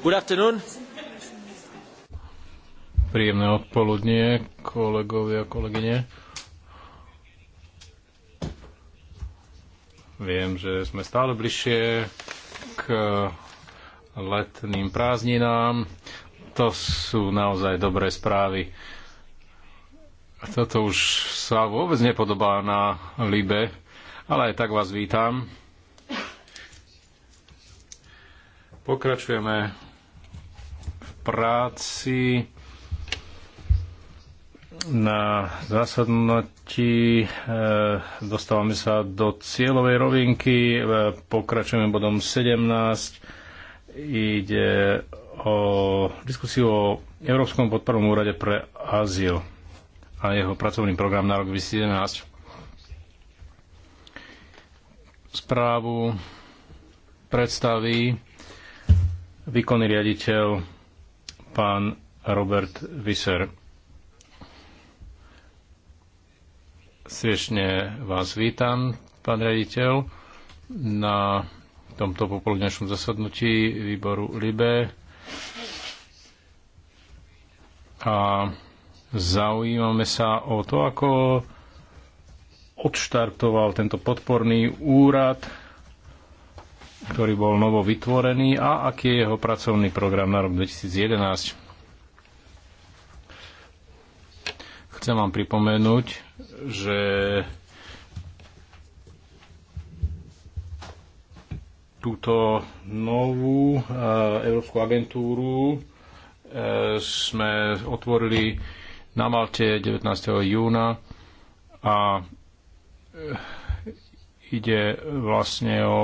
Good afternoon. Príjemné odpoludnie, kolegovia a kolegyne. Viem, že sme stále bližšie k letným prázdninám. To sú naozaj dobré správy. Toto už sa vôbec nepodobá na Libe, ale aj tak vás vítam. Pokračujeme práci na zasadnutí. Eh, dostávame sa do cieľovej rovinky. Eh, pokračujeme bodom 17. Ide o diskusiu o Európskom podpornom úrade pre azyl a jeho pracovný program na rok 2017. Správu predstaví výkonný riaditeľ pán Robert Visser. Srdečne vás vítam, pán rediteľ, na tomto popoludnešnom zasadnutí výboru LIBE. A zaujímame sa o to, ako odštartoval tento podporný úrad ktorý bol novo vytvorený a aký je jeho pracovný program na rok 2011. Chcem vám pripomenúť, že túto novú eh, Európsku agentúru eh, sme otvorili na Malte 19. júna a eh, ide vlastne o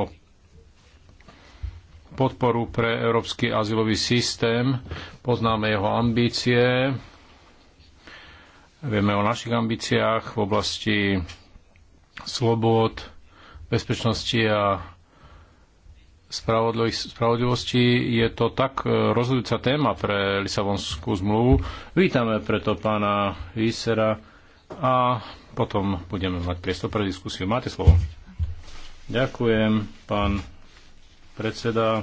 podporu pre európsky azylový systém, poznáme jeho ambície, vieme o našich ambíciách v oblasti slobod, bezpečnosti a spravodlivosti. Je to tak e, rozhodujúca téma pre Lisabonskú zmluvu. Vítame preto pána Vísera a potom budeme mať priestor pre diskusiu. Máte slovo. Ďakujem, pán predseda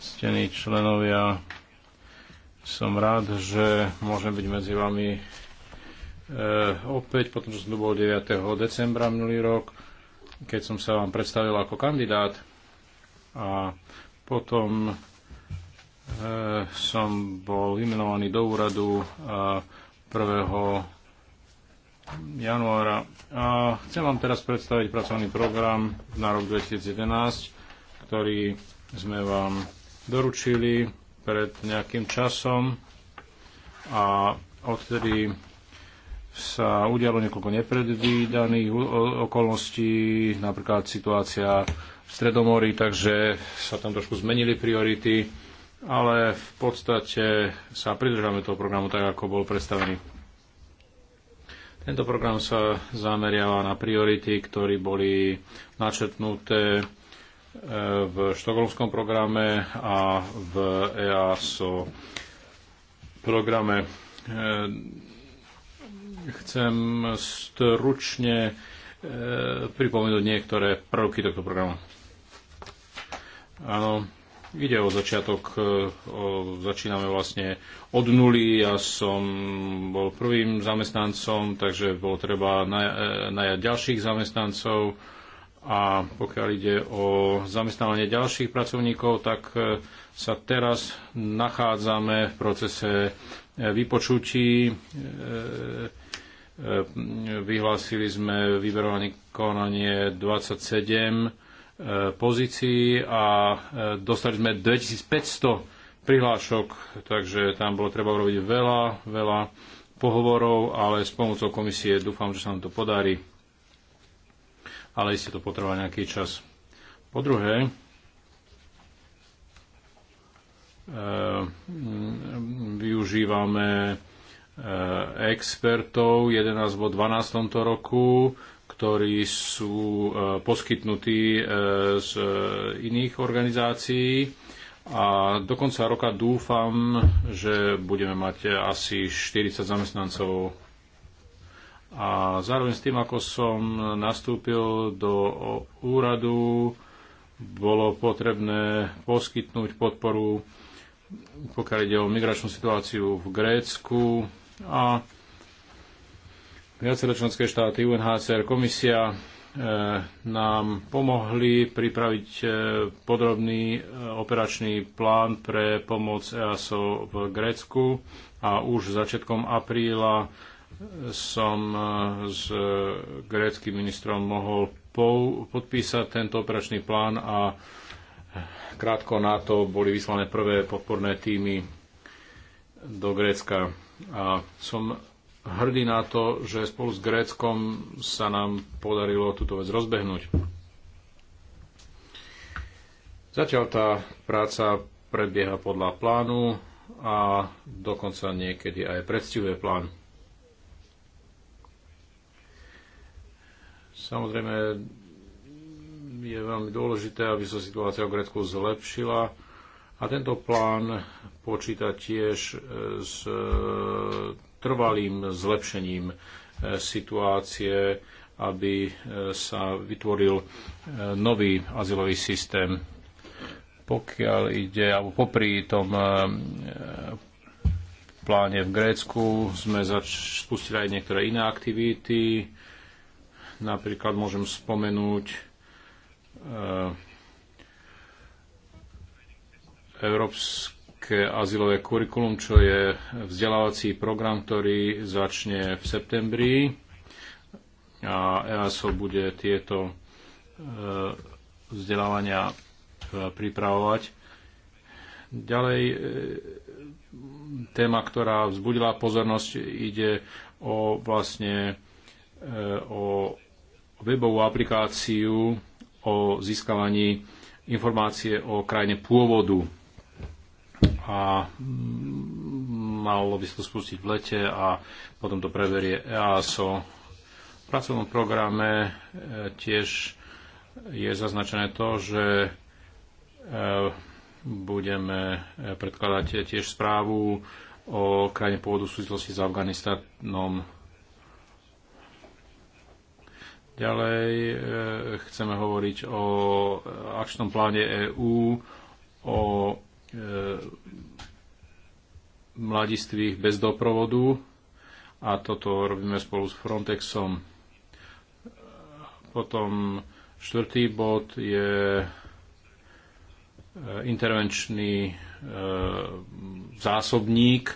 ctení členovia, som rád, že môžem byť medzi vami e, opäť, potom čo som tu bol 9. decembra minulý rok, keď som sa vám predstavil ako kandidát a potom e, som bol vymenovaný do úradu a 1. januára. A chcem vám teraz predstaviť pracovný program na rok 2011, ktorý sme vám doručili pred nejakým časom a odtedy sa udialo niekoľko nepredvídaných okolností, napríklad situácia v Stredomorí, takže sa tam trošku zmenili priority, ale v podstate sa pridržame toho programu tak, ako bol predstavený. Tento program sa zameriava na priority, ktoré boli načetnuté v štokholmskom programe a v EASO programe. E, chcem stručne e, pripomenúť niektoré prvky tohto programu. Áno, ide o začiatok, e, o, začíname vlastne od nuly. Ja som bol prvým zamestnancom, takže bolo treba naj, najať ďalších zamestnancov a pokiaľ ide o zamestnávanie ďalších pracovníkov, tak e, sa teraz nachádzame v procese e, vypočutí. E, vyhlásili sme vyberovanie konanie 27 pozícií a dostali sme 2500 prihlášok, takže tam bolo treba urobiť veľa, veľa pohovorov, ale s pomocou komisie dúfam, že sa nám to podarí ale isté to potrvá nejaký čas. Po druhé, e, využívame e, expertov 11 alebo 12 tomto roku, ktorí sú e, poskytnutí z iných organizácií. A do konca roka dúfam, že budeme mať asi 40 zamestnancov a zároveň s tým, ako som nastúpil do úradu, bolo potrebné poskytnúť podporu, pokiaľ ide o migračnú situáciu v Grécku a viaceré členské štáty, UNHCR, komisia e, nám pomohli pripraviť e, podrobný e, operačný plán pre pomoc EASO v Grécku a už začiatkom apríla som e, s e, gréckým ministrom mohol podpísať tento operačný plán a e, krátko na to boli vyslané prvé podporné týmy do Grécka. A som hrdý na to, že spolu s Gréckom sa nám podarilo túto vec rozbehnúť. Zatiaľ tá práca prebieha podľa plánu a dokonca niekedy aj predstihuje plán. Samozrejme, je veľmi dôležité, aby sa situácia v Grécku zlepšila a tento plán počíta tiež e, s e, trvalým zlepšením e, situácie, aby sa vytvoril nový azylový systém. Pokiaľ ide, alebo popri tom pláne v Grécku sme spustili aj niektoré iné aktivity, Napríklad môžem spomenúť e, Európske azylové kurikulum, čo je vzdelávací program, ktorý začne v septembri a EASO bude tieto e, vzdelávania e, pripravovať. Ďalej téma, ktorá vzbudila pozornosť, ide o vlastne o webovú aplikáciu o získavaní informácie o krajine pôvodu. A malo by sa to spustiť v lete a potom to preverie EASO. V pracovnom programe e, tiež je zaznačené to, že e, budeme e, predkladať tiež správu o krajine pôvodu v súvislosti s Afganistanom Ďalej e, chceme hovoriť o akčnom pláne EÚ, o e, mladistvých bez doprovodu a toto robíme spolu s Frontexom. Potom štvrtý bod je e, intervenčný zásobník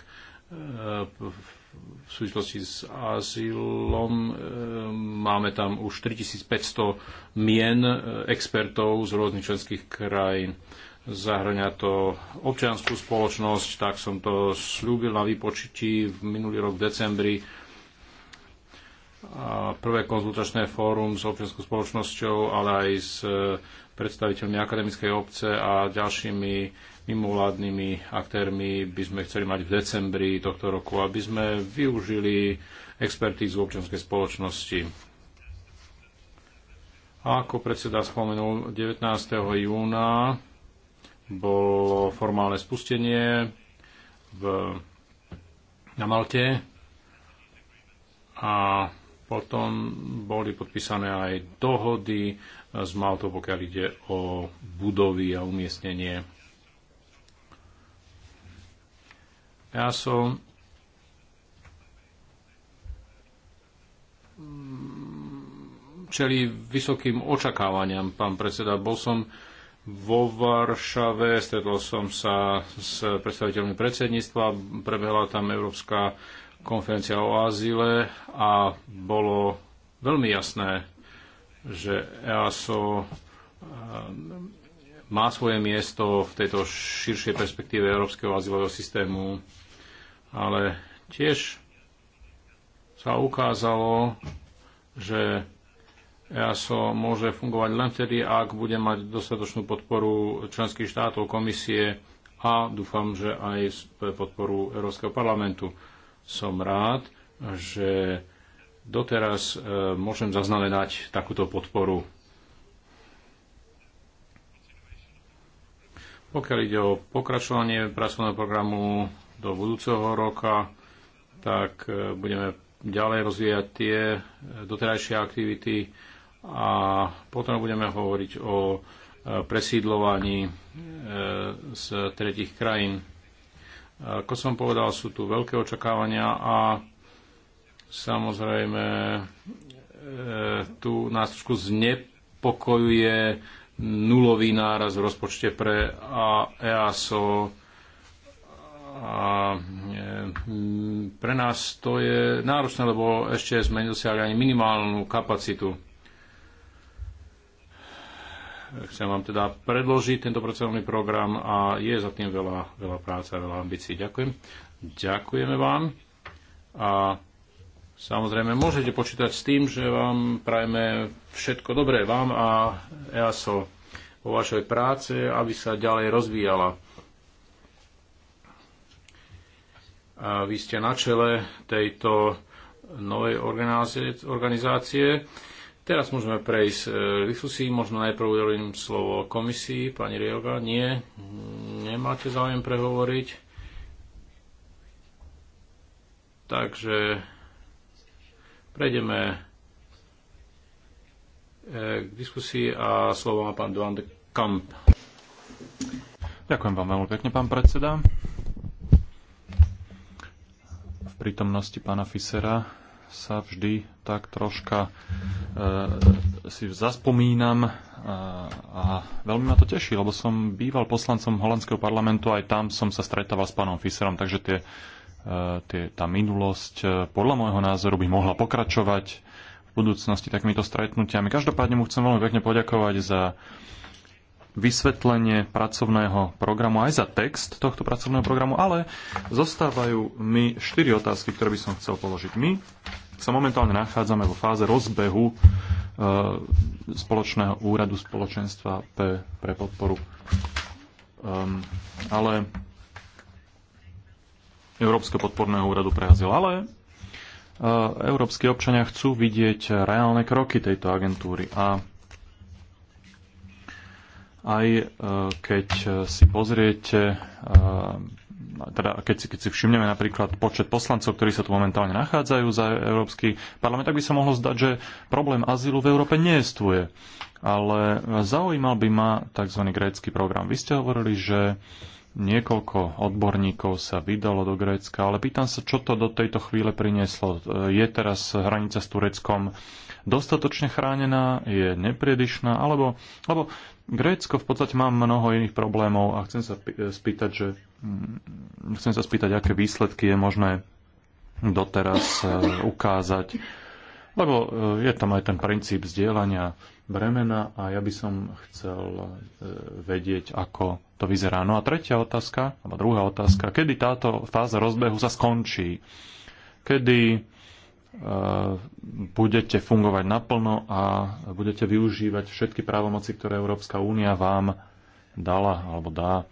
v v súvislosti s azylom. E, máme tam už 4500 mien e, expertov z rôznych členských krajín. Zahrania to občianskú spoločnosť, tak som to slúbil na výpočití v minulý rok v decembri. A prvé konzultačné fórum s občianskou spoločnosťou, ale aj s e, predstaviteľmi akademickej obce a ďalšími mimovládnymi aktérmi by sme chceli mať v decembri tohto roku, aby sme využili expertízu občianskej spoločnosti. A ako predseda spomenul, 19. júna bolo formálne spustenie v, na Malte a potom boli podpísané aj dohody s Maltou, pokiaľ ide o budovy a umiestnenie Ja som čeli vysokým očakávaniam, pán predseda. Bol som vo Varšave, stretol som sa s predstaviteľmi predsedníctva, prebehla tam Európska konferencia o azyle a bolo veľmi jasné, že EASO eh, má svoje miesto v tejto širšej perspektíve európskeho azylového systému ale tiež sa ukázalo, že EASO môže fungovať len vtedy, ak bude mať dostatočnú podporu členských štátov, komisie a dúfam, že aj podporu Európskeho parlamentu. Som rád, že doteraz e, môžem zaznamenať takúto podporu. Pokiaľ ide o pokračovanie pracovného programu do budúceho roka, tak e, budeme ďalej rozvíjať tie e, doterajšie aktivity a potom budeme hovoriť o e, presídlovaní z tretich krajín. Ako som povedal, sú tu veľké očakávania a samozrejme tu nás trošku znepokojuje nulový náraz v rozpočte pre EASO a e, pre nás to je náročné, lebo ešte sme nedosiahli ani minimálnu kapacitu. Chcem vám teda predložiť tento pracovný program a je za tým veľa, veľa práce a veľa ambícií. Ďakujem. Ďakujeme vám a samozrejme môžete počítať s tým, že vám prajeme všetko dobré vám a EASO vo vašej práce, aby sa ďalej rozvíjala. Vy ste na čele tejto novej organizácie. Teraz môžeme prejsť k e, diskusii. Možno najprv udelím slovo komisii. Pani Rioga, nie, nemáte záujem prehovoriť. Takže prejdeme e, k diskusii a slovo má pán Duan de Kamp. Ďakujem vám veľmi pekne, pán predseda prítomnosti pána Fisera sa vždy tak troška e, si zaspomínam a, e, a veľmi ma to teší, lebo som býval poslancom holandského parlamentu, aj tam som sa stretával s pánom Fiserom, takže tie, e, tie, tá minulosť e, podľa môjho názoru by mohla pokračovať v budúcnosti takýmito stretnutiami. Každopádne mu chcem veľmi pekne poďakovať za vysvetlenie pracovného programu, aj za text tohto pracovného programu, ale zostávajú mi štyri otázky, ktoré by som chcel položiť. My sa momentálne nachádzame vo fáze rozbehu e, spoločného úradu spoločenstva pre, pre podporu. Um, ale Európskeho podporného úradu pre azyl. Ale uh, európsky občania chcú vidieť reálne kroky tejto agentúry a aj e, keď si pozriete, e, no, teda keď si, keď si všimneme napríklad počet poslancov, ktorí sa tu momentálne nachádzajú za Európsky parlament, tak by sa mohlo zdať, že problém azylu v Európe neestuje. Ale zaujímal by ma tzv. grécky program. Vy ste hovorili, že niekoľko odborníkov sa vydalo do Grécka, ale pýtam sa, čo to do tejto chvíle prinieslo. Je teraz hranica s Tureckom dostatočne chránená, je nepriedišná, alebo, alebo Grécko v podstate má mnoho iných problémov a chcem sa e, spýtať, že, mm, chcem sa spýtať, aké výsledky je možné doteraz e, ukázať, lebo e, je tam aj ten princíp zdieľania bremena a ja by som chcel vedieť, ako to vyzerá. No a tretia otázka, alebo druhá otázka, kedy táto fáza rozbehu sa skončí? Kedy E, budete fungovať naplno a budete využívať všetky právomoci, ktoré Európska únia vám dala alebo dá.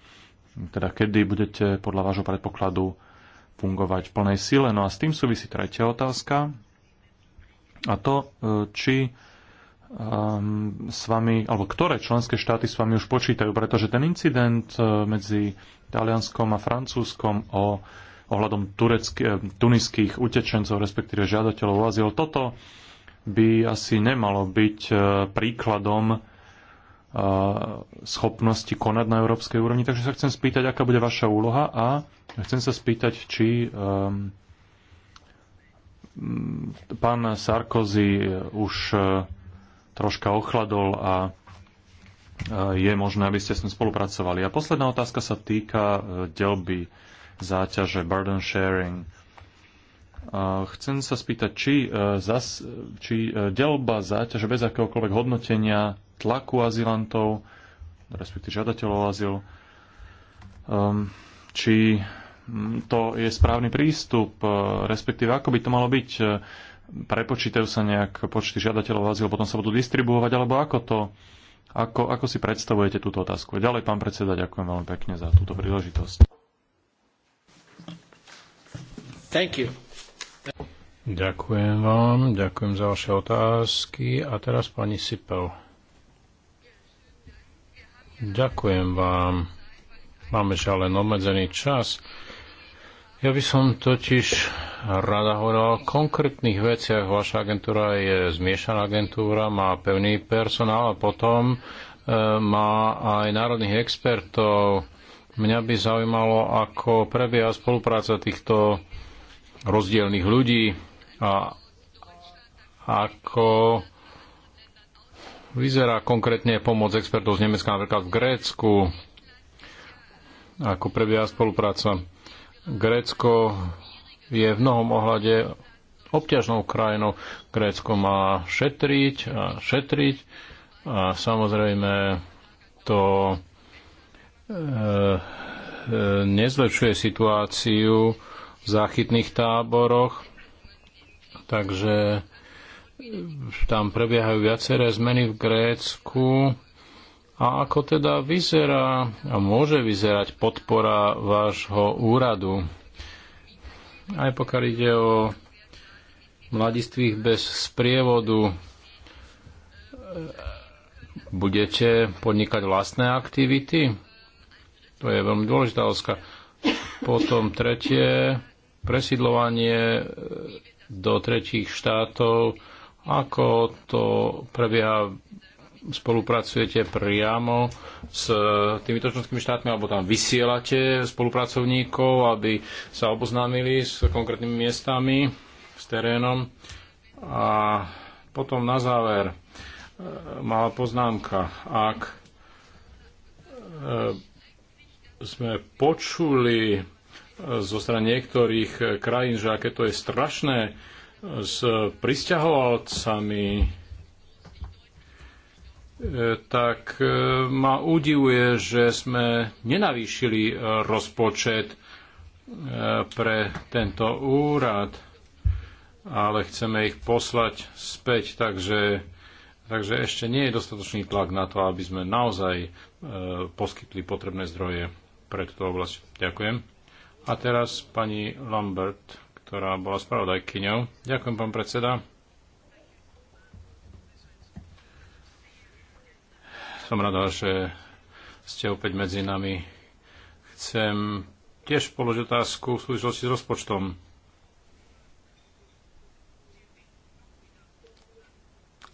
Teda kedy budete podľa vášho predpokladu fungovať v plnej sile. No a s tým súvisí tretia otázka. A to, e, či ehm, s vami, alebo ktoré členské štáty s vami už počítajú, pretože ten incident e, medzi Talianskom a Francúzskom o ohľadom tureck- eh, tuniských utečencov, respektíve žiadateľov o azyl. Toto by asi nemalo byť eh, príkladom eh, schopnosti konať na európskej úrovni. Takže sa chcem spýtať, aká bude vaša úloha a chcem sa spýtať, či um, pán Sarkozy už troška ochladol a je možné, aby ste s ním spolupracovali. A posledná otázka sa týka delby záťaže, burden sharing. Chcem sa spýtať, či, e, zas, či e, delba záťaže bez akéhokoľvek hodnotenia tlaku azylantov, respektíve žiadateľov azyl, um, či to je správny prístup, e, respektíve ako by to malo byť, prepočítajú sa nejak počty žiadateľov azyl, potom sa budú distribuovať, alebo ako to, ako, ako si predstavujete túto otázku? Ďalej, pán predseda, ďakujem veľmi pekne za túto príležitosť. Thank you. Ďakujem vám, ďakujem za vaše otázky. A teraz pani Sipel. Ďakujem vám. Máme žiaľ len obmedzený čas. Ja by som totiž rada hovorila o konkrétnych veciach. Vaša agentúra je zmiešaná agentúra, má pevný personál a potom e, má aj národných expertov. Mňa by zaujímalo, ako prebieha spolupráca týchto rozdielných ľudí a ako vyzerá konkrétne pomoc expertov z Nemecka napríklad v Grécku, ako prebieha spolupráca. Grécko je v mnohom ohľade obťažnou krajinou. Grécko má šetriť a šetriť a samozrejme to e, e, nezlepšuje situáciu v záchytných táboroch, takže tam prebiehajú viaceré zmeny v Grécku. A ako teda vyzerá a môže vyzerať podpora vášho úradu? Aj pokiaľ ide o mladistvých bez sprievodu, budete podnikať vlastné aktivity? To je veľmi dôležitá otázka. Potom tretie, presidlovanie e, do tretích štátov, ako to prebieha, spolupracujete priamo s e, týmito členskými štátmi, alebo tam vysielate spolupracovníkov, aby sa oboznámili s konkrétnymi miestami, s terénom. A potom na záver e, malá poznámka. Ak sme počuli zo strany niektorých krajín, že aké to je strašné s pristahovalcami, e, tak e, ma udivuje, že sme nenavýšili rozpočet e, pre tento úrad, ale chceme ich poslať späť, takže, takže ešte nie je dostatočný tlak na to, aby sme naozaj poskytli potrebné zdroje pre túto oblasť. Ďakujem. A teraz pani Lambert, ktorá bola spravodajkyňou. Ďakujem, pán predseda. Som rada, že ste opäť medzi nami. Chcem tiež položiť otázku v súvislosti s rozpočtom.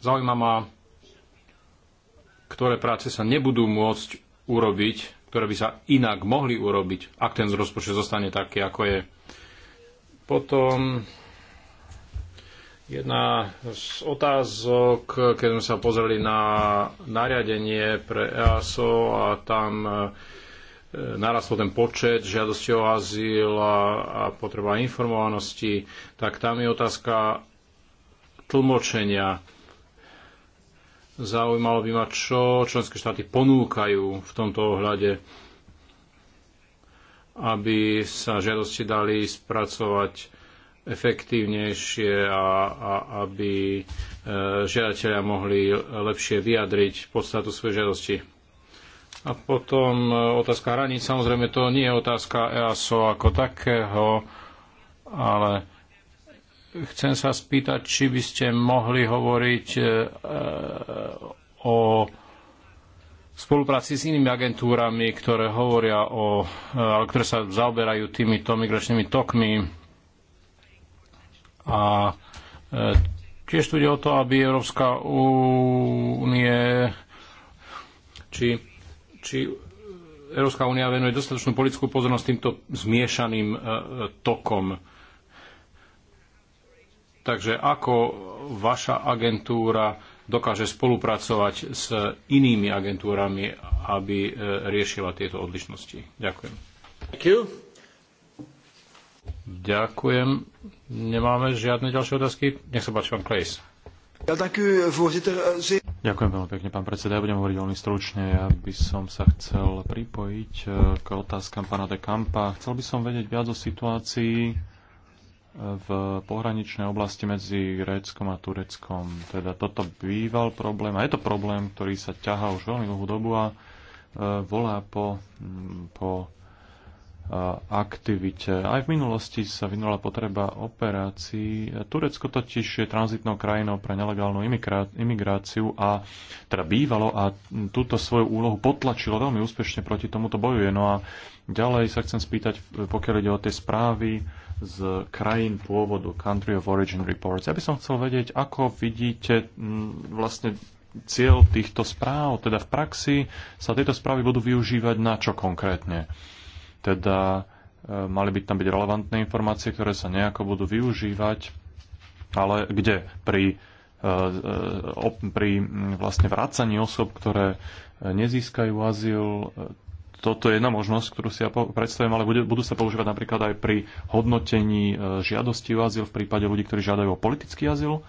Zaujíma ktoré práce sa nebudú môcť urobiť ktoré by sa inak mohli urobiť, ak ten rozpočet zostane taký, ako je. Potom jedna z otázok, keď sme sa pozreli na nariadenie pre EASO a tam e, narastol ten počet žiadosti o azyl a, a potreba informovanosti, tak tam je otázka tlmočenia Zaujímalo by ma, čo členské štáty ponúkajú v tomto ohľade, aby sa žiadosti dali spracovať efektívnejšie a, a aby e, žiadateľia mohli lepšie vyjadriť podstatu svojej žiadosti. A potom e, otázka hraníc, samozrejme to nie je otázka EASO ako takého, ale chcem sa spýtať, či by ste mohli hovoriť e, e, o spolupráci s inými agentúrami, ktoré hovoria o, e, ktoré sa zaoberajú týmito migračnými tokmi. A tiež tu ide o to, aby Európska únie či, či Európska únia venuje dostatočnú politickú pozornosť týmto zmiešaným tokom Takže ako vaša agentúra dokáže spolupracovať s inými agentúrami, aby e, riešila tieto odlišnosti? Ďakujem. Ďakujem. Nemáme žiadne ďalšie otázky? Nech sa páči, pán Klejs. Eh, eh, Ďakujem veľmi pekne, pán predseda. Ja budem hovoriť veľmi stručne. Ja by som sa chcel pripojiť eh, k otázkam pána de Kampa. Chcel by som vedieť viac o situácii v pohraničnej oblasti medzi Gréckom a Tureckom. Teda toto býval problém a je to problém, ktorý sa ťahá už veľmi dlhú dobu a e, volá po, po e, aktivite. Aj v minulosti sa vynula potreba operácií. Turecko totiž je tranzitnou krajinou pre nelegálnu imigráciu a teda bývalo a túto svoju úlohu potlačilo veľmi úspešne proti tomuto bojuje. No a ďalej sa chcem spýtať, pokiaľ ide o tie správy z krajín pôvodu, Country of Origin Reports. Ja by som chcel vedieť, ako vidíte mm, vlastne cieľ týchto správ, teda v praxi sa tieto správy budú využívať na čo konkrétne. Teda e, mali by tam byť relevantné informácie, ktoré sa nejako budú využívať, ale kde? Pri, e, e, pri mm, vlastne vracaní osob, ktoré nezískajú azyl, toto je jedna možnosť, ktorú si ja predstavím, ale bude, budú sa používať napríklad aj pri hodnotení e, žiadosti o azyl v prípade ľudí, ktorí žiadajú o politický azyl.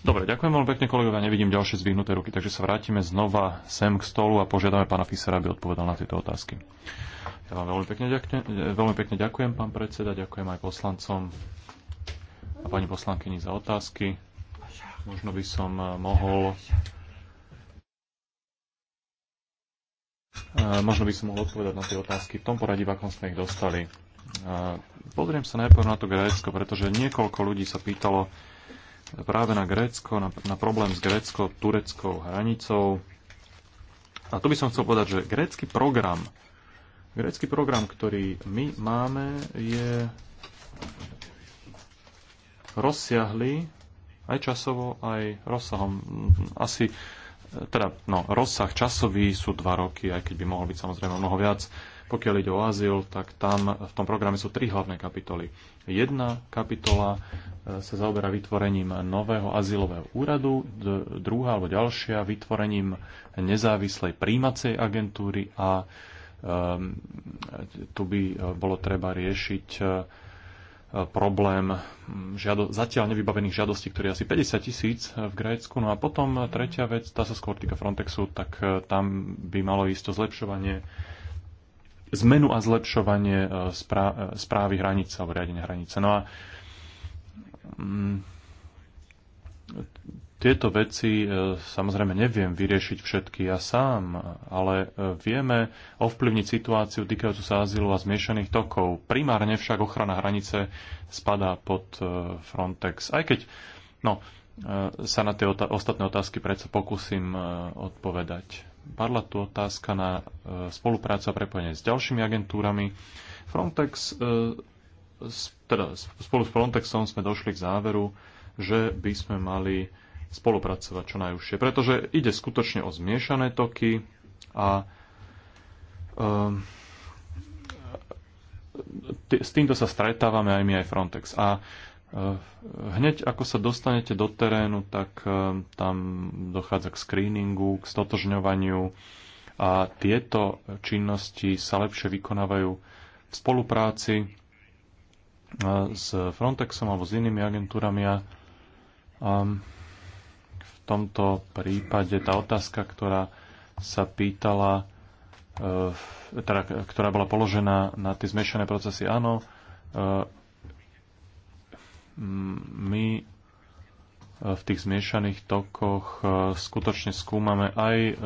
Dobre, ďakujem veľmi pekne kolegovia, nevidím ďalšie zvyhnuté ruky, takže sa vrátime znova sem k stolu a požiadame pána Fisera, aby odpovedal na tieto otázky. Ja vám veľmi pekne, ďakujem, e, veľmi pekne ďakujem, pán predseda, ďakujem aj poslancom a pani poslankyni za otázky. Možno by som e, mohol Možno by som mohol odpovedať na tie otázky v tom poradí, v akom sme ich dostali. Pozriem sa najprv na to Grécko, pretože niekoľko ľudí sa pýtalo práve na Grécko, na, na problém s grécko-tureckou hranicou. A tu by som chcel povedať, že grécky program, grécky program, ktorý my máme, je rozsiahly aj časovo, aj rozsahom. Asi teda no, rozsah časový sú dva roky, aj keď by mohol byť samozrejme mnoho viac. Pokiaľ ide o azyl, tak tam v tom programe sú tri hlavné kapitoly. Jedna kapitola e, sa zaoberá vytvorením nového azylového úradu, druhá alebo ďalšia vytvorením nezávislej príjmacej agentúry a um, tu by bolo treba riešiť Eh, problém mm, žiado- zatiaľ nevybavených žiadostí, ktoré je asi 50 tisíc eh, v Grécku. No a potom eh, tretia vec, tá sa skôr týka Frontexu, tak tam by malo ísť to zlepšovanie zmenu a zlepšovanie správ správy hranice alebo riadenia hranice. No a mm, tieto veci e, samozrejme neviem vyriešiť všetky ja sám, ale e, vieme ovplyvniť situáciu týkajúcu sa azylu a zmiešaných tokov. Primárne však ochrana hranice spadá pod e, Frontex. Aj keď no, sa na tie ota- ostatné otázky predsa pokúsim odpovedať. Padla tu otázka na spoluprácu a prepojenie s ďalšími agentúrami. Frontex, teda spolu s Frontexom sme došli k záveru, že by sme mali spolupracovať čo najúžšie. Pretože ide skutočne o zmiešané toky a um, s týmto sa stretávame aj my, aj Frontex. A eh, Hneď ako sa dostanete do terénu, tak ehm, tam dochádza k screeningu, k stotožňovaniu a tieto činnosti sa lepšie vykonávajú v spolupráci eh, s Frontexom alebo s inými agentúrami a ehm, tomto prípade tá otázka, ktorá sa pýtala, e, teda, ktorá bola položená na tie zmiešané procesy, áno, e, my e, v tých zmiešaných tokoch skutočne skúmame aj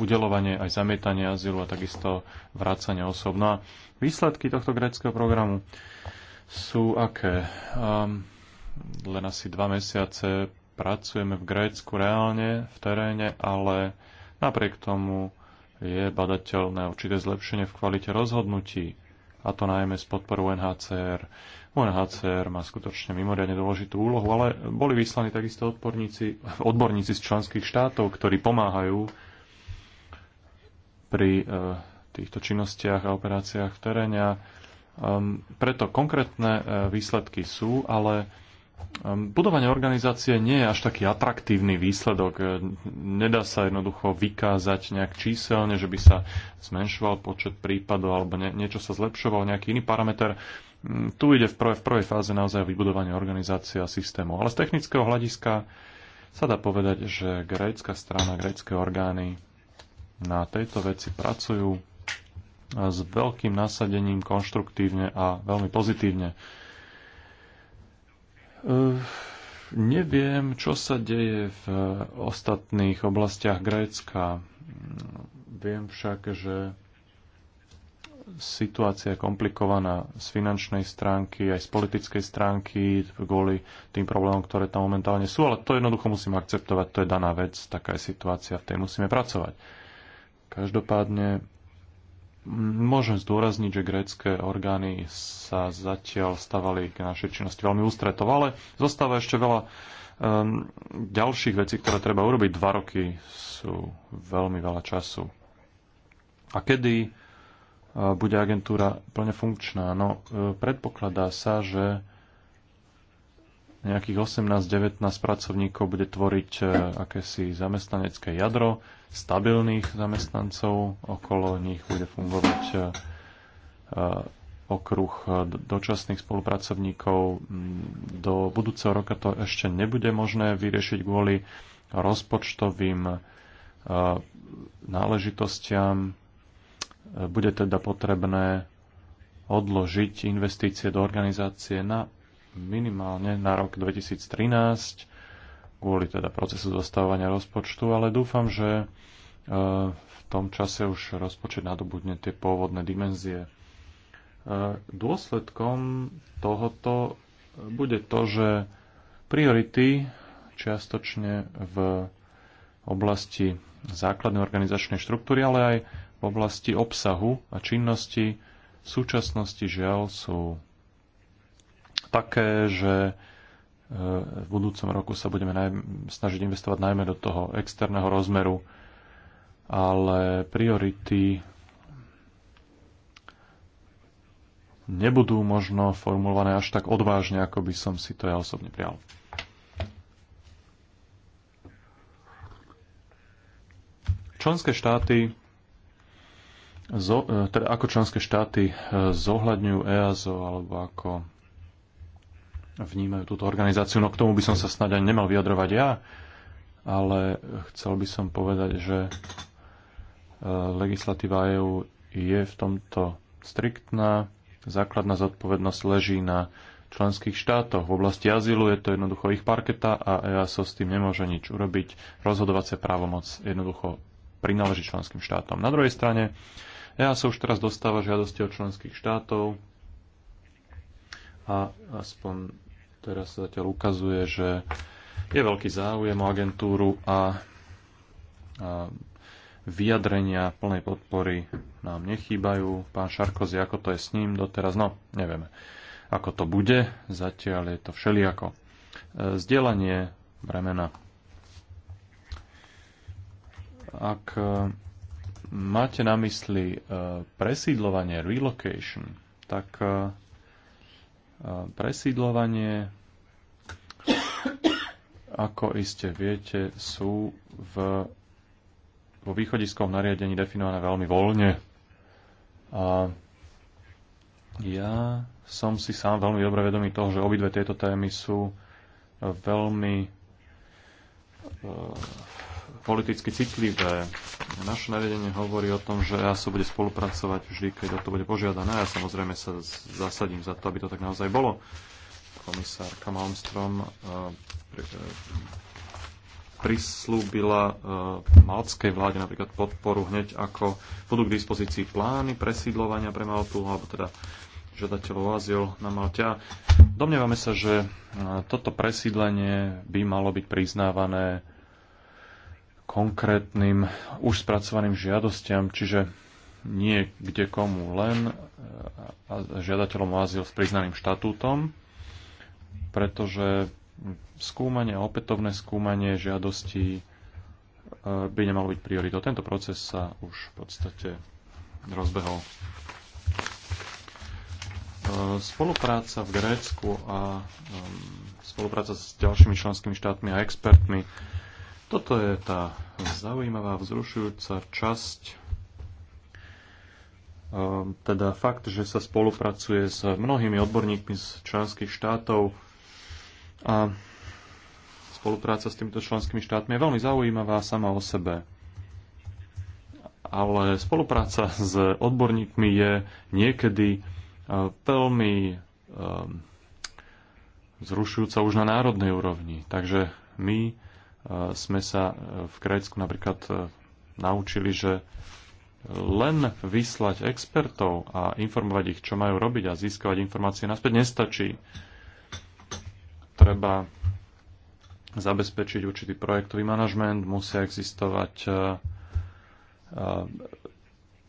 udelovanie, aj zamietanie azylu a takisto vrácanie osob. No a výsledky tohto gréckého programu sú aké? Ehm, len asi dva mesiace pracujeme v Grécku reálne v teréne, ale napriek tomu je badateľné určité zlepšenie v kvalite rozhodnutí, a to najmä s podporou NHCR. UNHCR má skutočne mimoriadne dôležitú úlohu, ale boli vyslaní takisto odborníci, odborníci z členských štátov, ktorí pomáhajú pri e, týchto činnostiach a operáciách v teréne. E, preto konkrétne e, výsledky sú, ale Ehm, budovanie organizácie nie je až taký atraktívny výsledok. Ehm, nedá sa jednoducho vykázať nejak číselne, že by sa zmenšoval počet prípadov alebo niečo sa zlepšoval, nejaký iný parameter. Ehm, tu ide v, prvej, v prvej fáze naozaj o vybudovanie organizácie a systému. Ale z technického hľadiska sa dá povedať, že grécka strana, grécké orgány na tejto veci pracujú s veľkým nasadením konštruktívne a veľmi pozitívne Eh, neviem, čo sa deje v ostatných oblastiach Grécka. Viem však, že situácia je komplikovaná z finančnej stránky, aj z politickej stránky, kvôli tým problémom, ktoré tam momentálne sú, ale to jednoducho musíme akceptovať, to je daná vec, taká je situácia, v tej musíme pracovať. Každopádne Môžem zdôrazniť, že grécké orgány sa zatiaľ stavali k našej činnosti veľmi ústretov, ale zostáva ešte veľa um, ďalších vecí, ktoré treba urobiť. Dva roky sú veľmi veľa času. A kedy uh, bude agentúra plne funkčná? No, uh, predpokladá sa, že nejakých 18-19 pracovníkov bude tvoriť uh, akési zamestnanecké jadro, stabilných zamestnancov, okolo nich bude fungovať e, e, okruh dočasných spolupracovníkov. Do budúceho roka to ešte nebude možné vyriešiť kvôli rozpočtovým e, náležitostiam. Bude teda potrebné odložiť investície do organizácie na minimálne na rok 2013 kvôli teda procesu zostavovania rozpočtu, ale dúfam, že e, v tom čase už rozpočet nadobudne tie pôvodné dimenzie. E, dôsledkom tohoto bude to, že priority čiastočne v oblasti základnej organizačnej štruktúry, ale aj v oblasti obsahu a činnosti v súčasnosti žiaľ sú také, že v budúcom roku sa budeme naj- snažiť investovať najmä do toho externého rozmeru, ale priority nebudú možno formulované až tak odvážne, ako by som si to ja osobne prial. Členské štáty zo, e, teda ako členské štáty e, zohľadňujú EASO alebo ako vnímajú túto organizáciu. No k tomu by som sa snáď ani nemal vyjadrovať ja, ale chcel by som povedať, že e, legislatíva EÚ je v tomto striktná. Základná zodpovednosť leží na členských štátoch. V oblasti azylu je to jednoducho ich parketa a EASO s tým nemôže nič urobiť. Rozhodovacia právomoc jednoducho prináleží členským štátom. Na druhej strane EASO už teraz dostáva žiadosti od členských štátov a aspoň Teraz sa zatiaľ ukazuje, že je veľký záujem o agentúru a, a vyjadrenia plnej podpory nám nechýbajú. Pán Šarkozy, ako to je s ním doteraz? No, nevieme. Ako to bude, zatiaľ je to všelijako. E, Zdielanie bremena. Ak e, máte na mysli e, presídlovanie, relocation, tak presídlovanie, ako iste viete, sú v, vo východiskom nariadení definované veľmi voľne. A ja som si sám veľmi dobre vedomý toho, že obidve tieto témy sú veľmi politicky citlivé. Naše nariadenie hovorí o tom, že aso bude spolupracovať vždy, keď o to bude požiadané. Ja samozrejme sa zasadím za to, aby to tak naozaj bolo. Komisárka Malmstrom eh, eh, prislúbila eh, malckej vláde napríklad podporu hneď ako budú k dispozícii plány presídlovania pre Maltu, alebo teda žiadateľov azyl na Malte. Domnievame sa, že toto presídlenie by malo byť priznávané konkrétnym už spracovaným žiadostiam, čiže nie kde komu len e, a žiadateľom o azyl s priznaným štatútom, pretože skúmanie, opätovné skúmanie žiadostí e, by nemalo byť prioritou. Tento proces sa už v podstate rozbehol. E, spolupráca v Grécku a spolupráca s ďalšími členskými štátmi a expertmi toto je tá zaujímavá, vzrušujúca časť, ehm, teda fakt, že sa spolupracuje s mnohými odborníkmi z členských štátov a spolupráca s týmito členskými štátmi je veľmi zaujímavá sama o sebe. Ale spolupráca s odborníkmi je niekedy e, veľmi ehm, zrušujúca už na národnej úrovni. Takže my sme sa e, v Grécku napríklad e, naučili, že len vyslať expertov a informovať ich, čo majú robiť a získavať informácie naspäť nestačí. Treba zabezpečiť určitý projektový manažment, musia existovať e,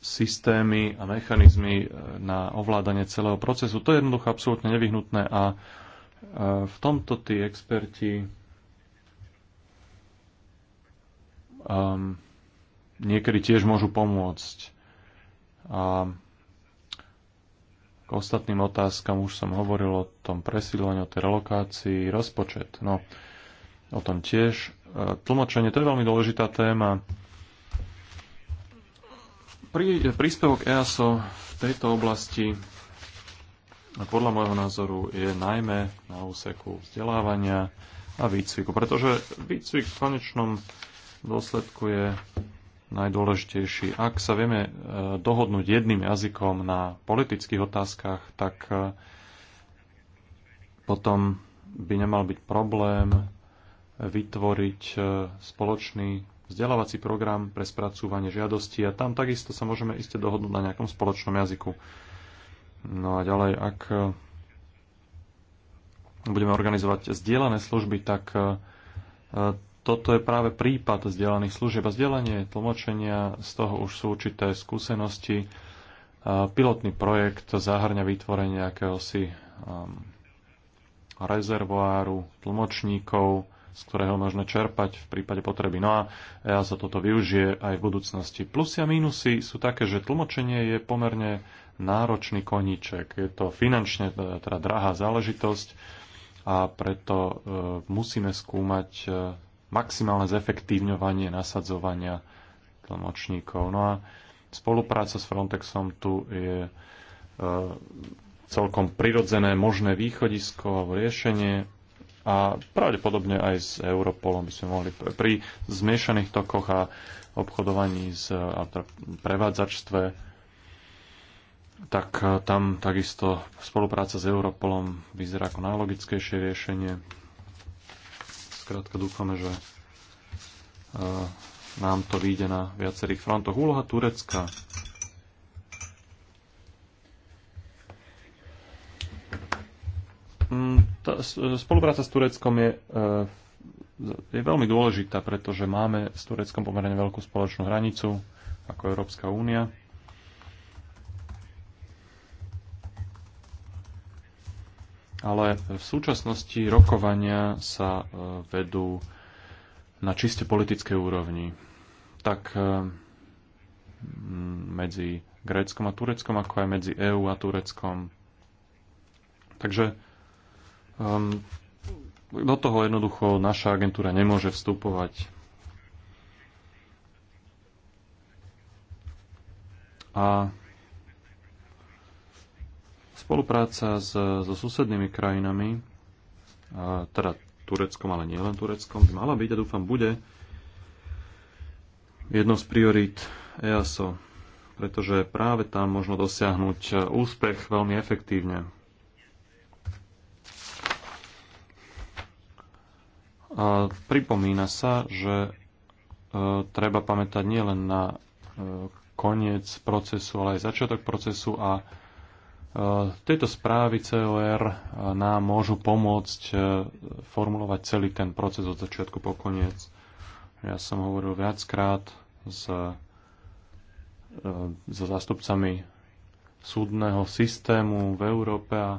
systémy a mechanizmy na ovládanie celého procesu. To je jednoducho absolútne nevyhnutné a v tomto tí experti um, niekedy tiež môžu pomôcť. A ehm, k ostatným otázkam už som hovoril o tom presídlení, o tej relokácii, rozpočet. No, o tom tiež. Ehm, tlmočenie, to je veľmi dôležitá téma. Prí, príspevok EASO v tejto oblasti podľa môjho názoru je najmä na úseku vzdelávania a výcviku, pretože výcvik v konečnom dôsledku je najdôležitejší. Ak sa vieme e, dohodnúť jedným jazykom na politických otázkach, tak e, potom by nemal byť problém vytvoriť e, spoločný vzdelávací program pre spracúvanie žiadosti a tam takisto sa môžeme iste dohodnúť na nejakom spoločnom jazyku. No a ďalej, ak budeme organizovať zdieľané služby, tak toto je práve prípad vzdelaných služieb a vzdelanie tlmočenia, z toho už sú určité skúsenosti. Pilotný projekt zahrňa vytvorenie akéhosi um, rezervoáru tlmočníkov, z ktorého možno čerpať v prípade potreby. No a ja sa toto využije aj v budúcnosti. Plusy a mínusy sú také, že tlmočenie je pomerne náročný koníček. Je to finančne e, teda drahá záležitosť a preto e, musíme skúmať e, maximálne zefektívňovanie nasadzovania tlmočníkov. No a spolupráca s Frontexom tu je e, celkom prirodzené možné východisko alebo riešenie a pravdepodobne aj s Europolom by sme mohli pri zmiešaných tokoch a obchodovaní s prevádzačstve tak e, tam takisto spolupráca s Europolom vyzerá ako najlogickejšie riešenie. Skrátka dúfame, že eh, nám to vyjde na viacerých frontoch. Úloha Turecka. Mm, spolupráca s Tureckom je, eh, je veľmi dôležitá, pretože máme s Tureckom pomerne veľkú spoločnú hranicu ako Európska únia. ale v súčasnosti rokovania sa e, vedú na čiste politickej úrovni. Tak e, medzi Gréckom a Tureckom, ako aj medzi EÚ a Tureckom. Takže um, do toho jednoducho naša agentúra nemôže vstupovať. A Spolupráca s, so susednými krajinami, teda Tureckom, ale nielen Tureckom, by mala byť a dúfam bude jednou z priorít EASO, pretože práve tam možno dosiahnuť úspech veľmi efektívne. A pripomína sa, že e, treba pamätať nielen na e, koniec procesu, ale aj začiatok procesu a E, Tieto správy COR e, nám môžu pomôcť e, formulovať celý ten proces od začiatku po koniec. Ja som hovoril viackrát s, so zástupcami súdneho systému v Európe a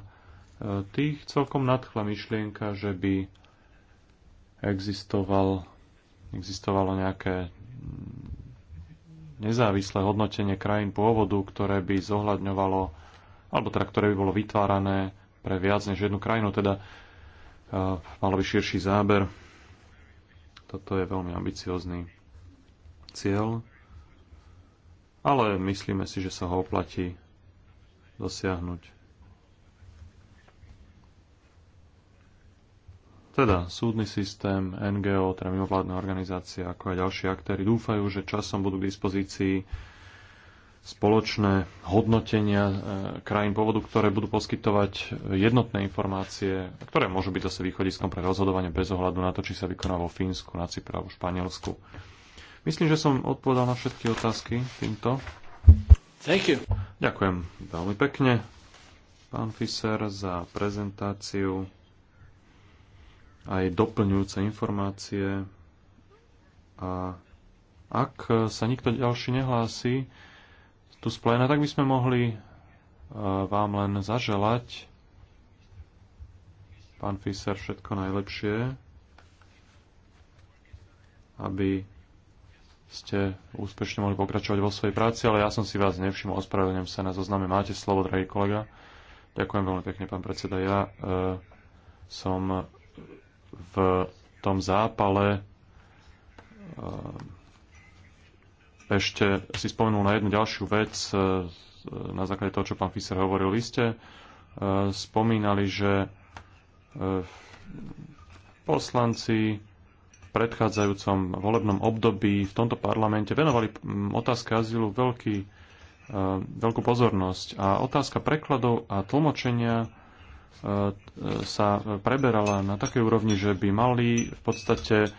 tých celkom nadchla myšlienka, že by existoval, existovalo nejaké nezávislé hodnotenie krajín pôvodu, ktoré by zohľadňovalo alebo teda ktoré by bolo vytvárané pre viac než jednu krajinu, teda e, malo by širší záber. Toto je veľmi ambiciózny cieľ, ale myslíme si, že sa ho oplatí dosiahnuť. Teda súdny systém, NGO, teda mimovládne organizácie, ako aj ďalší aktéry dúfajú, že časom budú k dispozícii spoločné hodnotenia e, krajín pôvodu, ktoré budú poskytovať jednotné informácie, ktoré môžu byť zase východiskom pre rozhodovanie bez ohľadu na to, či sa vykoná vo Fínsku, na Cypre alebo Španielsku. Myslím, že som odpovedal na všetky otázky týmto. Thank you. Ďakujem veľmi pekne, pán Fischer, za prezentáciu aj doplňujúce informácie. A ak sa nikto ďalší nehlási, tu z pléna, tak by sme mohli e, vám len zaželať, pán Fischer, všetko najlepšie, aby ste úspešne mohli pokračovať vo svojej práci, ale ja som si vás nevšimol, ospravedlňujem sa na zozname. Máte slovo, drahý kolega. Ďakujem veľmi pekne, pán predseda. Ja e, som v tom zápale e, ešte si spomenul na jednu ďalšiu vec, e, e, na základe toho, čo pán Fischer hovoril v liste. E, spomínali, že poslanci v predchádzajúcom volebnom období v tomto parlamente venovali otázke azylu veľký, veľkú pozornosť. A otázka prekladov a tlmočenia sa preberala na takej úrovni, že by mali v podstate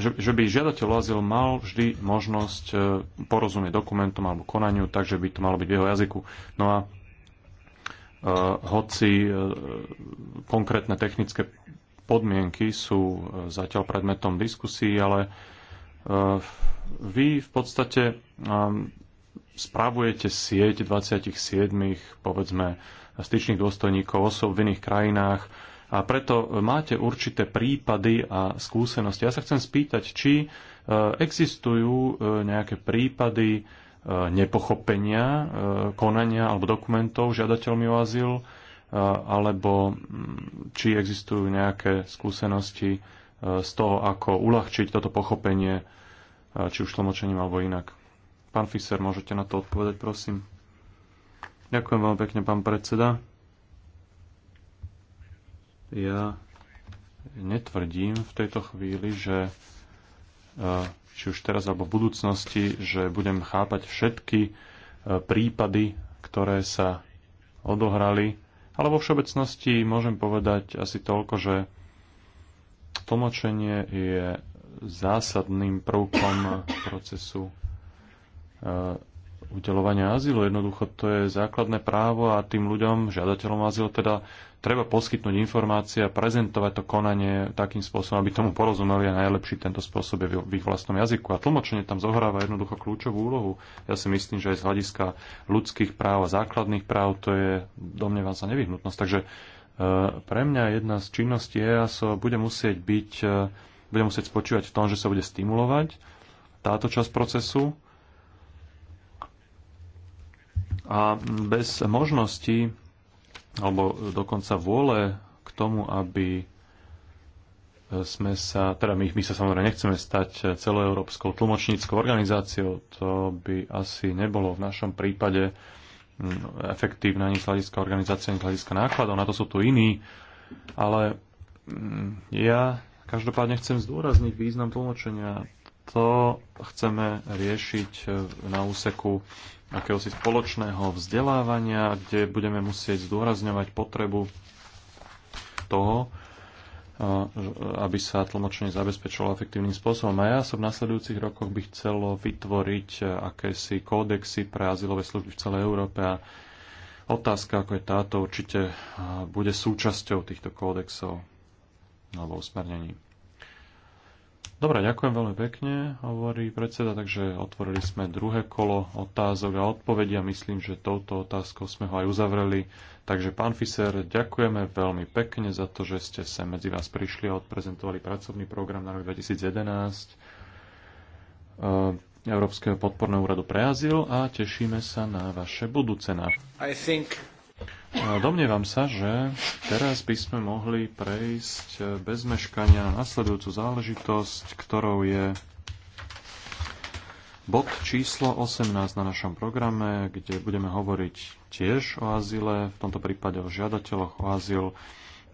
že, že by žiadateľ o azyl mal vždy možnosť e, porozumieť dokumentom alebo konaniu, takže by to malo byť v jeho jazyku. No a Uh, hoci uh, konkrétne technické podmienky sú zatiaľ predmetom diskusí, ale uh, vy v podstate um, spravujete sieť 27, povedzme, styčných dôstojníkov, osob v iných krajinách, a preto máte určité prípady a skúsenosti. Ja sa chcem spýtať, či e, existujú e, nejaké prípady e, nepochopenia konania alebo dokumentov žiadateľmi o azyl, alebo či existujú nejaké skúsenosti z toho, ako uľahčiť toto pochopenie, či už tlmočením alebo inak. Pán Fischer, môžete na to odpovedať, prosím. Ďakujem veľmi pekne, pán predseda. Ja netvrdím v tejto chvíli, že e, či už teraz alebo v budúcnosti, že budem chápať všetky e, prípady, ktoré sa odohrali. Ale vo všeobecnosti môžem povedať asi toľko, že tlmočenie je zásadným prvkom procesu e, udelovania azylu. Jednoducho to je základné právo a tým ľuďom, žiadateľom azylu, teda treba poskytnúť informácie a prezentovať to konanie takým spôsobom, aby tomu porozumeli a najlepší tento spôsob je v ich vlastnom jazyku. A tlmočenie tam zohráva jednoducho kľúčovú úlohu. Ja si myslím, že aj z hľadiska ľudských práv a základných práv to je, domnievam sa, nevyhnutnosť. Takže e, pre mňa jedna z činností EASO bude musieť byť, e, bude musieť spočívať v tom, že sa bude stimulovať táto časť procesu, a bez možnosti alebo dokonca vôle k tomu, aby sme sa, teda my, my sa samozrejme nechceme stať celoeurópskou tlmočníckou organizáciou, to by asi nebolo v našom prípade mm, efektívne ani z hľadiska organizácie, ani z hľadiska nákladov, na to sú tu iní, ale mm, ja každopádne chcem zdôrazniť význam tlmočenia. To chceme riešiť na úseku akéhosi spoločného vzdelávania, kde budeme musieť zdôrazňovať potrebu toho, aby sa tlmočenie zabezpečilo efektívnym spôsobom. A ja som v nasledujúcich rokoch by chcelo vytvoriť akési kódexy pre azylové služby v celej Európe a otázka, ako je táto, určite bude súčasťou týchto kódexov alebo usmernení. Dobre, ďakujem veľmi pekne, hovorí predseda, takže otvorili sme druhé kolo otázok a odpovedia. Myslím, že touto otázkou sme ho aj uzavreli. Takže, pán Fiser, ďakujeme veľmi pekne za to, že ste sem medzi vás prišli a odprezentovali pracovný program na rok 2011. Eh, Európskeho podporného úradu pre azyl a tešíme sa na vaše budúce návštevy. Domnievam sa, že teraz by sme mohli prejsť bez meškania na nasledujúcu záležitosť, ktorou je bod číslo 18 na našom programe, kde budeme hovoriť tiež o azile, v tomto prípade o žiadateľoch o azyl.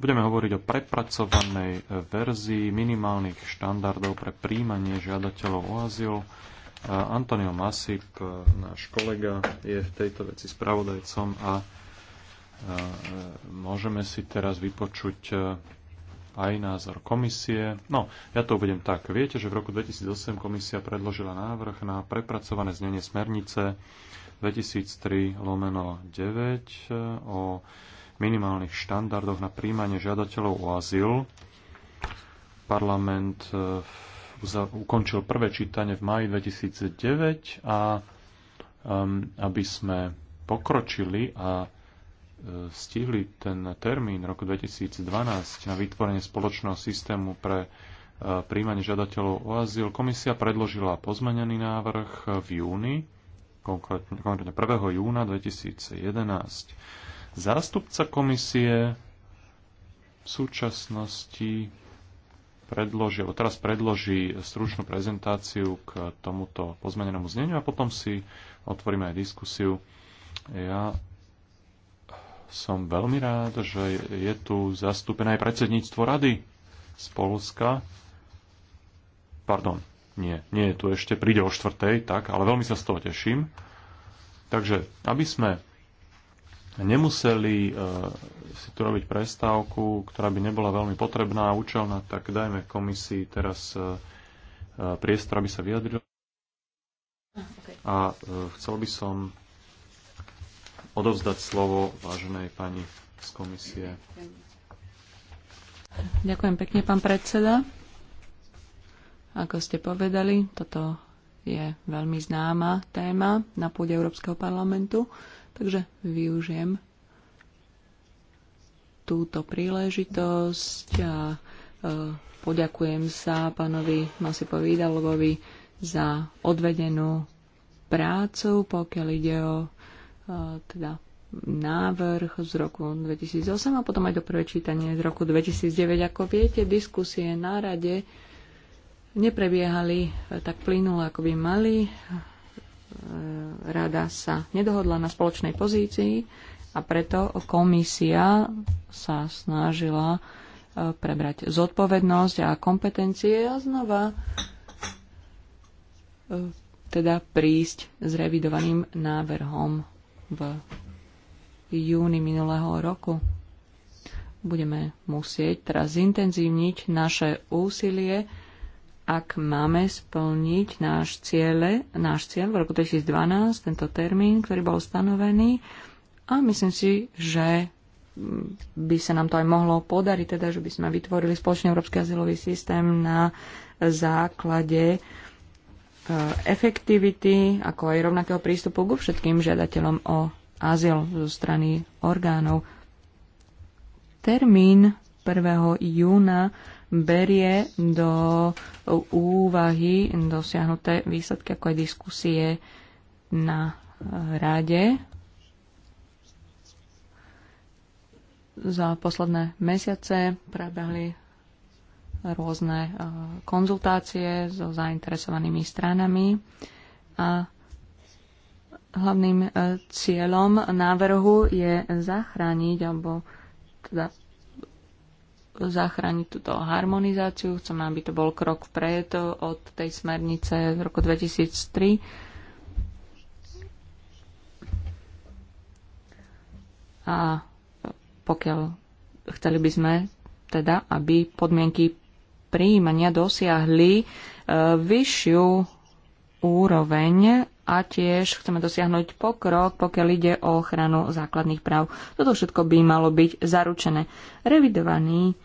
Budeme hovoriť o prepracovanej verzii minimálnych štandardov pre príjmanie žiadateľov o azyl. Antonio Masip, náš kolega, je v tejto veci spravodajcom a Eh, môžeme si teraz vypočuť eh, aj názor komisie. No, ja to uvedem tak. Viete, že v roku 2008 komisia predložila návrh na prepracované znenie smernice 2003 lomeno 9 eh, o minimálnych štandardoch na príjmanie žiadateľov o azyl. Parlament ukončil prvé čítanie v maji 2009 a um, aby sme pokročili a stihli ten termín roku 2012 na vytvorenie spoločného systému pre e, príjmanie žiadateľov o azyl, komisia predložila pozmenený návrh v júni, konkrétne, konkrétne 1. júna 2011. Zástupca komisie v súčasnosti predloží, alebo teraz predloží stručnú prezentáciu k tomuto pozmenenému zneniu a potom si otvoríme aj diskusiu. Ja som veľmi rád, že je tu zastúpené aj predsedníctvo rady z Polska. Pardon, nie, nie je tu ešte, príde o štvrtej, tak, ale veľmi sa z toho teším. Takže, aby sme nemuseli e, si tu robiť prestávku, ktorá by nebola veľmi potrebná a účelná, tak dajme komisii teraz e, e priestor, aby sa vyjadrilo. A e, chcel by som odovzdať slovo váženej pani z komisie. Ďakujem pekne, pán predseda. Ako ste povedali, toto je veľmi známa téma na pôde Európskeho parlamentu, takže využijem túto príležitosť a e, poďakujem sa pánovi Masipovi Dalgovi za odvedenú prácu, pokiaľ ide o E, teda návrh z roku 2008 a potom aj do prvé čítanie z roku 2009. Ako viete, diskusie na rade neprebiehali e, tak plynulo, ako by mali. E, rada sa nedohodla na spoločnej pozícii a preto komisia sa snažila prebrať zodpovednosť a kompetencie a znova teda prísť s revidovaným návrhom v júni minulého roku. Budeme musieť teraz zintenzívniť naše úsilie, ak máme splniť náš, ciele, náš cieľ v roku 2012, tento termín, ktorý bol stanovený. A myslím si, že by sa nám to aj mohlo podariť, teda, že by sme vytvorili spoločný európsky azylový systém na základe uh, efektivity, ako aj rovnakého prístupu ku všetkým žiadateľom o azyl zo strany orgánov. Termín 1. júna berie do úvahy dosiahnuté výsledky, ako aj diskusie na eh, rade. Za posledné mesiace prebehli rôzne e, konzultácie so zainteresovanými stranami a hlavným e, cieľom návrhu je zachrániť alebo teda zachrániť túto harmonizáciu. Chcem, aby to bol krok vpred od tej smernice z roku 2003. A pokiaľ chceli by sme teda, aby podmienky príjmania dosiahli e, vyššiu úroveň a tiež chceme dosiahnuť pokrok, pokiaľ ide o ochranu základných práv. Toto všetko by malo byť zaručené. Revidovaný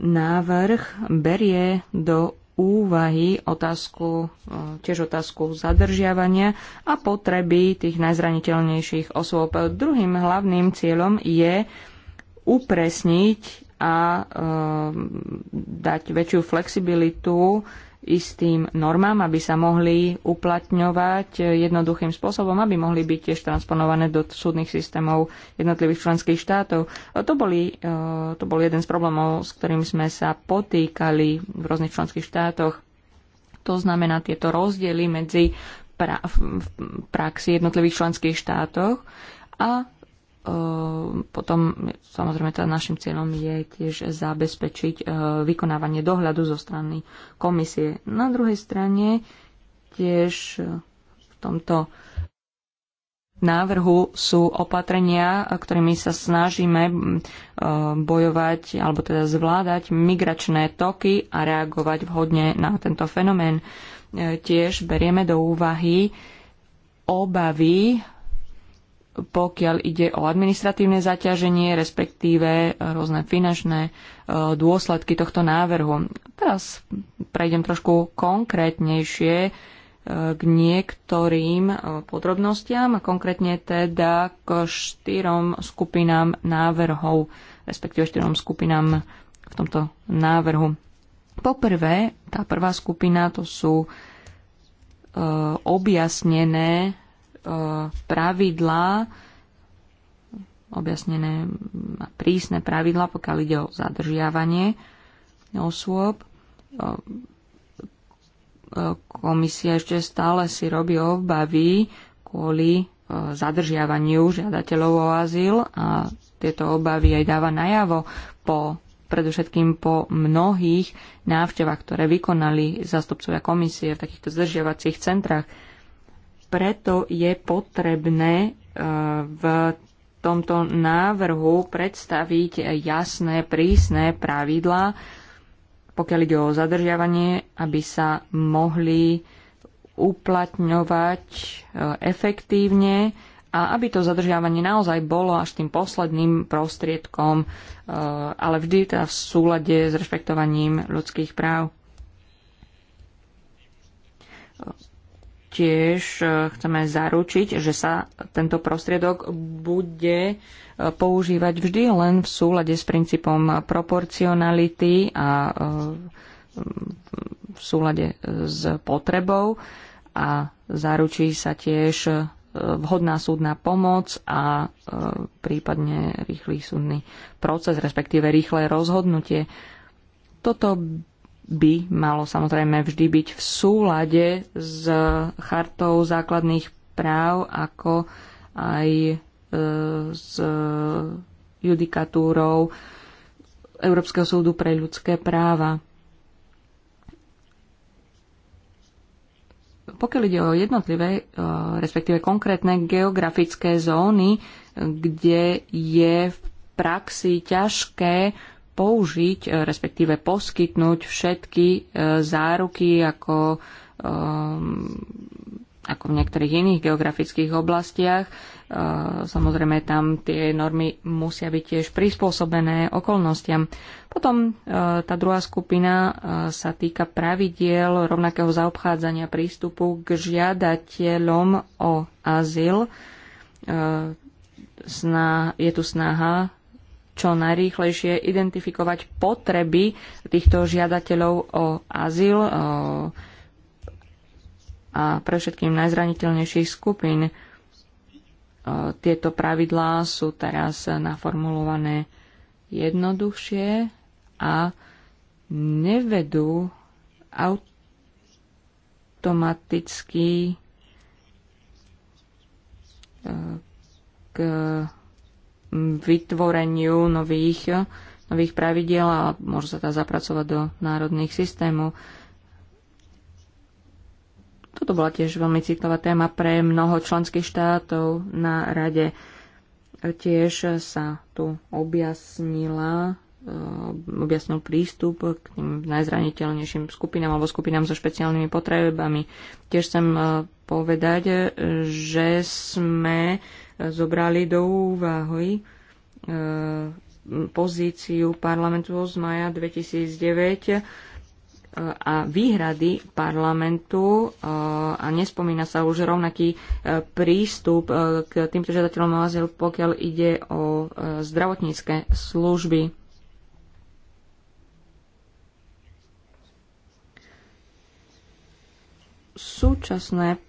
návrh berie do úvahy otázku, e, tiež otázku zadržiavania a potreby tých najzraniteľnejších osôb. Druhým hlavným cieľom je upresniť a ehm, dať väčšiu flexibilitu istým normám, aby sa mohli uplatňovať jednoduchým spôsobom, aby mohli byť tiež transponované do súdnych systémov jednotlivých členských štátov. To, boli, ehm, to bol jeden z problémov, s ktorým sme sa potýkali v rôznych členských štátoch. To znamená tieto rozdiely medzi pra- v praxi jednotlivých členských štátoch a Ehm, potom samozrejme teda našim cieľom je tiež zabezpečiť ehm, vykonávanie dohľadu zo strany komisie. Na druhej strane tiež v tomto návrhu sú opatrenia, ktorými sa snažíme ehm, bojovať alebo teda zvládať migračné toky a reagovať vhodne na tento fenomén. Tiež berieme do úvahy obavy pokiaľ ide o administratívne zaťaženie, respektíve e, rôzne finančné e, dôsledky tohto návrhu. Teraz prejdem trošku konkrétnejšie e, k niektorým podrobnostiam, a konkrétne teda k štyrom skupinám návrhov, respektíve štyrom skupinám v tomto návrhu. Poprvé, tá prvá skupina to sú objasnené E, pravidlá, objasnené prísne pravidlá, pokiaľ ide o zadržiavanie osôb. E, e, komisia ešte stále si robí obavy kvôli zadržiavaniu žiadateľov o azyl a tieto obavy aj dáva najavo po predovšetkým po mnohých návštevách, ktoré vykonali zástupcovia komisie v takýchto zdržiavacích centrách. Preto je potrebné e, v tomto návrhu predstaviť jasné, prísne pravidlá, pokiaľ ide o zadržiavanie, aby sa mohli uplatňovať e, efektívne a aby to zadržiavanie naozaj bolo až tým posledným prostriedkom, e, ale vždy teda v súlade s rešpektovaním ľudských práv tiež e, chceme zaručiť, že sa tento prostriedok bude e, používať vždy len v súlade s princípom proporcionality a e, v súlade s potrebou a zaručí sa tiež vhodná súdna pomoc a prípadne rýchly súdny proces, respektíve rýchle rozhodnutie. Toto by malo samozrejme vždy byť v súlade s chartou základných práv, ako aj e, s judikatúrou Európskeho súdu pre ľudské práva. Pokiaľ ide o jednotlivé, e, respektíve konkrétne geografické zóny, kde je v praxi ťažké použiť, e, respektíve poskytnúť všetky e, záruky ako, e, ako v niektorých iných geografických oblastiach. Samozrejme, tam tie normy musia byť tiež prispôsobené okolnostiam. Potom tá druhá skupina sa týka pravidiel rovnakého zaobchádzania prístupu k žiadateľom o azyl. je tu snaha čo najrýchlejšie identifikovať potreby týchto žiadateľov o azyl a pre všetkým najzraniteľnejších skupín. Tieto pravidlá sú teraz naformulované jednoduchšie a nevedú automaticky e, k vytvoreniu nových, nových pravidiel a môže sa tá zapracovať do národných systémov. Toto bola tiež veľmi citlivá téma pre mnoho členských štátov na rade. Tiež sa tu objasnila eh, objasnil prístup k tým najzraniteľnejším skupinám alebo skupinám so špeciálnymi potrebami. Tiež chcem eh, povedať, že sme zobrali do úvahy eh, pozíciu parlamentu z maja 2009 eh, a výhrady parlamentu eh, a nespomína sa už rovnaký prístup k týmto žiadateľom o azyl, pokiaľ ide o zdravotnícke služby. Súčasné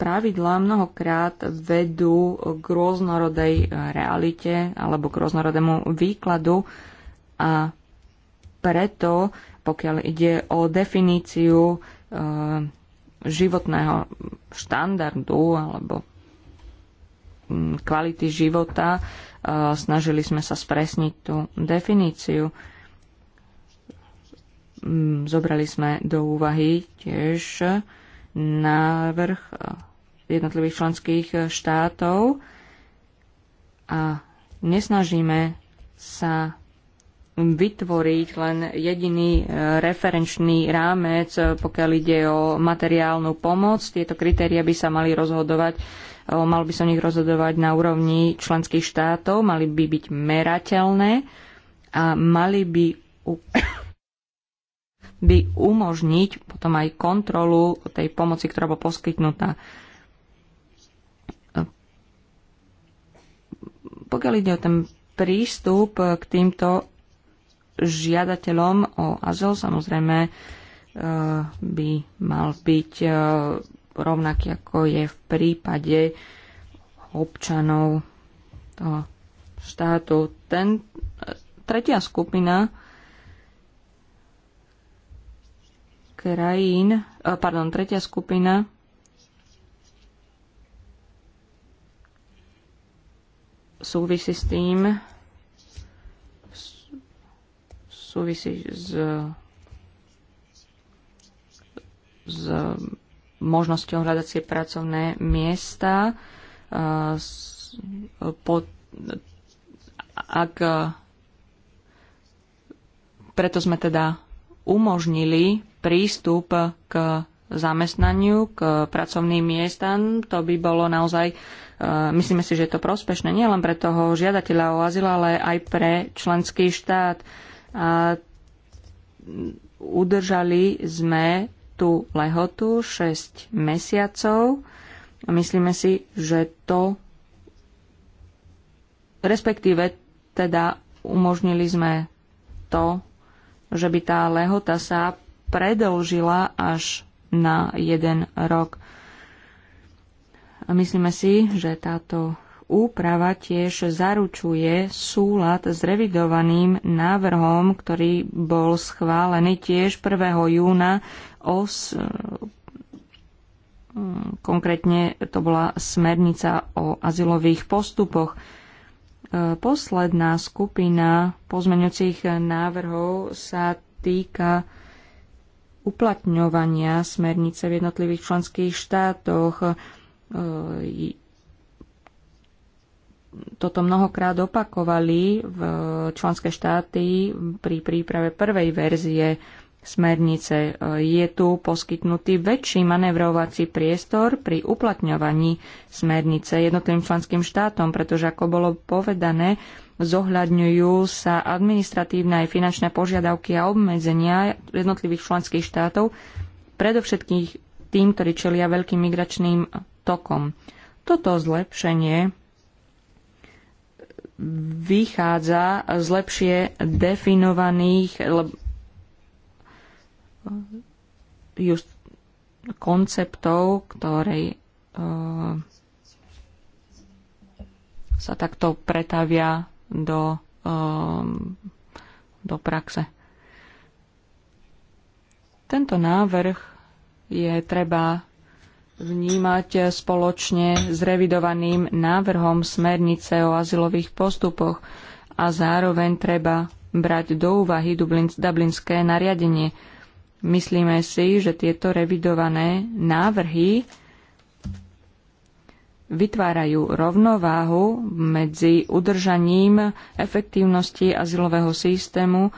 pravidlá mnohokrát vedú k rôznorodej eh, realite alebo k rôznorodému výkladu a preto, pokiaľ ide o definíciu e, životného štandardu alebo hm, kvality života, e, snažili sme sa spresniť tú definíciu. Hm, zobrali sme do úvahy tiež návrh jednotlivých členských e, štátov a nesnažíme sa vytvoriť len jediný e, referenčný rámec, e, pokiaľ ide o materiálnu pomoc. Tieto kritéria by sa mali rozhodovať, mal by sa o nich rozhodovať na úrovni členských štátov, mali by byť merateľné a mali by by umožniť potom aj kontrolu tej pomoci, ktorá bola poskytnutá. Pokiaľ ide o ten prístup k týmto žiadateľom o azyl, samozrejme e, by mal byť e, rovnaký, ako je v prípade občanov toho štátu. Ten, e, tretia skupina krajín, pardon, tretia skupina súvisí s tým, súvisí s, s možnosťou hľadať si pracovné miesta. Po, ak, preto sme teda umožnili prístup k zamestnaniu, k pracovným miestam. To by bolo naozaj Eh, myslíme si, že je to prospešné nielen pre toho žiadateľa o azyl, ale aj pre členský štát. A udržali sme tú lehotu 6 mesiacov a myslíme si, že to respektíve teda umožnili sme to, že by tá lehota sa predlžila až na jeden rok. Myslíme si, že táto úprava tiež zaručuje súlad s revidovaným návrhom, ktorý bol schválený tiež 1. júna o s... konkrétne to bola smernica o azylových postupoch. Posledná skupina pozmeňujúcich návrhov sa týka uplatňovania smernice v jednotlivých členských štátoch E, toto mnohokrát opakovali v členské štáty pri príprave prvej verzie smernice. E, je tu poskytnutý väčší manevrovací priestor pri uplatňovaní smernice jednotlivým členským štátom, pretože ako bolo povedané, zohľadňujú sa administratívne aj finančné požiadavky a obmedzenia jednotlivých členských štátov, predovšetkých tým, ktorí čelia veľkým migračným tokom. Toto zlepšenie vychádza z lepšie definovaných just konceptov, ktoré uh, eh, sa takto pretavia do, uh, do praxe. Tento návrh je treba vnímať spoločne s revidovaným návrhom smernice o azylových postupoch a zároveň treba brať do úvahy dublinské nariadenie. Myslíme si, že tieto revidované návrhy vytvárajú rovnováhu medzi udržaním efektívnosti azylového systému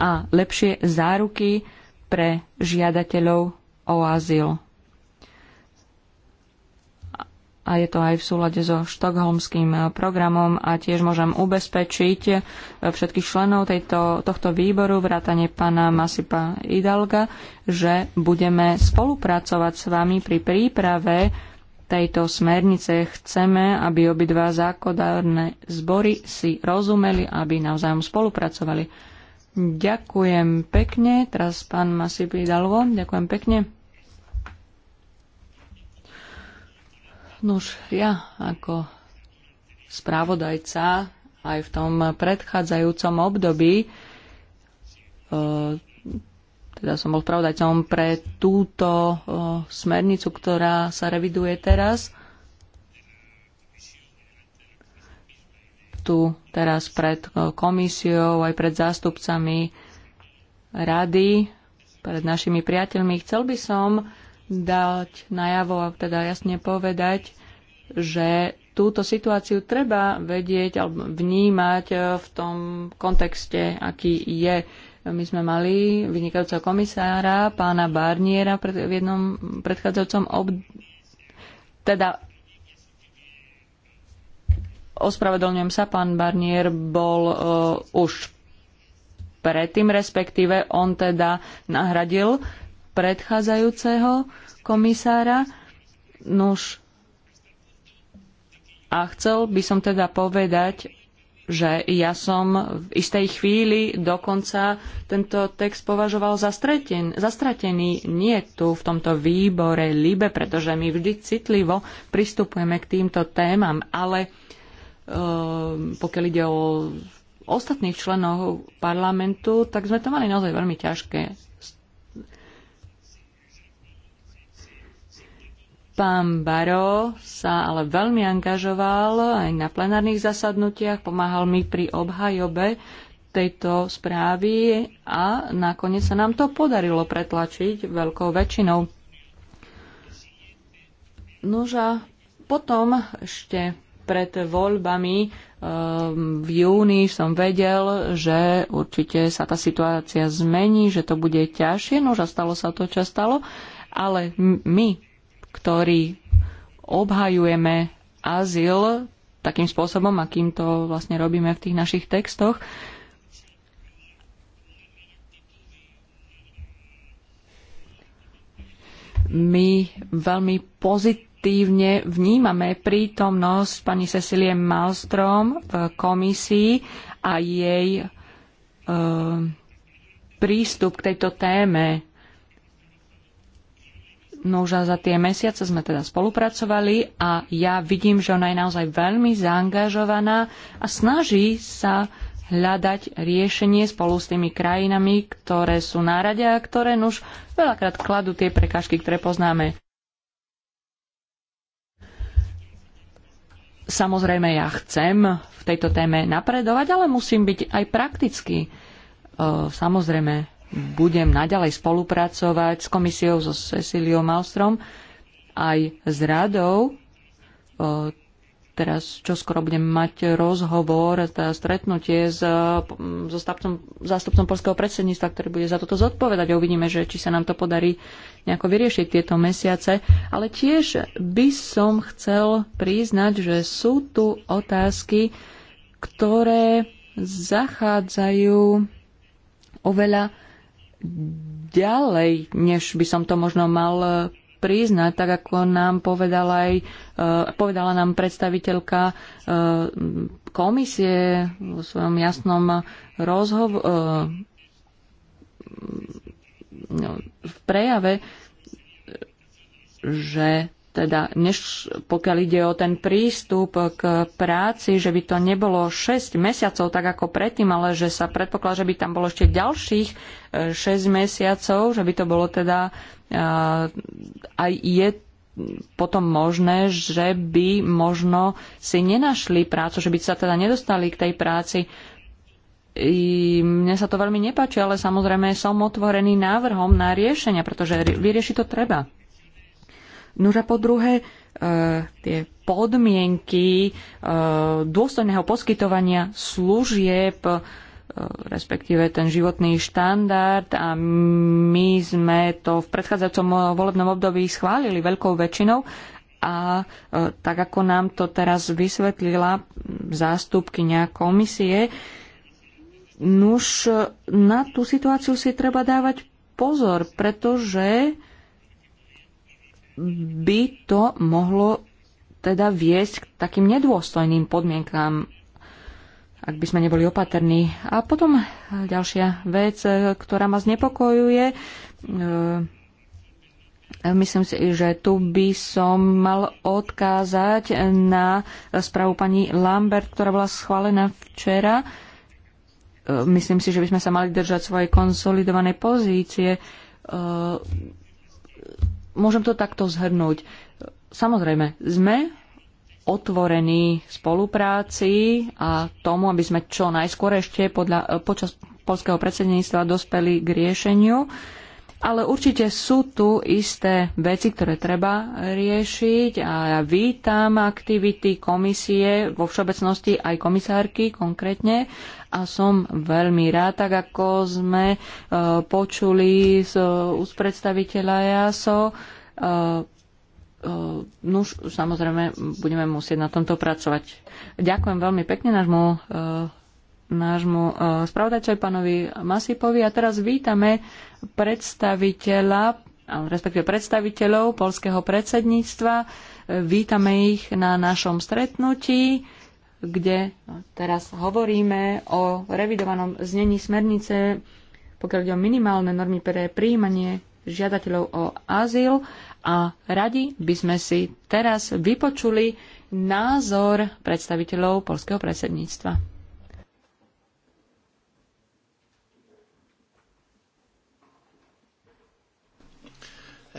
a lepšie záruky pre žiadateľov o azyl. A je to aj v súlade so štokholmským eh, programom a tiež môžem ubezpečiť eh, všetkých členov tejto, tohto výboru, vrátane pána Masipa Idalga, že budeme spolupracovať s vami pri príprave tejto smernice chceme, aby obidva zákonodárne zbory si rozumeli, aby navzájom spolupracovali. Ďakujem pekne. Teraz pán Masip Hidalgo. Ďakujem pekne. Nuž, ja ako správodajca aj v tom predchádzajúcom období, e, teda som bol spravodajcom pre túto e, smernicu, ktorá sa reviduje teraz, tu teraz pred komisiou, aj pred zástupcami rady, pred našimi priateľmi. Chcel by som dať najavo a teda jasne povedať, že túto situáciu treba vedieť alebo vnímať e, v tom kontexte, aký je. My sme mali vynikajúceho komisára, pána Barniera v jednom predchádzajúcom ob... teda Ospravedlňujem sa, pán Barnier bol uh, už predtým, respektíve on teda nahradil predchádzajúceho komisára. Nuž. A chcel by som teda povedať, že ja som v istej chvíli dokonca tento text považoval za, streten, za stratený nie tu v tomto výbore LIBE, pretože my vždy citlivo pristupujeme k týmto témam, ale Ehm, pokiaľ ide o ostatných členov parlamentu, tak sme to mali naozaj veľmi ťažké. Pán Baro sa ale veľmi angažoval aj na plenárnych zasadnutiach, pomáhal mi pri obhajobe tejto správy a nakoniec sa nám to podarilo pretlačiť veľkou väčšinou. Nože potom ešte pred voľbami ehm, v júni som vedel, že určite sa tá situácia zmení, že to bude ťažšie, no a stalo sa to, čo stalo, ale my, ktorí obhajujeme azyl takým spôsobom, akým to vlastne robíme v tých našich textoch, my veľmi pozitívne pozitívne vnímame prítomnosť pani Cecilie Malstrom v komisii a jej e, prístup k tejto téme. No už za tie mesiace sme teda spolupracovali a ja vidím, že ona je naozaj veľmi zaangažovaná a snaží sa hľadať riešenie spolu s tými krajinami, ktoré sú na rade a ktoré už veľakrát kladú tie prekážky, ktoré poznáme. Samozrejme, ja chcem v tejto téme napredovať, ale musím byť aj praktický. E, samozrejme, budem naďalej spolupracovať s komisiou, so Cecíliou Malstrom, aj s radou. E, teraz čo skoro budem mať rozhovor, e, teda stretnutie s, mm, so stavcom, zástupcom polského predsedníctva, ktorý bude za toto zodpovedať uvidíme, že či sa nám to podarí nejako vyriešiť tieto mesiace. Ale tiež by som chcel priznať, že sú tu otázky, ktoré zachádzajú oveľa ďalej, než by som to možno mal priznať, tak ako nám povedala, aj, eh, povedala nám predstaviteľka eh, komisie vo svojom jasnom rozhovore eh, no, v prejave, že teda než pokiaľ ide o ten prístup k práci, že by to nebolo 6 mesiacov tak ako predtým, ale že sa predpokladá, že by tam bolo ešte ďalších 6 e, mesiacov, že by to bolo teda e, aj je potom možné, že by možno si nenašli prácu, že by sa teda nedostali k tej práci. I mne sa to veľmi nepáči, ale samozrejme som otvorený návrhom na riešenia, pretože vyriešiť to treba. No a po druhé, e, tie podmienky e, dôstojného poskytovania služieb, e, respektíve ten životný štandard a my sme to v predchádzajúcom volebnom období schválili veľkou väčšinou a e, tak ako nám to teraz vysvetlila zástupkynia komisie, nuž na tú situáciu si treba dávať pozor, pretože by to mohlo teda viesť k takým nedôstojným podmienkám, ak by sme neboli opatrní. A potom ďalšia vec, ktorá ma znepokojuje. E, myslím si, že tu by som mal odkázať na správu pani Lambert, ktorá bola schválená včera. E, myslím si, že by sme sa mali držať svojej konsolidovanej pozície e, Môžem to takto zhrnúť. Samozrejme, sme otvorení spolupráci a tomu, aby sme čo najskôr ešte podľa, počas polského predsedníctva dospeli k riešeniu. Uh, ale určite sú tu isté veci, ktoré treba riešiť a ja vítam aktivity komisie vo všeobecnosti aj komisárky konkrétne a som veľmi rád, tak ako sme e, počuli z e, úst predstaviteľa JASO, uh, e, no samozrejme budeme musieť na tomto pracovať. Ďakujem veľmi pekne nášmu nášmu e, spravodajcovi pánovi Masipovi. A teraz vítame predstaviteľa, respektíve predstaviteľov polského predsedníctva. Vítame ich na našom stretnutí, kde teraz hovoríme o revidovanom znení smernice, pokiaľ ide o minimálne normy pre príjmanie žiadateľov o azyl a radi by sme si teraz vypočuli názor predstaviteľov polského predsedníctva.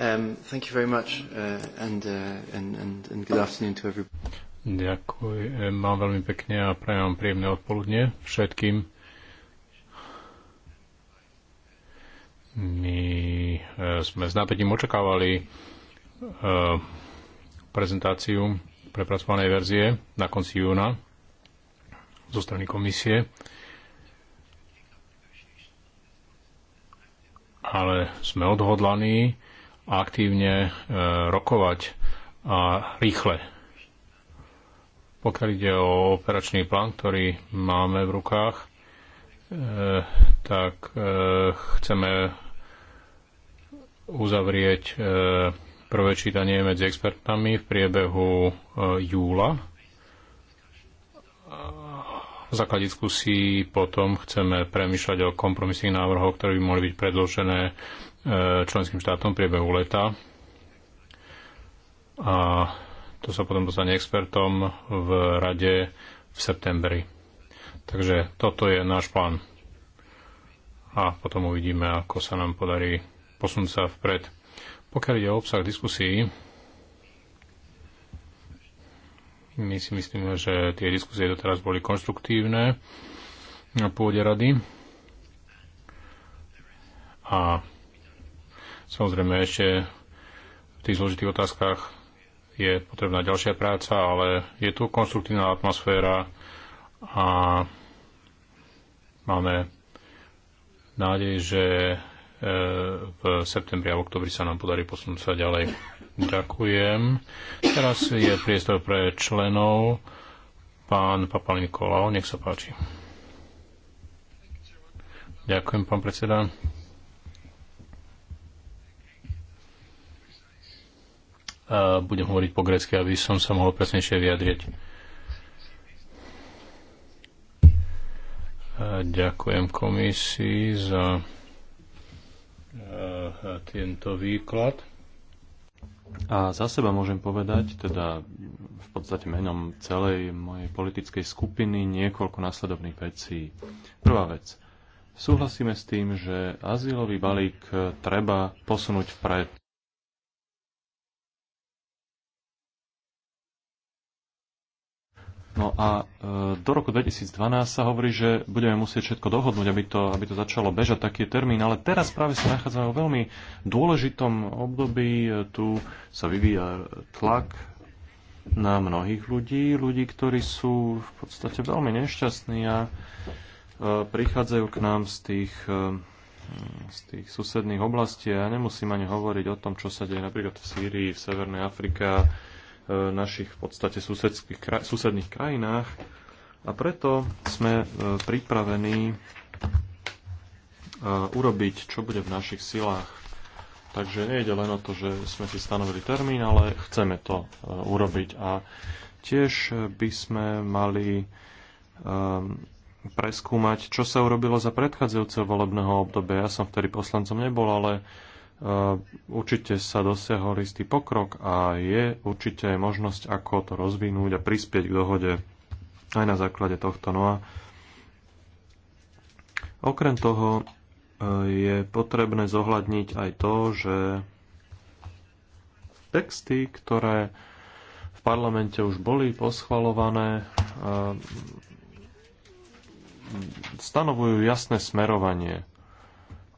Um, thank you very much uh, and, uh, and, and, and good afternoon to everybody. Ďakujem vám eh, veľmi pekne a prajem vám príjemné odpoludne všetkým. My eh, sme s napätím očakávali eh, prezentáciu prepracovanej verzie na konci júna zo strany komisie. Ale sme odhodlaní aktívne e, rokovať a rýchle. Pokiaľ ide o operačný plán, ktorý máme v rukách, e, tak e, chceme uzavrieť prvé čítanie medzi expertami v priebehu júla. V základe diskusí potom chceme premyšľať o kompromisných návrhoch, ktoré by mohli byť predložené E, členským štátom v priebehu leta a to sa potom dostane expertom v rade v septembri. Takže toto je náš plán. A potom uvidíme, ako sa nám podarí posunúť sa vpred. Pokiaľ ide o obsah diskusí, my si myslíme, že tie diskusie doteraz boli konštruktívne na pôde rady. A Samozrejme, ešte v tých zložitých otázkach je potrebná ďalšia práca, ale je tu konstruktívna atmosféra a máme nádej, že e, v septembri a oktobri sa nám podarí posunúť sa ďalej. Ďakujem. Teraz je priestor pre členov. Pán Papal Nikolau, nech sa páči. Ďakujem, pán predseda. budem hovoriť po grecky, aby som sa mohol presnejšie vyjadriť. Ďakujem komisii za e, tento výklad. A za seba môžem povedať, teda v podstate menom celej mojej politickej skupiny, niekoľko následovných vecí. Prvá vec. Súhlasíme s tým, že azylový balík treba posunúť vpred. No a e, do roku 2012 sa hovorí, že budeme musieť všetko dohodnúť, aby to, aby to začalo bežať, taký je termín. Ale teraz práve sa nachádzame vo veľmi dôležitom období. E, tu sa vyvíja tlak na mnohých ľudí, ľudí, ktorí sú v podstate veľmi nešťastní a e, prichádzajú k nám z tých, z tých susedných oblastí. Ja nemusím ani hovoriť o tom, čo sa deje napríklad v Sýrii, v Severnej Afrike E, našich v podstate susedských, susedných krajinách a preto sme e, pripravení e, urobiť, čo bude v našich silách. Takže nejde len o to, že sme si stanovili termín, ale chceme to urobiť a tiež by sme mali preskúmať, čo sa urobilo za predchádzajúceho volebného obdobia. Ja som vtedy poslancom nebol, ale Eh, určite sa dosiahol istý pokrok a je určite aj možnosť, ako to rozvinúť a prispieť k dohode aj na základe tohto. No a okrem toho eh, je potrebné zohľadniť aj to, že texty, ktoré v parlamente už boli poschvalované, eh, stanovujú jasné smerovanie.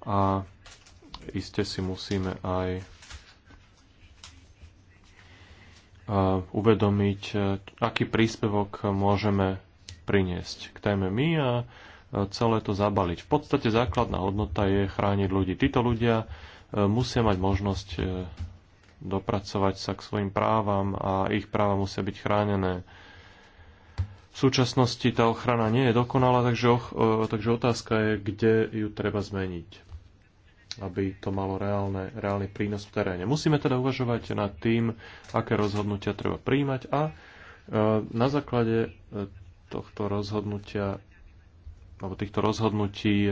A iste si musíme aj uvedomiť, e, aký príspevok môžeme priniesť k téme my a e, celé to zabaliť. V podstate základná hodnota je chrániť ľudí. Títo ľudia e, musia mať možnosť dopracovať sa k svojim právam a ich práva musia byť chránené. V súčasnosti tá ochrana nie je dokonalá, takže, och, takže otázka je, kde ju treba zmeniť aby to malo reálne, reálny prínos v teréne. Musíme teda uvažovať nad tým, aké rozhodnutia treba príjmať a e, na základe e, tohto rozhodnutia alebo týchto rozhodnutí e,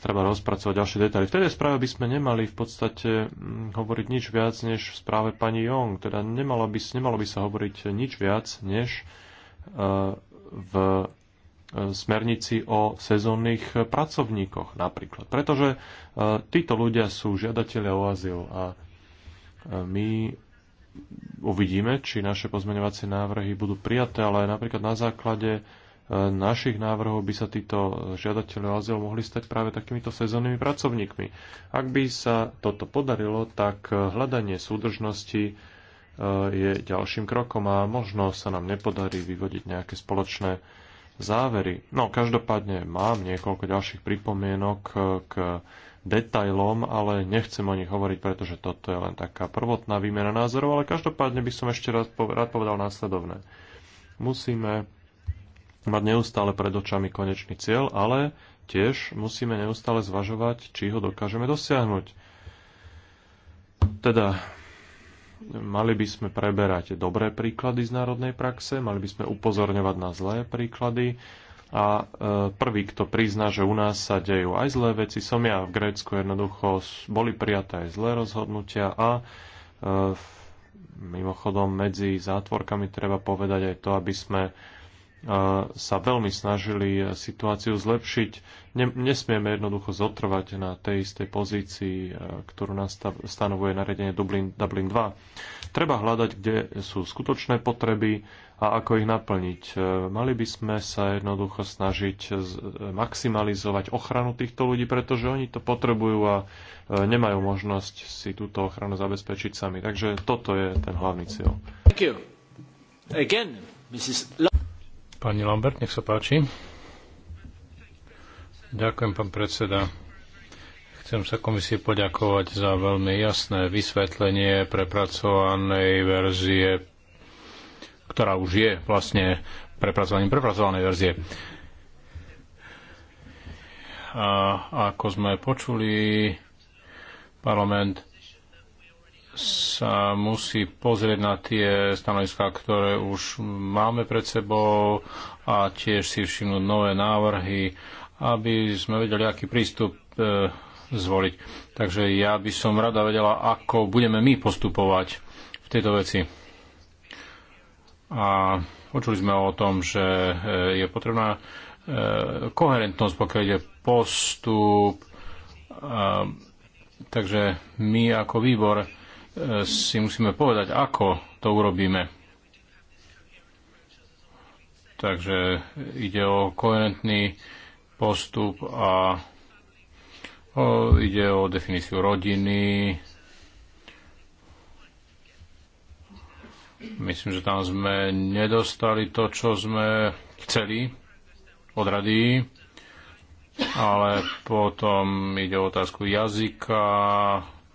treba rozpracovať ďalšie detaily. V tej správe by sme nemali v podstate hovoriť nič viac než v správe pani Jong. Teda nemalo by, nemalo by sa hovoriť nič viac než v smernici o sezónnych pracovníkoch napríklad. Pretože e, títo ľudia sú žiadatelia o azyl a e, my uvidíme, či naše pozmeňovacie návrhy budú prijaté, ale napríklad na základe e, našich návrhov by sa títo žiadatelia o azyl mohli stať práve takýmito sezónnymi pracovníkmi. Ak by sa toto podarilo, tak hľadanie súdržnosti je ďalším krokom a možno sa nám nepodarí vyvodiť nejaké spoločné závery. No, každopádne mám niekoľko ďalších pripomienok eh, k detailom, ale nechcem o nich hovoriť, pretože toto je len taká prvotná výmena názorov, ale každopádne by som ešte rád povedal následovné. Musíme mať neustále pred očami konečný cieľ, ale tiež musíme neustále zvažovať, či ho dokážeme dosiahnuť. Teda Mali by sme preberať dobré príklady z národnej praxe, mali by sme upozorňovať na zlé príklady a e, prvý, kto prizná, že u nás sa dejú aj zlé veci, som ja v Grécku jednoducho, boli prijaté aj zlé rozhodnutia a e, mimochodom medzi zátvorkami treba povedať aj to, aby sme sa veľmi snažili situáciu zlepšiť. Nesmieme jednoducho zotrvať na tej istej pozícii, ktorú nás stanovuje nariadenie Dublin, Dublin 2. Treba hľadať, kde sú skutočné potreby a ako ich naplniť. Mali by sme sa jednoducho snažiť maximalizovať ochranu týchto ľudí, pretože oni to potrebujú a nemajú možnosť si túto ochranu zabezpečiť sami. Takže toto je ten hlavný cieľ. Thank you. Again, Mrs. Pani Lambert, nech sa páči. Ďakujem, pán predseda. Chcem sa komisii poďakovať za veľmi jasné vysvetlenie prepracovanej verzie, ktorá už je vlastne prepracovaním prepracovanej verzie. A ako sme počuli, parlament sa musí pozrieť na tie stanoviská, ktoré už máme pred sebou a tiež si všimnúť nové návrhy, aby sme vedeli, aký prístup e, zvoliť. Takže ja by som rada vedela, ako budeme my postupovať v tejto veci. A počuli sme o tom, že e, je potrebná e, koherentnosť, pokiaľ ide postup. E, takže my ako výbor si musíme povedať, ako to urobíme. Takže ide o koherentný postup a o, ide o definíciu rodiny. Myslím, že tam sme nedostali to, čo sme chceli od rady, ale potom ide o otázku jazyka,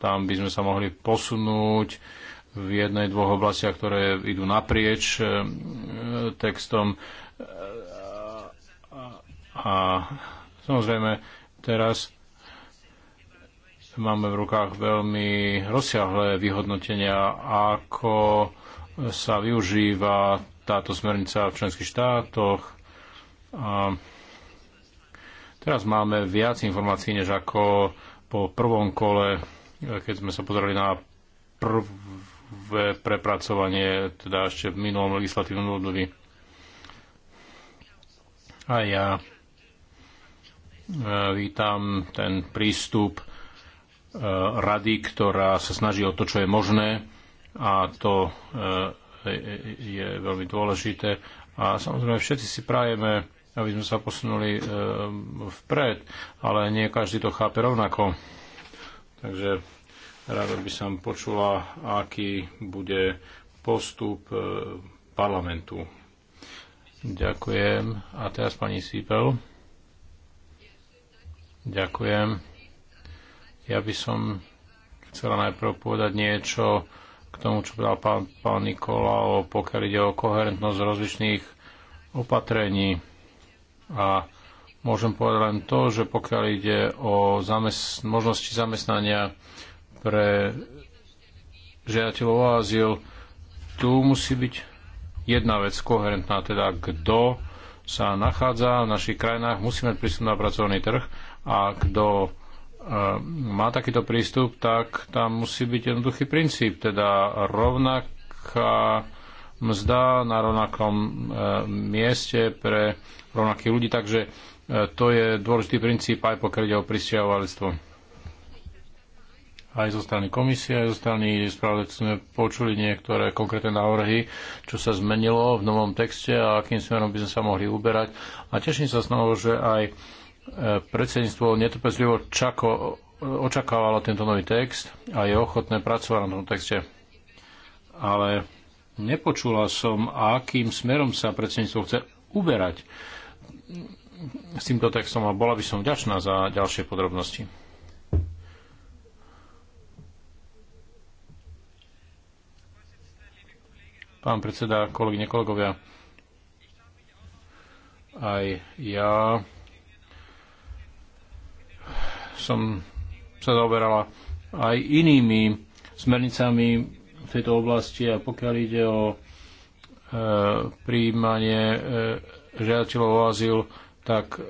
tam by sme sa mohli posunúť v jednej, dvoch oblastiach, ktoré idú naprieč e, textom. A samozrejme, teraz máme v rukách veľmi rozsiahlé vyhodnotenia, ako sa využíva táto smernica v členských štátoch. A teraz máme viac informácií, než ako po prvom kole keď sme sa pozerali na prvé prepracovanie, teda ešte v minulom legislatívnom období. A ja e, vítam ten prístup e, rady, ktorá sa snaží o to, čo je možné a to e, je veľmi dôležité. A samozrejme, všetci si prajeme, aby sme sa posunuli vpred, ale nie každý to chápe rovnako. Takže rád by som počula, aký bude postup e, parlamentu. Ďakujem. A teraz pani Sípel. Ďakujem. Ja by som chcela najprv povedať niečo k tomu, čo povedal pán, pán Nikola, pokiaľ ide o koherentnosť rozličných opatrení a Môžem povedať len to, že pokiaľ ide o zamest- možnosti zamestnania pre žiadateľov o azyl, tu musí byť jedna vec koherentná, teda kto sa nachádza v našich krajinách, musí mať prístup na pracovný trh a kto e, má takýto prístup, tak tam musí byť jednoduchý princíp, teda rovnaká mzda na rovnakom e, mieste pre rovnakých ľudí. Takže E, to je dôležitý princíp aj pokiaľ ide o pristiavalectvo. Aj zo strany komisie, aj zo strany spravodajcov sme počuli niektoré konkrétne návrhy, čo sa zmenilo v novom texte a akým smerom by sme sa mohli uberať. A teším sa znovu, že aj e, predsedníctvo netrpezlivo čako, očakávalo tento nový text a je ochotné pracovať na tom texte. Ale nepočula som, akým smerom sa predsedníctvo chce uberať s týmto textom a bola by som vďačná za ďalšie podrobnosti. Pán predseda, kolegyne, kolegovia, aj ja som sa zaoberala aj inými smernicami v tejto oblasti a pokiaľ ide o e, príjmanie e, žiadateľov o azyl, tak e, e,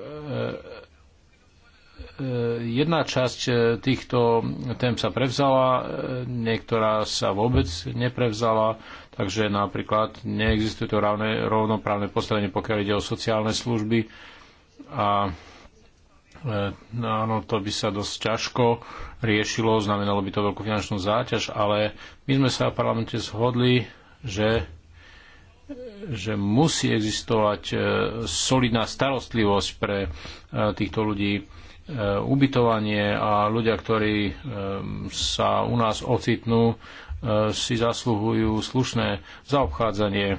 jedna časť e, týchto tém sa prevzala, niektorá sa vôbec neprevzala, takže napríklad neexistuje to rovné, rovnoprávne postavenie, pokiaľ ide o sociálne služby a no, áno, to by sa dosť ťažko riešilo, znamenalo by to veľkú finančnú záťaž, ale my sme sa v parlamente zhodli, že že musí existovať e, solidná starostlivosť pre e, týchto ľudí, e, ubytovanie a ľudia, ktorí sa u nás ocitnú, si zasluhujú slušné zaobchádzanie.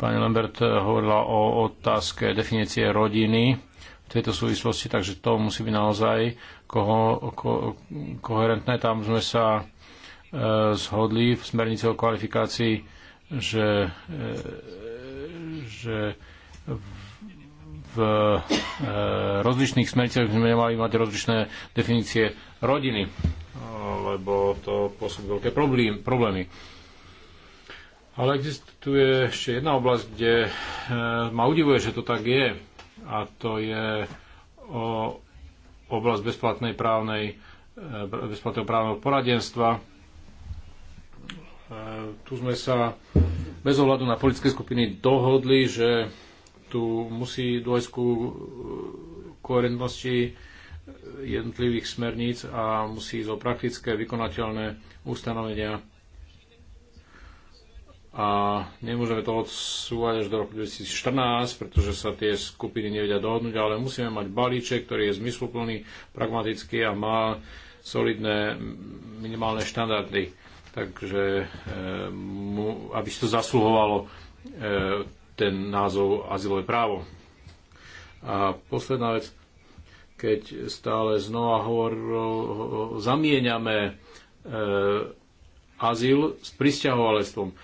Pani Lambert hovorila o otázke definície rodiny v tejto súvislosti, takže to musí byť naozaj koho, ko, koherentné. Tam sme sa E, zhodli v smernici o kvalifikácii, že, e, že v e, rozličných smerniciach sme nemali mať rozličné definície rodiny, lebo to pôsobí veľké problémy. Ale existuje ešte jedna oblasť, kde ma udivuje, že to tak je, a to je o oblasť bezplatnej právnej, bezplatného právneho poradenstva, E, tu sme sa bez ohľadu na politické skupiny dohodli, že tu musí dôjsť ku e, koherentnosti jednotlivých smerníc a musí ísť o praktické vykonateľné ustanovenia a nemôžeme to odsúvať až do roku 2014, pretože sa tie skupiny nevedia dohodnúť, ale musíme mať balíček, ktorý je zmysluplný, pragmatický a má solidné minimálne štandardy takže eh, aby si to zasluhovalo eh, ten názov azylové právo. A posledná vec, keď stále znova hovoril, zamieňame eh, azyl s pristahovalectvom.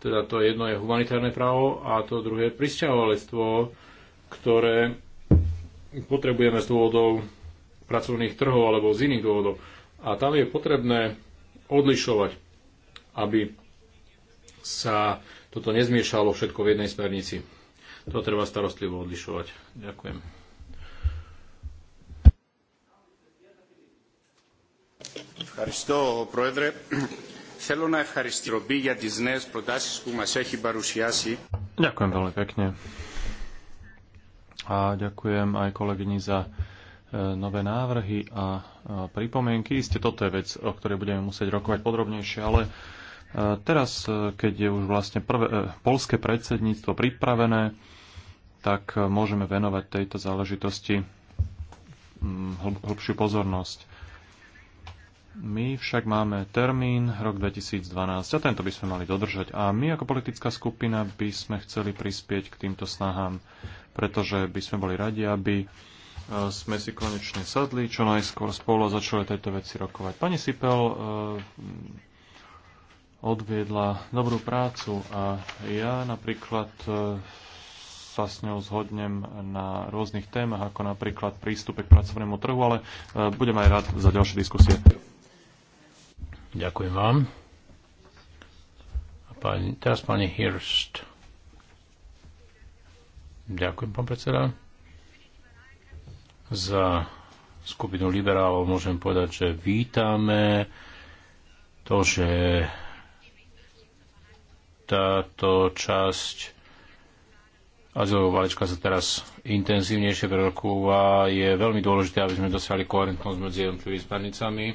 Teda to jedno je humanitárne právo a to druhé je pristahovalectvo, ktoré potrebujeme z dôvodov pracovných trhov alebo z iných dôvodov. A tam je potrebné odlišovať aby sa toto nezmiešalo všetko v jednej smernici. To treba starostlivo odlišovať. Ďakujem. Ευχαριστώ, Πρόεδρε. Θέλω να ευχαριστήσω για τις νέες προτάσεις που μας έχει παρουσιάσει. Ďakujem veľmi pekne. A ďakujem aj kolegyni za e, nové návrhy a pripomienky. Isté toto je vec, o ktorej budeme musieť rokovať podrobnejšie, ale E, teraz, e, keď je už vlastne prvé, e, polské predsedníctvo pripravené, tak môžeme venovať tejto záležitosti mm, hlbšiu pozornosť. My však máme termín rok 2012 a tento by sme mali dodržať. A my ako politická skupina by sme chceli prispieť k týmto snahám, pretože by sme boli radi, aby sme si konečne sadli, čo najskôr spolu a začali tejto veci rokovať. Pani Sipel, odviedla dobrú prácu a ja napríklad e, sa s ňou zhodnem na rôznych témach, ako napríklad prístupe k pracovnému trhu, ale e, budem aj rád za ďalšie diskusie. Ďakujem vám. A pani, teraz pani Hirst. Ďakujem, pán predseda. Za skupinu liberálov môžem povedať, že vítame to, že táto časť azylového balíčka sa teraz intenzívnejšie prerokúva. Je veľmi dôležité, aby sme dosiahli koherentnosť medzi jednotlivými smernicami.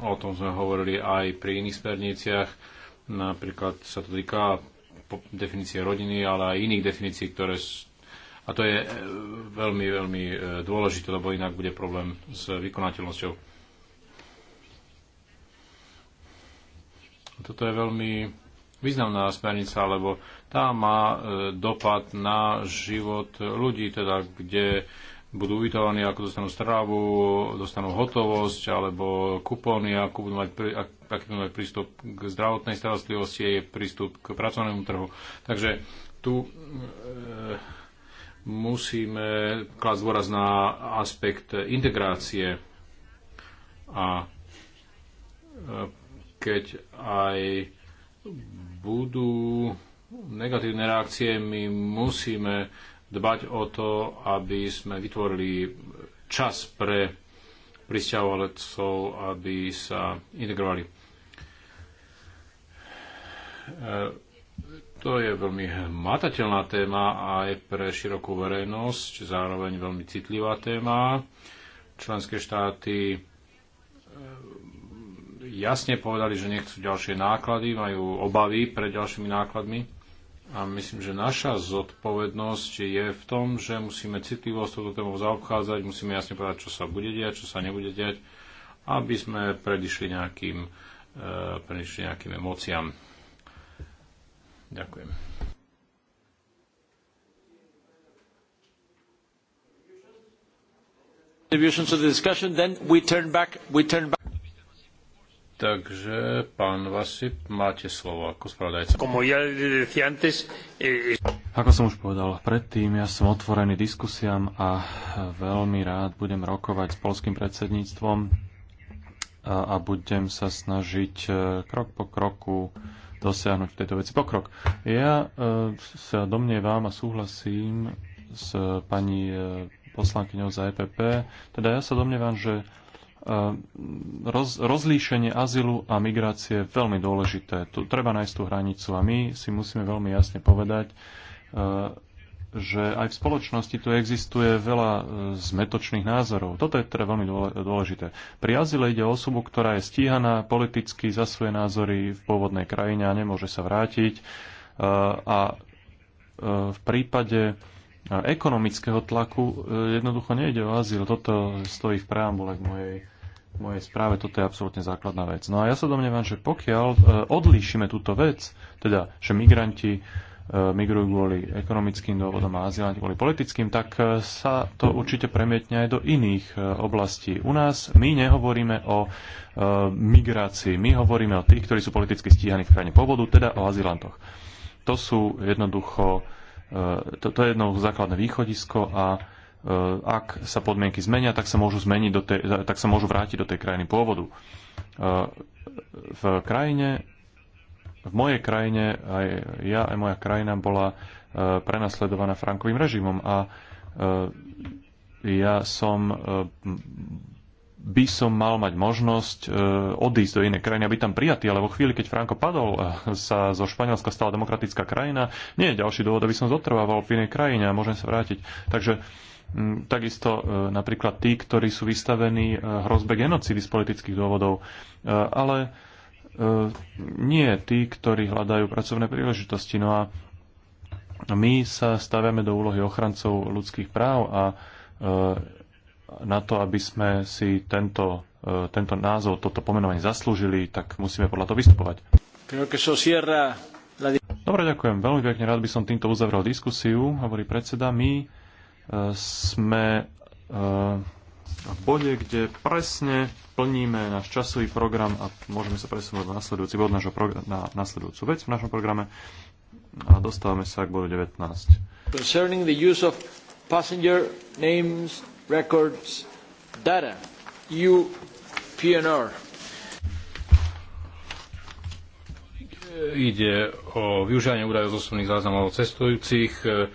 O tom sme hovorili aj pri iných smerniciach. Napríklad sa to týka definície rodiny, ale aj iných definícií, ktoré... A to je e, veľmi, veľmi e, dôležité, lebo inak bude problém s vykonateľnosťou Toto je veľmi významná smernica, lebo tá má e, dopad na život ľudí, teda kde budú ubytovaní, ako dostanú strávu, dostanú hotovosť, alebo kupóny, ako budú mať, aký budú mať prístup k zdravotnej starostlivosti, je prístup k pracovnému trhu. Takže tu e, musíme klásť dôraz na aspekt integrácie a e, keď aj budú negatívne reakcie, my musíme dbať o to, aby sme vytvorili čas pre pristahovalecov, aby sa integrovali. E, to je veľmi matateľná téma aj pre širokú verejnosť, zároveň veľmi citlivá téma. Členské štáty jasne povedali, že nechcú ďalšie náklady, majú obavy pred ďalšími nákladmi. A myslím, že naša zodpovednosť je v tom, že musíme citlivo s touto témou zaobchádzať, musíme jasne povedať, čo sa bude diať, čo sa nebude diať, aby sme predišli nejakým, e, predišli nejakým emóciám. Ďakujem. contributions to the discussion then we turn back we turn back Takže, pán Vasip, máte slovo ako spravodajca. Eh, ako som už povedal predtým, ja som otvorený diskusiám a veľmi rád budem rokovať s polským predsedníctvom a, a budem sa snažiť eh, krok po kroku dosiahnuť v tejto veci pokrok. Ja eh, sa domnievam a súhlasím s pani poslankyňou za EPP. Teda ja sa domnievam, že roz, rozlíšenie azylu a migrácie je veľmi dôležité. Tu treba nájsť tú hranicu a my si musíme veľmi jasne povedať, že aj v spoločnosti tu existuje veľa e, zmetočných názorov. Toto je teda veľmi dôležité. Pri azyle ide o osobu, ktorá je stíhaná politicky za svoje názory v pôvodnej krajine a nemôže sa vrátiť. A e, v prípade ekonomického tlaku e, jednoducho nejde o azyl. Toto stojí v preambule k mojej, mojej správe. Toto je absolútne základná vec. No a ja sa domnievam, že pokiaľ e, odlíšime túto vec, teda, že migranti e, migrujú kvôli ekonomickým dôvodom a azylanti kvôli politickým, tak sa to určite premietne aj do iných oblastí. U nás my nehovoríme o migrácii, my hovoríme o tých, ktorí sú politicky stíhaní v krajine pôvodu, teda o azylantoch. To sú jednoducho E, to, to je jedno základné východisko a e, ak sa podmienky zmenia, tak sa môžu, zmeniť do tej, tak sa môžu vrátiť do tej krajiny pôvodu. E, v krajine, v mojej krajine, aj ja, aj moja krajina bola prenasledovaná Frankovým režimom a ja som by som mal mať možnosť e, odísť do inej krajiny aby tam prijatý, ale vo chvíli, keď Franko padol, e, sa zo Španielska stala demokratická krajina, nie je ďalší dôvod, aby som zotrvával v inej krajine a môžem sa vrátiť. Takže takisto e, napríklad tí, ktorí sú vystavení hrozbe genocidy z politických dôvodov, ale nie tí, ktorí hľadajú pracovné príležitosti. No a my sa staviame do úlohy ochrancov ľudských práv a na to, aby sme si tento, e, tento názov, toto pomenovanie zaslúžili, tak musíme podľa toho vystupovať. Dobre, ďakujem. Veľmi pekne rád by som týmto uzavrel diskusiu, hovorí predseda. My e, sme e, v bode, kde presne plníme náš časový program a môžeme sa presunúť na nasledujúci bod, na nasledujúcu vec v našom programe a dostávame sa k bodu 19. Concerning the use of passenger names records data, EU PNR. Ide o využívanie údajov z osobných záznamov cestujúcich EU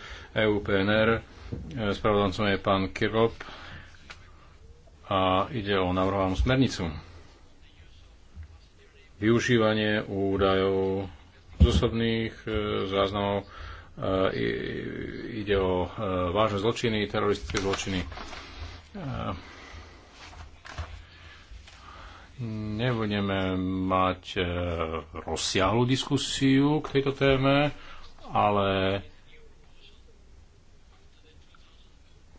eh, e PNR. Eh, Spravodancom je pán Kirop a ide o navrhovanú smernicu. Využívanie údajov z osobných eh, záznamov ide o vážne zločiny, teroristické zločiny Eh, nebudeme mať eh, rozsiahlu diskusiu k tejto téme, ale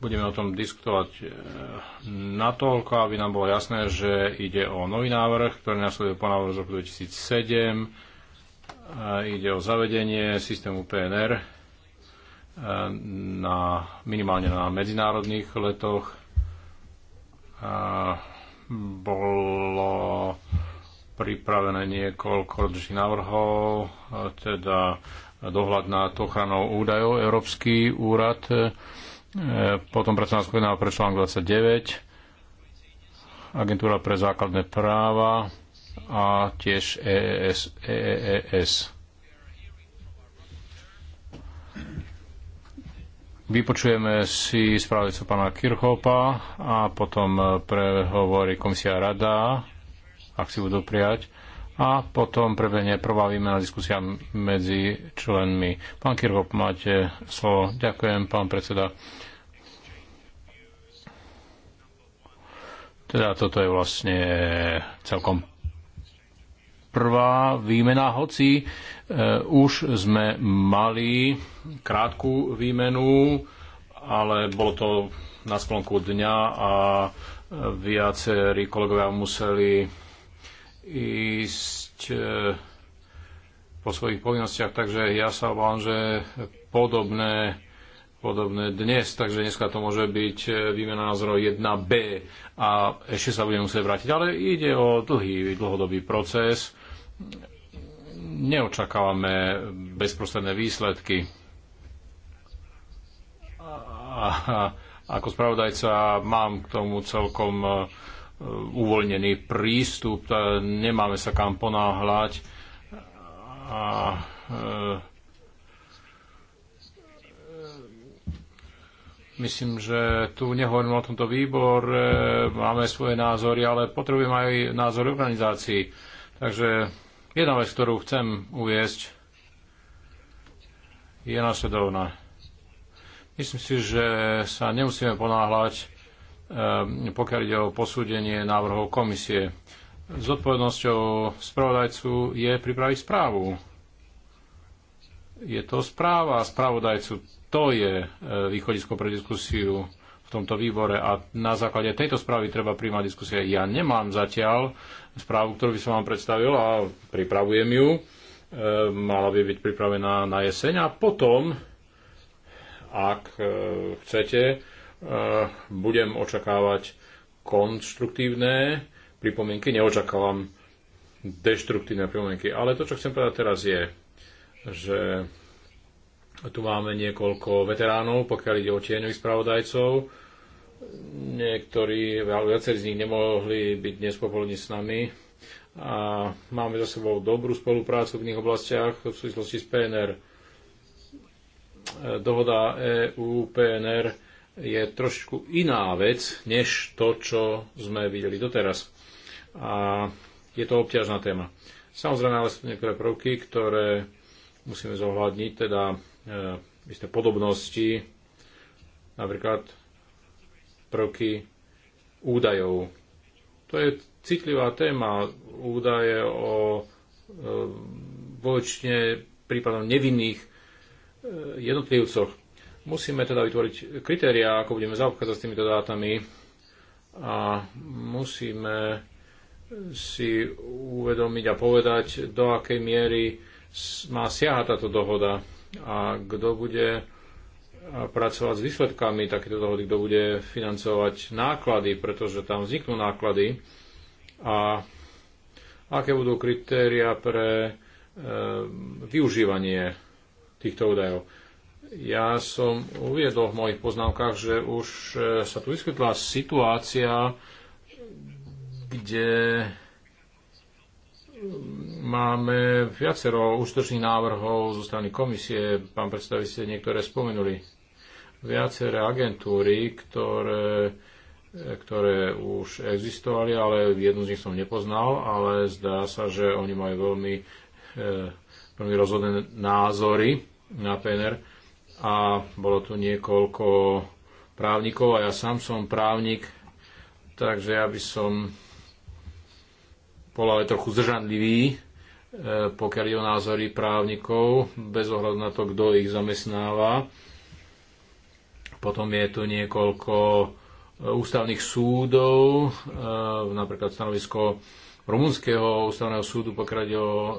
budeme o tom diskutovať eh, natoľko, aby nám bolo jasné, že ide o nový návrh, ktorý nasleduje po návrhu z roku 2007. Ide o zavedenie systému PNR na, minimálne na medzinárodných letoch bolo pripravené niekoľko rozličných návrhov, teda dohľad nad ochranou údajov, Európsky úrad, e, potom pracovná skupina pre článok 29, agentúra pre základné práva a tiež EES. EES. E Vypočujeme si spravodajcu pána Kirchhoffa a potom prehovorí komisia rada, ak si budú prijať. A potom prebehne prvá výmena diskusia medzi členmi. Pán Kirchhoff, máte slovo. Ďakujem, pán predseda. Teda toto je vlastne celkom prvá výmena, hoci e, už sme mali krátku výmenu, ale bolo to na sklonku dňa a viacerí kolegovia museli ísť e, po svojich povinnostiach, takže ja sa obávam, že podobné, podobné dnes, takže dneska to môže byť e, výmena na 1B a ešte sa budeme musieť vrátiť, ale ide o dlhý, dlhodobý proces neočakávame bezprostredné výsledky. A ako spravodajca mám k tomu celkom e, uvoľnený prístup, e, nemáme sa kam ponáhľať. A, e, Myslím, že tu nehovorím o tomto výbor, máme svoje názory, ale potrebujem aj názor organizácií. Takže Jedna vec, ktorú chcem uviesť, je nasledovná. Myslím si, že sa nemusíme ponáhľať, ehm, pokiaľ ide o posúdenie návrhov komisie. S odpovednosťou spravodajcu je pripraviť správu. Je to správa spravodajcu. To je e, východisko pre diskusiu tomto výbore a na základe tejto správy treba príjmať diskusie. Ja nemám zatiaľ správu, ktorú by som vám predstavil a pripravujem ju. E, mala by byť pripravená na jeseň a potom, ak e, chcete, e, budem očakávať konštruktívne pripomienky. Neočakávam deštruktívne pripomienky. Ale to, čo chcem povedať teraz je, že tu máme niekoľko veteránov, pokiaľ ide o tieňových spravodajcov. Niektorí, ale viacerí z nich nemohli byť dnes popoludne s nami. A máme za sebou dobrú spoluprácu v iných oblastiach v súvislosti s PNR. Dohoda EU-PNR je trošku iná vec, než to, čo sme videli doteraz. A je to obťažná téma. Samozrejme, ale sú niektoré prvky, ktoré musíme zohľadniť, teda e, isté podobnosti, napríklad prvky údajov. To je citlivá téma. Údaje o e, voľačne prípadom nevinných e, jednotlivcoch. Musíme teda vytvoriť kritériá, ako budeme zaobchádzať s týmito dátami a musíme si uvedomiť a povedať, do akej miery má siahať táto dohoda a kto bude pracovať s výsledkami takéto dohody, kto bude financovať náklady, pretože tam vzniknú náklady a aké budú kritéria pre e, využívanie týchto údajov. Ja som uviedol v mojich poznámkach, že už eh, sa tu vyskytla situácia, kde mm, máme viacero ústočných návrhov zo strany komisie. Pán predstaviteľ, niektoré spomenuli viaceré agentúry, ktoré, ktoré už existovali, ale jednu z nich som nepoznal, ale zdá sa, že oni majú veľmi, eh, veľmi rozhodné názory na PNR a bolo tu niekoľko právnikov a ja sám som právnik, takže ja by som bol ale trochu zdržanlivý, eh, pokiaľ je o názory právnikov, bez ohľadu na to, kto ich zamestnáva potom je tu niekoľko e, ústavných súdov, e, napríklad stanovisko Rumunského ústavného súdu, pokiaľ ide o e,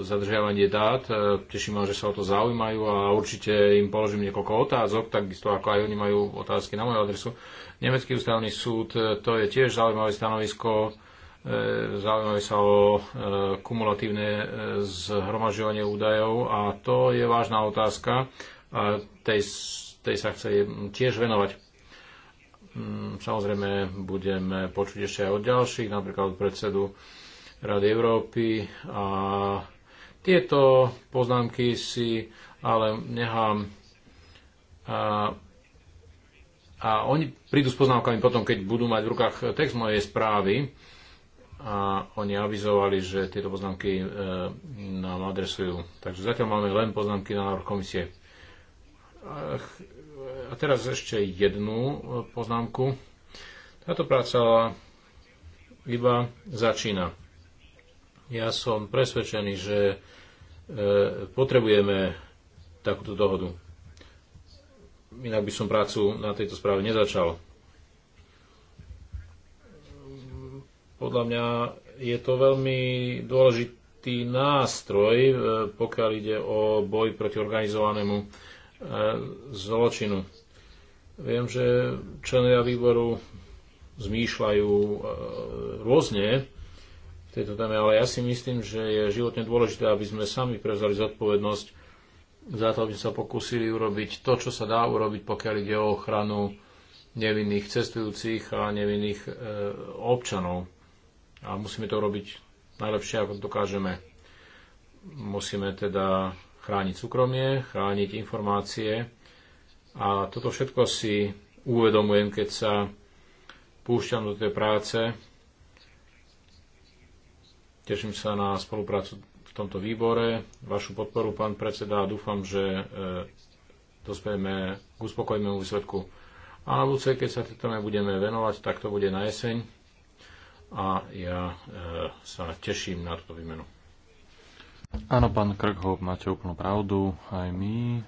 zadržiavanie dát. Teším ma, že sa o to zaujímajú a určite im položím niekoľko otázok, takisto ako aj oni majú otázky na moju adresu. Nemecký ústavný súd, to je tiež zaujímavé stanovisko, zaujímavé sa o kumulatívne zhromažďovanie údajov a to je vážna otázka. A tej tej sa chce tiež venovať. Mm, samozrejme, budeme počuť ešte aj od ďalších, napríklad od predsedu Rady Európy a tieto poznámky si ale nechám a, a oni prídu s poznámkami potom, keď budú mať v rukách text mojej správy a oni avizovali, že tieto poznámky e, nám adresujú. Takže zatiaľ máme len poznámky na návrh komisie. A teraz ešte jednu poznámku. Táto práca iba začína. Ja som presvedčený, že e, potrebujeme takúto dohodu. Inak by som prácu na tejto správe nezačal. Podľa mňa je to veľmi dôležitý nástroj, e, pokiaľ ide o boj proti organizovanému zločinu. Viem, že členovia výboru zmýšľajú e, rôzne v tejto téme, ale ja si myslím, že je životne dôležité, aby sme sami prevzali zodpovednosť za to, aby sa pokúsili urobiť to, čo sa dá urobiť, pokiaľ ide o ochranu nevinných cestujúcich a nevinných e, občanov. A musíme to robiť najlepšie, ako dokážeme. Musíme teda chrániť súkromie, chrániť informácie a toto všetko si uvedomujem, keď sa púšťam do tej práce. Teším sa na spoluprácu v tomto výbore, vašu podporu, pán predseda, a dúfam, že e, dospejeme k uspokojnému výsledku. A na budúce, keď sa téme budeme venovať, tak to bude na jeseň a ja e, sa teším na túto výmenu. Áno, pán Krkhov, máte úplnú pravdu. Aj my e,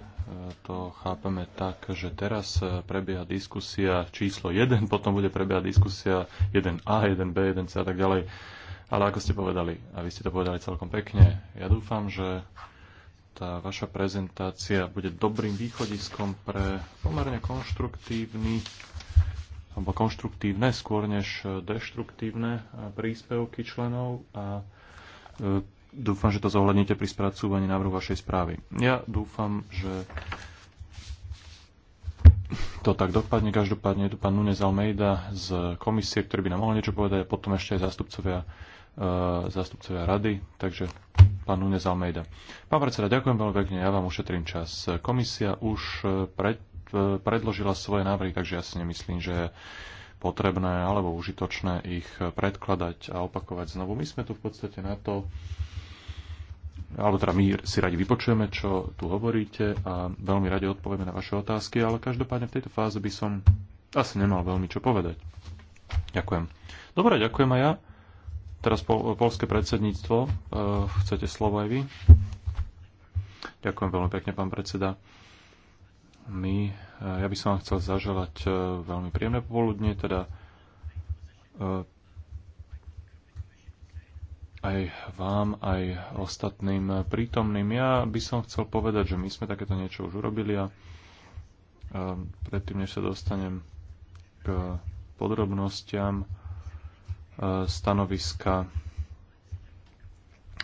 to chápeme tak, že teraz e, prebieha diskusia číslo 1, potom bude prebiehať diskusia 1A, 1B, 1C a tak ďalej. Ale ako ste povedali, a vy ste to povedali celkom pekne, ja dúfam, že tá vaša prezentácia bude dobrým východiskom pre pomerne konštruktívny alebo konštruktívne skôr než deštruktívne e, príspevky členov a Dúfam, že to zohľadnite pri spracúvaní návrhu vašej správy. Ja dúfam, že to tak dopadne. Každopádne je tu pán Nunez Almeida z komisie, ktorý by nám mohol niečo povedať a potom ešte aj zástupcovia, e, zástupcovia rady. Takže pán Nunez Almeida. Pán predseda, ďakujem veľmi pekne, ja vám ušetrím čas. Komisia už e, pred, e, predložila svoje návrhy, takže ja si nemyslím, že je potrebné alebo užitočné ich predkladať a opakovať znovu. My sme tu v podstate na to, alebo teda my si radi vypočujeme, čo tu hovoríte a veľmi radi odpovieme na vaše otázky, ale každopádne v tejto fáze by som asi nemal veľmi čo povedať. Ďakujem. Dobre, ďakujem aj ja. Teraz po, polské predsedníctvo. E, chcete slovo aj vy? Ďakujem veľmi pekne, pán predseda. My, e, ja by som vám chcel zaželať e, veľmi príjemné popoludne, teda e, aj vám, aj ostatným prítomným. Ja by som chcel povedať, že my sme takéto niečo už urobili a ehm, predtým, než sa dostanem k podrobnostiam e, stanoviska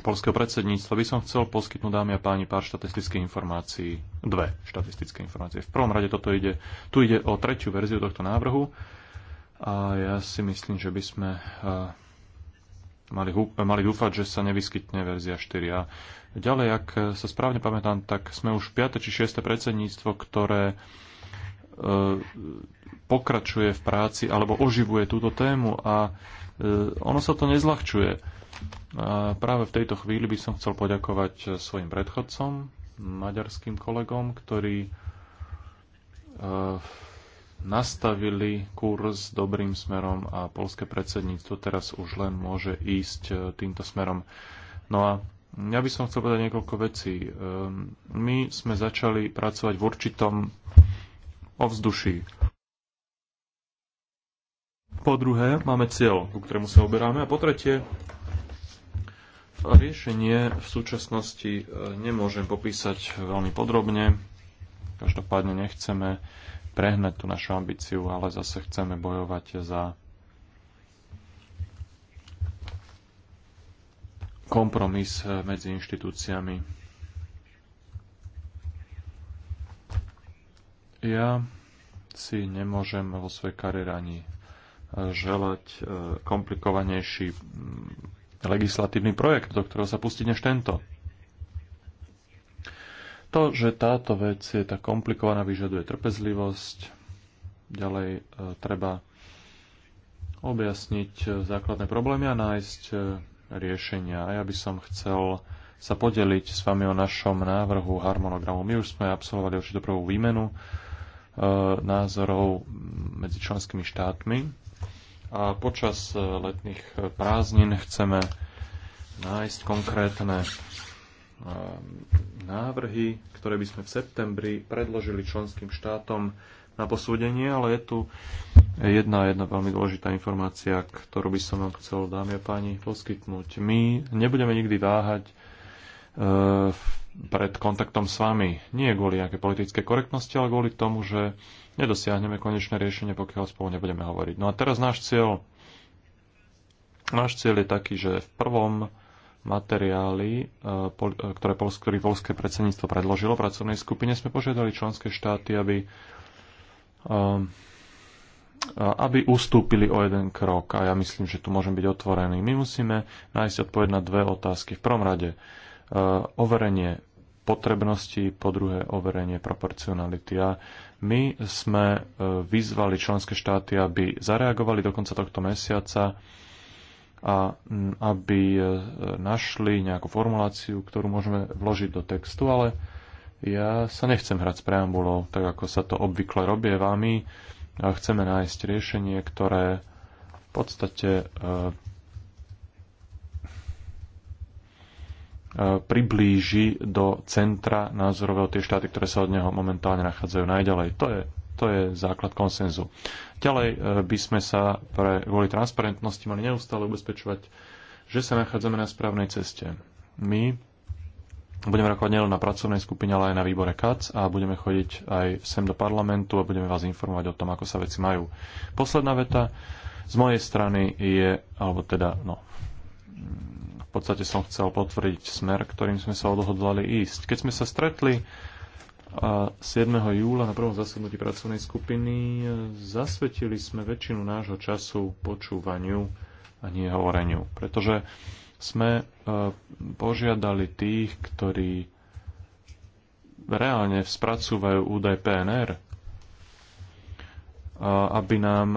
polského predsedníctva, by som chcel poskytnúť, dámy a páni, pár štatistických informácií. Dve štatistické informácie. V prvom rade toto ide, tu ide o tretiu verziu tohto návrhu a ja si myslím, že by sme e, mali, mali dúfať, že sa nevyskytne verzia 4a. Ďalej, ak sa správne pamätám, tak sme už 5. či 6. predsedníctvo, ktoré e, pokračuje v práci alebo oživuje túto tému a e, ono sa to nezľahčuje. A práve v tejto chvíli by som chcel poďakovať svojim predchodcom, maďarským kolegom, ktorí e, nastavili kurz dobrým smerom a polské predsedníctvo teraz už len môže ísť e, týmto smerom. No a ja by som chcel povedať niekoľko vecí. E, my sme začali pracovať v určitom ovzduší. Po druhé, máme cieľ, ku ktorému sa oberáme. A po tretie, riešenie v súčasnosti e, nemôžem popísať veľmi podrobne. Každopádne nechceme prehnať tú našu ambíciu, ale zase chceme bojovať za kompromis medzi inštitúciami. Ja si nemôžem vo svojej kariére ani želať eh, komplikovanejší mm, legislatívny projekt, do ktorého sa pustí než tento. To, že táto vec je tak komplikovaná, vyžaduje trpezlivosť. Ďalej e, treba objasniť e, základné problémy a nájsť e, riešenia. A ja by som chcel sa podeliť s vami o našom návrhu harmonogramu. My už sme absolvovali určitú prvú výmenu názorov medzi členskými štátmi a počas letných prázdnin chceme nájsť konkrétne návrhy, ktoré by sme v septembri predložili členským štátom na posúdenie, ale je tu jedna, jedna veľmi dôležitá informácia, ktorú by som vám chcel, dámy a páni, poskytnúť. My nebudeme nikdy váhať e, pred kontaktom s vami. Nie kvôli nejaké politické korektnosti, ale kvôli tomu, že nedosiahneme konečné riešenie, pokiaľ spolu nebudeme hovoriť. No a teraz náš cieľ, náš cieľ je taký, že v prvom materiály, e, e, ktoré polské predsedníctvo predložilo v pracovnej skupine, sme požiadali členské štáty, aby, e, aby ustúpili o jeden krok. A ja myslím, že tu môžem byť otvorený. My musíme nájsť odpoveď na dve otázky. V prvom rade overenie potrebnosti, po druhé overenie proporcionality. A my sme vyzvali členské štáty, aby zareagovali do konca tohto mesiaca a aby e, našli nejakú formuláciu, ktorú môžeme vložiť do textu, ale ja sa nechcem hrať s preambulou, tak ako sa to obvykle robie vami. Chceme nájsť riešenie, ktoré v podstate e, e, priblíži do centra názorového tie štáty, ktoré sa od neho momentálne nachádzajú najďalej. To je to je základ konsenzu. Ďalej e, by sme sa pre, kvôli transparentnosti mali neustále ubezpečovať, že sa nachádzame na správnej ceste. My budeme rokovať nielen na pracovnej skupine, ale aj na výbore CAC a budeme chodiť aj sem do parlamentu a budeme vás informovať o tom, ako sa veci majú. Posledná veta z mojej strany je, alebo teda, no, v podstate som chcel potvrdiť smer, ktorým sme sa odhodlali ísť. Keď sme sa stretli a 7. júla na prvom zasadnutí pracovnej skupiny e, zasvetili sme väčšinu nášho času počúvaniu a nie hovoreniu, pretože sme e, požiadali tých, ktorí reálne spracúvajú údaj PNR, e, aby nám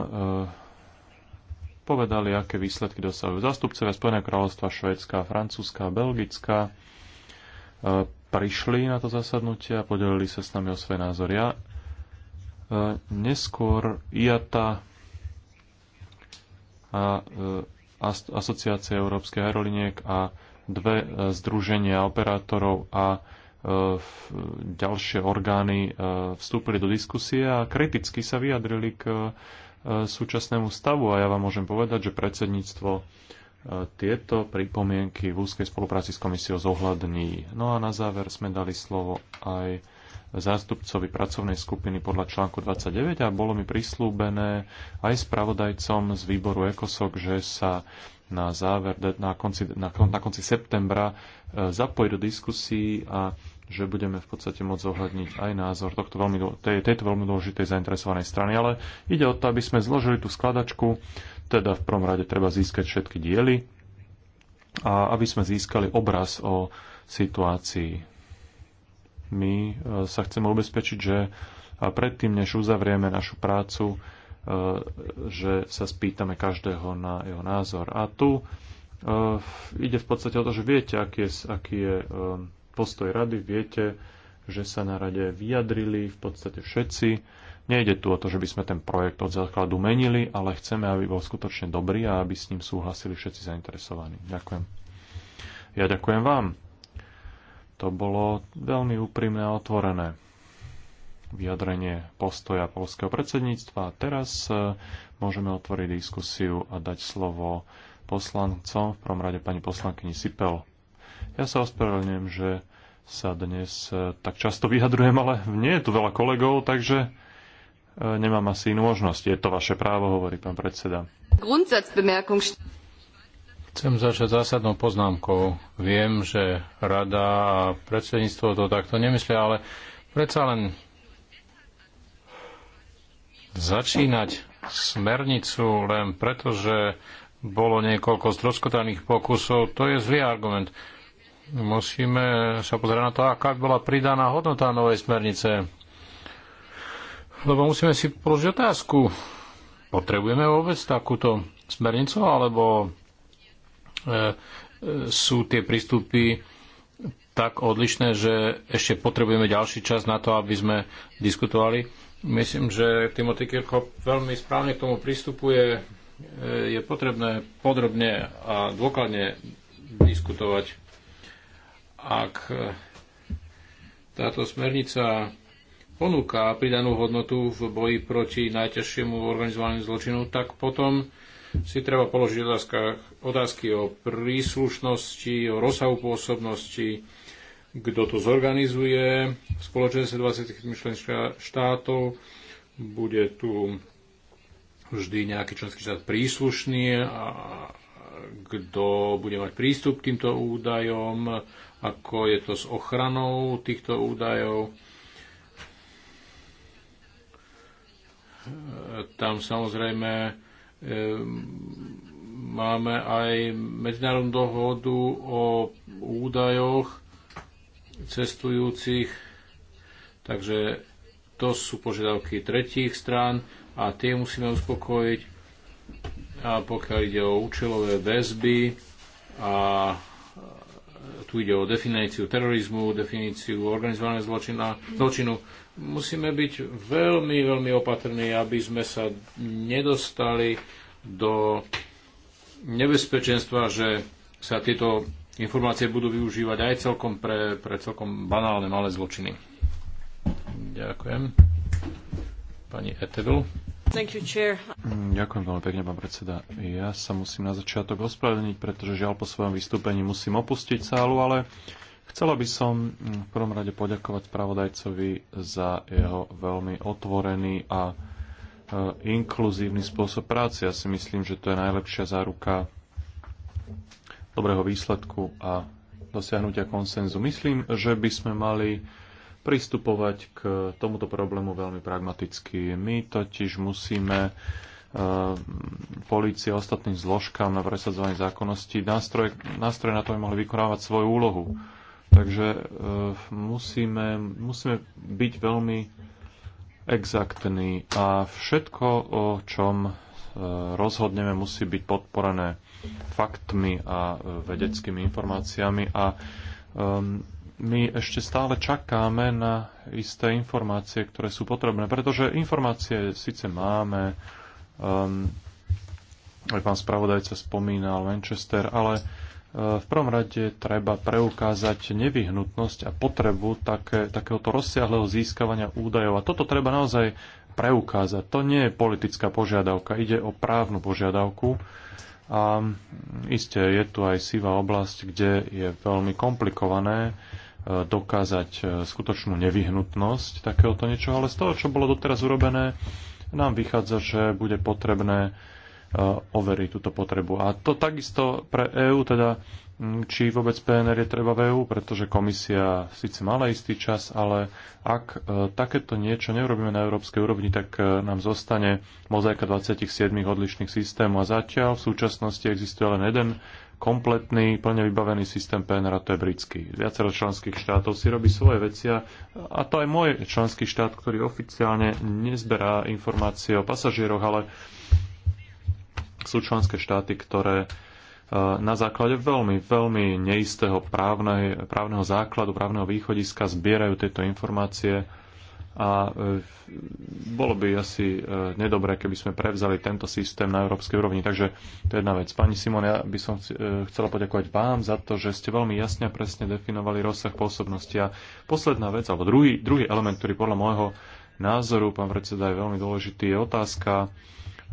povedali, aké výsledky dosahujú. Zástupcovia Spojeného kráľovstva, Švédska, Francúzska, Belgická prišli na to zasadnutie a podelili sa s nami o svoje názory. Ja, e, neskôr IATA a e, Asociácia Európskej aeroliniek a dve e, združenia operátorov a ďalšie orgány vstúpili do diskusie a kriticky sa vyjadrili k súčasnému stavu. A ja vám môžem povedať, že predsedníctvo tieto pripomienky v úzkej spolupráci s komisiou zohľadní. No a na záver sme dali slovo aj zástupcovi pracovnej skupiny podľa článku 29 a bolo mi prislúbené aj spravodajcom z výboru ECOSOC, že sa na záver, na konci, na, na konci septembra eh, zapojí do diskusí a že budeme v podstate môcť zohľadniť aj názor tohto veľmi, tej, tejto veľmi dôležitej zainteresovanej strany, ale ide o to, aby sme zložili tú skladačku, teda v prvom rade treba získať všetky diely a aby sme získali obraz o situácii. My e, sa chceme ubezpečiť, že predtým, než uzavrieme našu prácu, e, že sa spýtame každého na jeho názor. A tu e, ide v podstate o to, že viete, aký je, aký je postoj rady. Viete, že sa na rade vyjadrili v podstate všetci. Nejde tu o to, že by sme ten projekt od základu menili, ale chceme, aby bol skutočne dobrý a aby s ním súhlasili všetci zainteresovaní. Ďakujem. Ja ďakujem vám. To bolo veľmi úprimné a otvorené vyjadrenie postoja polského predsedníctva. Teraz e, môžeme otvoriť diskusiu a dať slovo poslancom, v prvom rade pani poslankyni Sipel. Ja sa ospravedlňujem, že sa dnes e, tak často vyhadrujem, ale nie je tu veľa kolegov, takže e, nemám asi inú možnosť. Je to vaše právo, hovorí pán predseda. Chcem začať zásadnou poznámkou. Viem, že rada a predsedníctvo to takto nemyslia, ale predsa len začínať smernicu len preto, že bolo niekoľko zdroskotaných pokusov, to je zlý argument musíme sa pozrieť na to, aká by bola pridaná hodnota novej smernice. Lebo musíme si položiť otázku, potrebujeme vôbec takúto smernicu, alebo e, e, sú tie prístupy tak odlišné, že ešte potrebujeme ďalší čas na to, aby sme diskutovali. Myslím, že Timothy Kirchhoff veľmi správne k tomu pristupuje. E, je potrebné podrobne a dôkladne diskutovať ak e, táto smernica ponúka pridanú hodnotu v boji proti najťažšiemu organizovanému zločinu, tak potom si treba položiť otázka, otázky o príslušnosti, o rozsahu pôsobnosti, kto to zorganizuje, spoločenstvo 20 členských štátov, bude tu vždy nejaký členský štát príslušný a kto bude mať prístup k týmto údajom, ako je to s ochranou týchto údajov. Tam samozrejme máme aj medzinárodnú dohodu o údajoch cestujúcich, takže to sú požiadavky tretích strán a tie musíme uspokojiť. A pokiaľ ide o účelové väzby a tu ide o definíciu terorizmu, definíciu organizovaného zločina, zločinu. Musíme byť veľmi, veľmi opatrní, aby sme sa nedostali do nebezpečenstva, že sa tieto informácie budú využívať aj celkom pre, pre celkom banálne malé zločiny. Ďakujem. Pani Etevil. Ďakujem veľmi pekne, pán predseda. Ja sa musím na začiatok ospravedlniť, pretože žiaľ po svojom vystúpení musím opustiť sálu, ale chcela by som mm, v prvom rade poďakovať spravodajcovi za jeho veľmi otvorený a e, inkluzívny spôsob práce. Ja si myslím, že to je najlepšia záruka dobrého výsledku a dosiahnutia konsenzu. Myslím, že by sme mali pristupovať k tomuto problému veľmi pragmaticky. My totiž musíme e, polície a ostatným zložkám na presadzovanie zákonnosti nástroje, nástroje na to, aby mohli vykonávať svoju úlohu. Takže e, musíme, musíme byť veľmi exaktní a všetko, o čom e, rozhodneme, musí byť podporené faktmi a vedeckými informáciami a my ešte stále čakáme na isté informácie, ktoré sú potrebné, pretože informácie síce máme, um, aj pán spravodajca spomínal Manchester, ale uh, v prvom rade treba preukázať nevyhnutnosť a potrebu také, takéhoto rozsiahleho získavania údajov. A toto treba naozaj preukázať. To nie je politická požiadavka, ide o právnu požiadavku. A um, iste je tu aj sivá oblasť, kde je veľmi komplikované uh, dokázať e, skutočnú nevyhnutnosť takéhoto niečoho, ale z toho, čo bolo doteraz urobené, nám vychádza, že bude potrebné e, overiť túto potrebu. A to takisto pre EÚ, teda či vôbec PNR je treba v EÚ, pretože komisia síce mala istý čas, ale ak e, takéto niečo neurobíme na európskej úrovni, tak nám zostane mozaika 27 odlišných systémov a zatiaľ v súčasnosti existuje len jeden kompletný, plne vybavený systém PNR, a to je britský. Viacero členských štátov si robí svoje veci a, a to aj môj členský štát, ktorý oficiálne nezberá informácie o pasažieroch, ale sú členské štáty, ktoré e, na základe veľmi, veľmi neistého právne právneho základu, právneho východiska zbierajú tieto informácie a e, bolo by asi e, nedobré, keby sme prevzali tento systém na európskej úrovni. Takže to je jedna vec. Pani Simon, ja by som e, chcela poďakovať vám za to, že ste veľmi jasne a presne definovali rozsah pôsobnosti. A posledná vec, alebo druhý, druhý element, ktorý podľa môjho názoru, pán predseda, je veľmi dôležitý, je otázka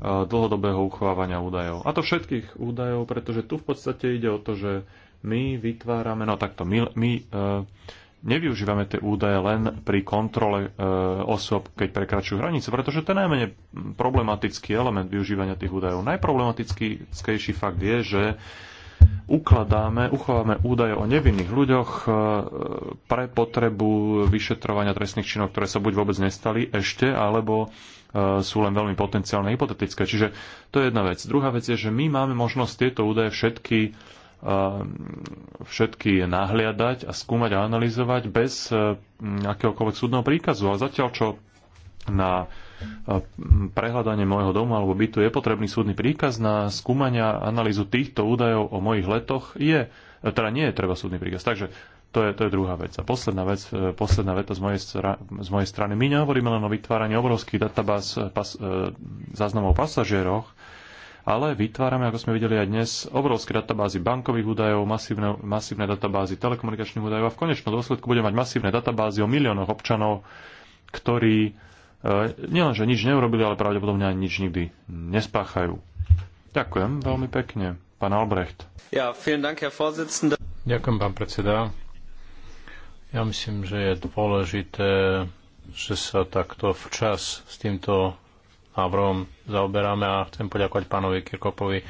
dlhodobého uchovávania údajov. A to všetkých údajov, pretože tu v podstate ide o to, že my vytvárame, no takto, my, my uh, nevyužívame tie údaje len pri kontrole e, osôb, keď prekračujú hranice, pretože to je najmenej problematický element využívania tých údajov. Najproblematickejší fakt je, že ukladáme, uchováme údaje o nevinných ľuďoch e, pre potrebu vyšetrovania trestných činov, ktoré sa buď vôbec nestali ešte, alebo e, sú len veľmi potenciálne hypotetické. Čiže to je jedna vec. Druhá vec je, že my máme možnosť tieto údaje všetky Um, všetky nahliadať a skúmať a analyzovať bez uh, akéhokoľvek súdneho príkazu. Ale zatiaľ, čo na uh, prehľadanie môjho domu alebo bytu je potrebný súdny príkaz na skúmania a analýzu týchto údajov o mojich letoch je, teda nie je treba súdny príkaz. Takže to je, to je druhá vec. A posledná vec, uh, posledná veta z mojej, z mojej strany. My nehovoríme len o vytváraní obrovských databáz pas, záznamov pasažieroch, ale vytvárame, ako sme videli aj dnes, obrovské databázy bankových údajov, masívne, masívne databázy telekomunikačných údajov a v konečnom dôsledku budeme mať masívne databázy o miliónoch občanov, ktorí e, nielenže nič neurobili, ale pravdepodobne ani nič nikdy nespáchajú. Ďakujem veľmi pekne. Pán Albrecht. Ja, vielen Dank, Herr Vorsitzender. Ďakujem, pán predseda. Ja myslím, že je dôležité, že sa takto včas s týmto návrhom zaoberáme a chcem poďakovať pánovi Kirkopovi, e,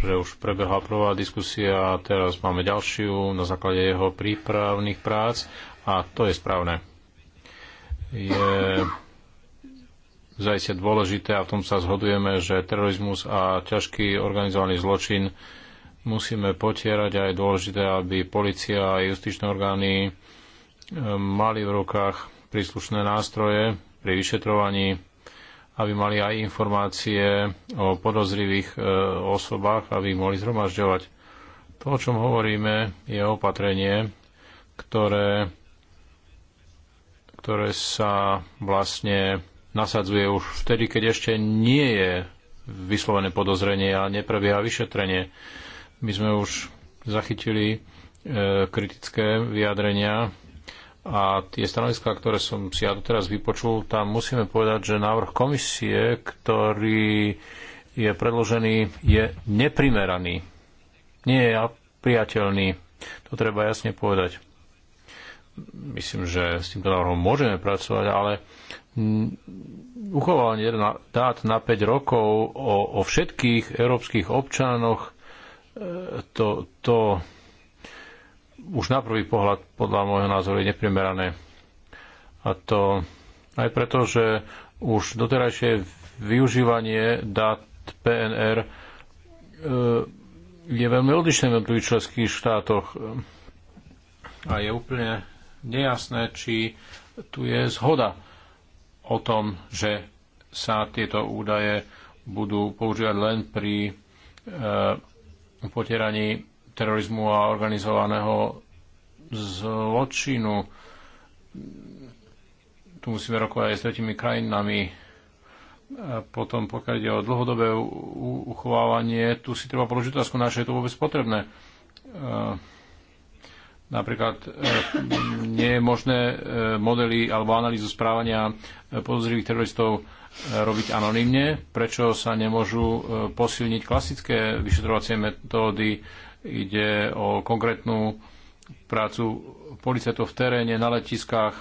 že už prebehla prvá diskusia a teraz máme ďalšiu na základe jeho prípravných prác a to je správne. Je zajistie dôležité a v tom sa zhodujeme, že terorizmus a ťažký organizovaný zločin musíme potierať a je dôležité, aby policia a justičné orgány e, mali v rukách príslušné nástroje pri vyšetrovaní, aby mali aj informácie o podozrivých e, osobách, aby ich mohli zhromažďovať. To, o čom hovoríme, je opatrenie, ktoré, ktoré sa vlastne nasadzuje už vtedy, keď ešte nie je vyslovené podozrenie a neprebieha vyšetrenie. My sme už zachytili e, kritické vyjadrenia a tie stanoviská, ktoré som si ja doteraz vypočul, tam musíme povedať, že návrh komisie, ktorý je predložený, je neprimeraný. Nie je priateľný. To treba jasne povedať. Myslím, že s týmto návrhom môžeme pracovať, ale uchovanie dát na 5 rokov o, o všetkých európskych občanoch, e, to, to už na prvý pohľad podľa môjho názoru je neprimerané. A to aj preto, že už doterajšie využívanie dát PNR e, je veľmi odlišné v tých členských štátoch a je úplne nejasné, či tu je zhoda o tom, že sa tieto údaje budú používať len pri e, potieraní terorizmu a organizovaného zločinu. Tu musíme rokovať aj s tretimi krajinami. A potom, pokiaľ ide o dlhodobé uchovávanie, tu si treba položiť otázku, na čo je to vôbec potrebné. E, napríklad e, nie je možné e, modely alebo analýzu správania podozrivých teroristov robiť anonymne, prečo sa nemôžu posilniť klasické vyšetrovacie metódy Ide o konkrétnu prácu policajtov v teréne, na letiskách,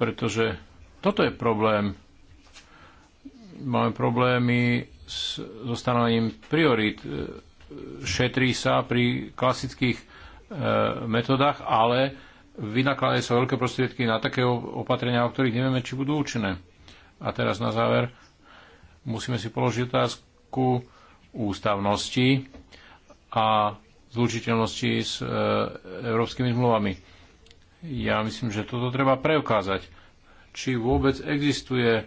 pretože toto je problém. Máme problémy s zostanovaním priorit. Šetrí sa pri klasických e, metodách, ale vynakladajú sa veľké prostriedky na také opatrenia, o ktorých nevieme, či budú účinné. A teraz na záver musíme si položiť otázku ústavnosti a zlučiteľnosti s e, európskymi zmluvami. Ja myslím, že toto treba preukázať. Či vôbec existuje e,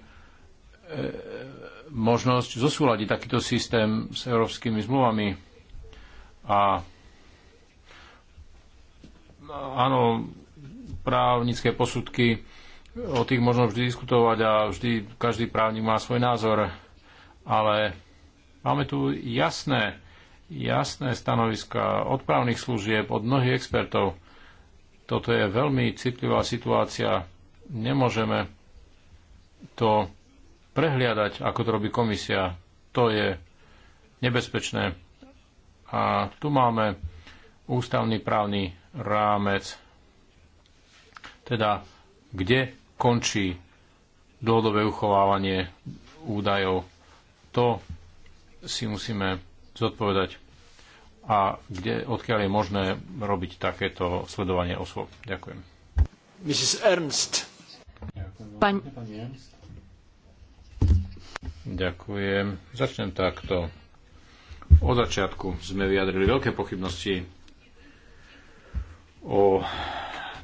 možnosť zosúľadiť takýto systém s európskymi zmluvami. A áno, právnické posudky, o tých možno vždy diskutovať a vždy každý právnik má svoj názor, ale máme tu jasné jasné stanoviska od právnych služieb, od mnohých expertov. Toto je veľmi citlivá situácia. Nemôžeme to prehliadať, ako to robí komisia. To je nebezpečné. A tu máme ústavný právny rámec, teda kde končí dlhodobé uchovávanie údajov. To si musíme zodpovedať a kde, odkiaľ je možné robiť takéto sledovanie osôb. Ďakujem. Mrs. Ernst. Pan... Ďakujem. Začnem takto. Od začiatku sme vyjadrili veľké pochybnosti o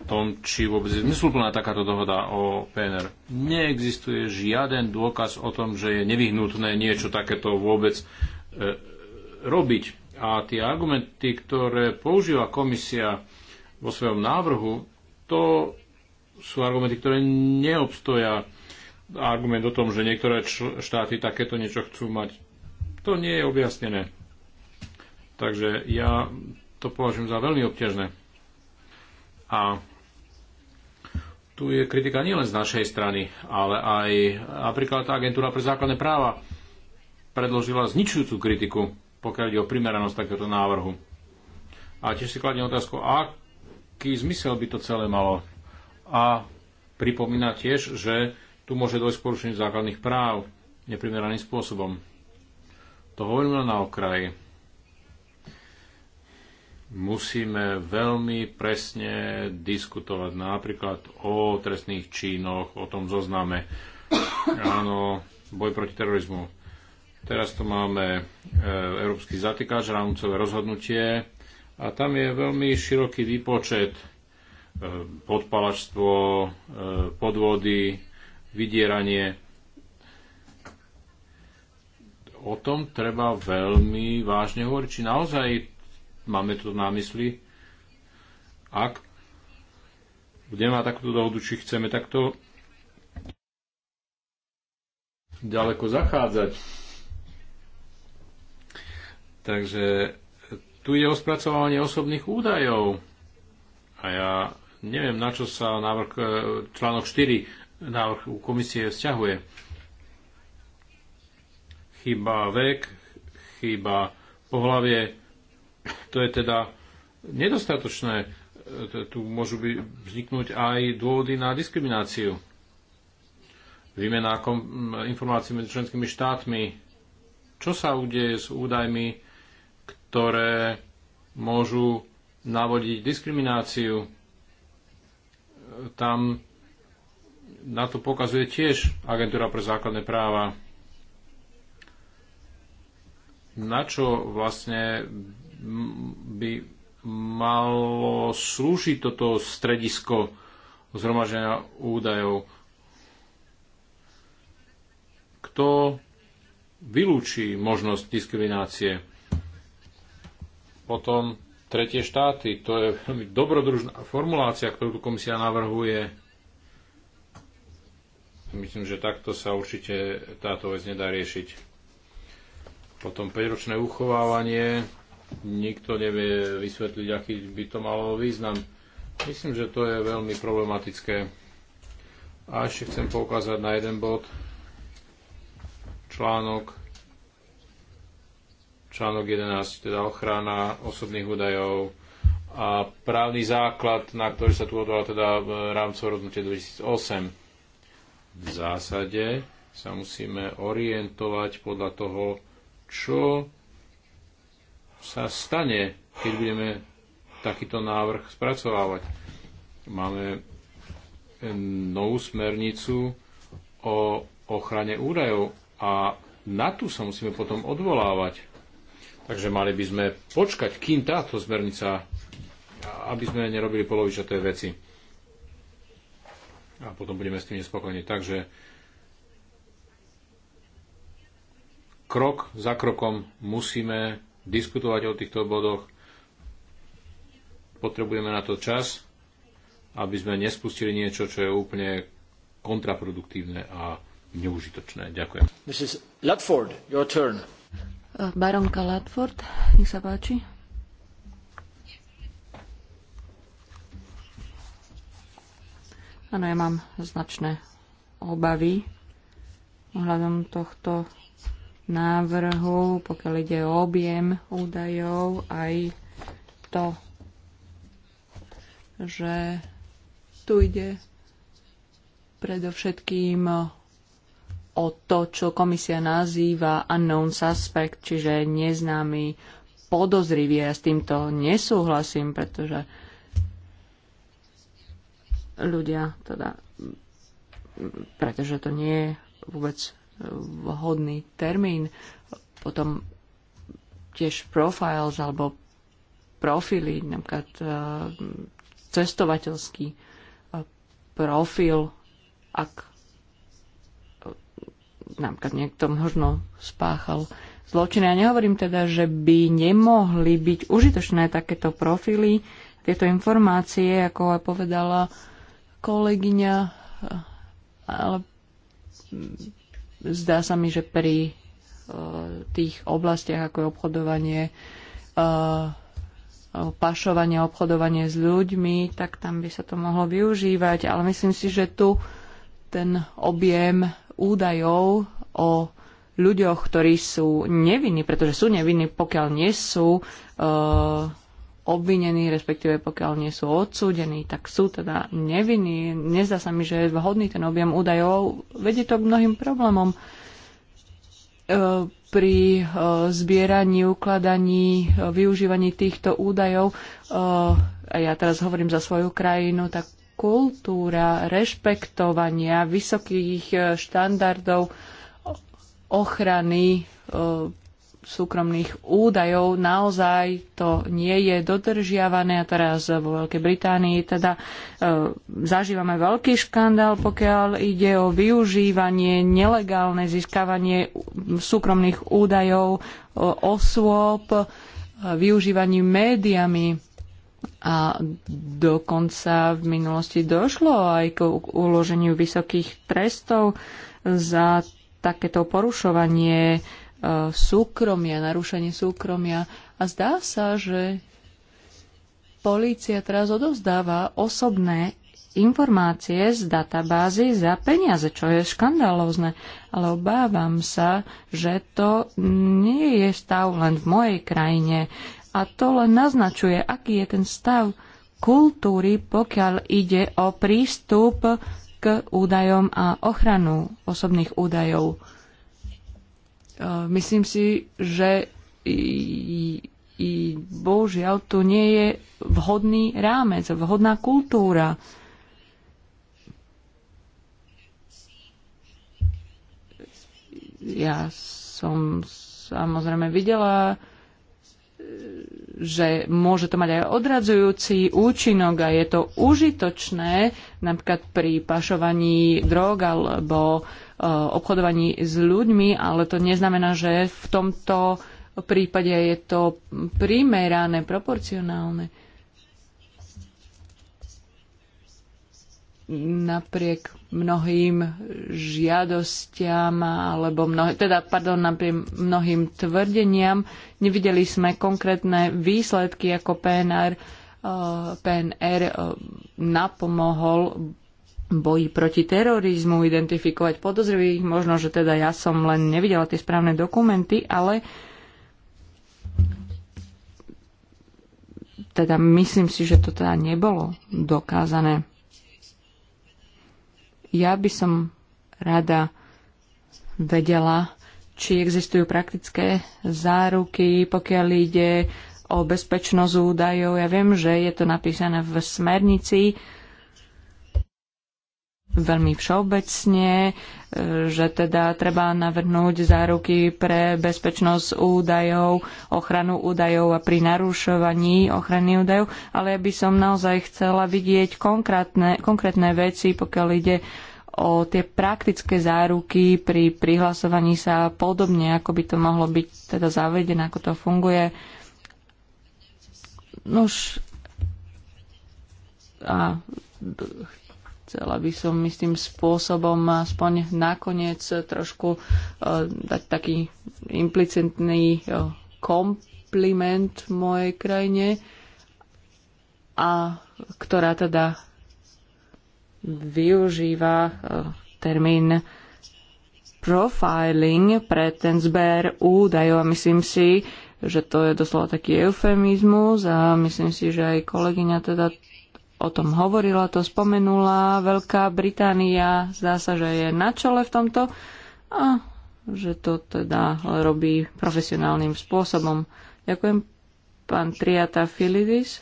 tom, či vôbec je zmysluplná takáto dohoda o PNR. Neexistuje žiaden dôkaz o tom, že je nevyhnutné niečo takéto vôbec e, robiť. A tie argumenty, ktoré používa komisia vo svojom návrhu, to sú argumenty, ktoré neobstoja. Argument o tom, že niektoré štáty takéto niečo chcú mať, to nie je objasnené. Takže ja to považujem za veľmi obťažné. A tu je kritika nielen z našej strany, ale aj napríklad tá agentúra pre základné práva predložila zničujúcu kritiku pokiaľ ide o primeranosť takéhoto návrhu. A tiež si kladne otázku, aký zmysel by to celé malo. A pripomína tiež, že tu môže dojsť k porušeniu základných práv neprimeraným spôsobom. To hovorím len na okraji. Musíme veľmi presne diskutovať napríklad o trestných čínoch, o tom zozname. Áno, boj proti terorizmu. Teraz tu máme e, Európsky zatýkač, rámcové rozhodnutie a tam je veľmi široký výpočet e, podpalačstvo, e, podvody, vydieranie. O tom treba veľmi vážne hovoriť, či naozaj máme to na mysli, ak budeme mať takúto dohodu, či chceme takto ďaleko zachádzať Takže tu je o spracovanie osobných údajov. A ja neviem, na čo sa návrh, e, článok 4 návrh komisie vzťahuje. Chyba vek, chyba pohlavie, to je teda nedostatočné. E, tu môžu by vzniknúť aj dôvody na diskrimináciu. Výmena informácií medzi členskými štátmi. Čo sa udeje s údajmi ktoré môžu navodiť diskrimináciu. Tam na to pokazuje tiež Agentúra pre základné práva. Na čo vlastne by malo slúžiť toto stredisko zhromaženia údajov? Kto vylúči možnosť diskriminácie? Potom tretie štáty, to je veľmi dobrodružná formulácia, ktorú tu komisia navrhuje. Myslím, že takto sa určite táto vec nedá riešiť. Potom 5-ročné uchovávanie, nikto nevie vysvetliť, aký by to malo význam. Myslím, že to je veľmi problematické. A ešte chcem poukázať na jeden bod. Článok článok 11, teda ochrana osobných údajov a právny základ, na ktorý sa tu odvolal teda v rámcov rozhodnutia 2008. V zásade sa musíme orientovať podľa toho, čo sa stane, keď budeme takýto návrh spracovávať. Máme novú smernicu o ochrane údajov a na tú sa musíme potom odvolávať Takže mali by sme počkať, kým táto zmernica, aby sme nerobili polovičaté veci. A potom budeme s tým nespokojní. Takže krok za krokom musíme diskutovať o týchto bodoch. Potrebujeme na to čas, aby sme nespustili niečo, čo je úplne kontraproduktívne a neužitočné. Ďakujem. Mrs. Ludford, your turn. Baronka nech sa páči. Áno, ja mám značné obavy ohľadom tohto návrhu, pokiaľ ide o objem údajov, aj to, že tu ide predovšetkým o to, čo komisia nazýva unknown suspect, čiže neznámy podozrivý. Ja s týmto nesúhlasím, pretože ľudia teda pretože to nie je vôbec vhodný termín. Potom tiež profiles alebo profily, napríklad e, cestovateľský e, profil, ak napríklad niekto možno spáchal zločiny. Ja nehovorím teda, že by nemohli byť užitočné takéto profily, tieto informácie, ako aj povedala kolegyňa, ale zdá sa mi, že pri e, tých oblastiach, ako je obchodovanie, e, pašovanie, obchodovanie s ľuďmi, tak tam by sa to mohlo využívať. Ale myslím si, že tu ten objem údajov o ľuďoch, ktorí sú nevinní, pretože sú nevinní, pokiaľ nie sú e, obvinení, respektíve pokiaľ nie sú odsúdení, tak sú teda nevinní. Nezdá sa mi, že je vhodný ten objem údajov. Vedie to k mnohým problémom e, pri e, zbieraní, ukladaní, e, využívaní týchto údajov. E, a ja teraz hovorím za svoju krajinu, tak kultúra rešpektovania vysokých eh, štandardov ochrany eh, súkromných údajov. Naozaj to nie je dodržiavané a teraz vo Veľkej Británii teda e, zažívame veľký škandál, pokiaľ ide o využívanie, nelegálne získavanie súkromných údajov e, osôb, e, využívanie médiami a dokonca v minulosti došlo aj k uloženiu vysokých trestov za takéto porušovanie e, súkromia, narušenie súkromia. A zdá sa, že polícia teraz odovzdáva osobné informácie z databázy za peniaze, čo je škandalózne. Ale obávam sa, že to nie je stav len v mojej krajine. A to len naznačuje, aký je ten stav kultúry, pokiaľ ide o prístup k údajom a ochranu osobných údajov. E, myslím si, že i, i, bohužiaľ tu nie je vhodný rámec, vhodná kultúra. Ja som samozrejme videla že môže to mať aj odradzujúci účinok a je to užitočné napríklad pri pašovaní drog alebo e, obchodovaní s ľuďmi, ale to neznamená, že v tomto prípade je to primerané, proporcionálne. napriek mnohým žiadostiam alebo mnohé, teda, pardon, napriek mnohým tvrdeniam nevideli sme konkrétne výsledky, ako PNR, eh, PNR eh, napomohol boji proti terorizmu, identifikovať podozrivých. Možno, že teda ja som len nevidela tie správne dokumenty, ale teda myslím si, že to teda nebolo dokázané. Ja by som rada vedela, či existujú praktické záruky, pokiaľ ide o bezpečnosť údajov. Ja viem, že je to napísané v smernici, veľmi všeobecne, e, že teda treba navrhnúť záruky pre bezpečnosť údajov, ochranu údajov a pri narušovaní ochrany údajov, ale ja by som naozaj chcela vidieť konkrétne, konkrétne veci, pokiaľ ide o tie praktické záruky pri prihlasovaní sa podobne, ako by to mohlo byť teda zavedené, ako to funguje. Nož a chcela by som istým spôsobom aspoň nakoniec trošku eh, dať taký implicitný eh, kompliment mojej krajine, a ktorá teda využíva eh, termín profiling pre ten zber údajov a myslím si, že to je doslova taký eufemizmus a myslím si, že aj kolegyňa teda o tom hovorila, to spomenula. Veľká Británia zdá sa, že je na čele v tomto a že to teda robí profesionálnym spôsobom. Ďakujem pán Triata Filidis.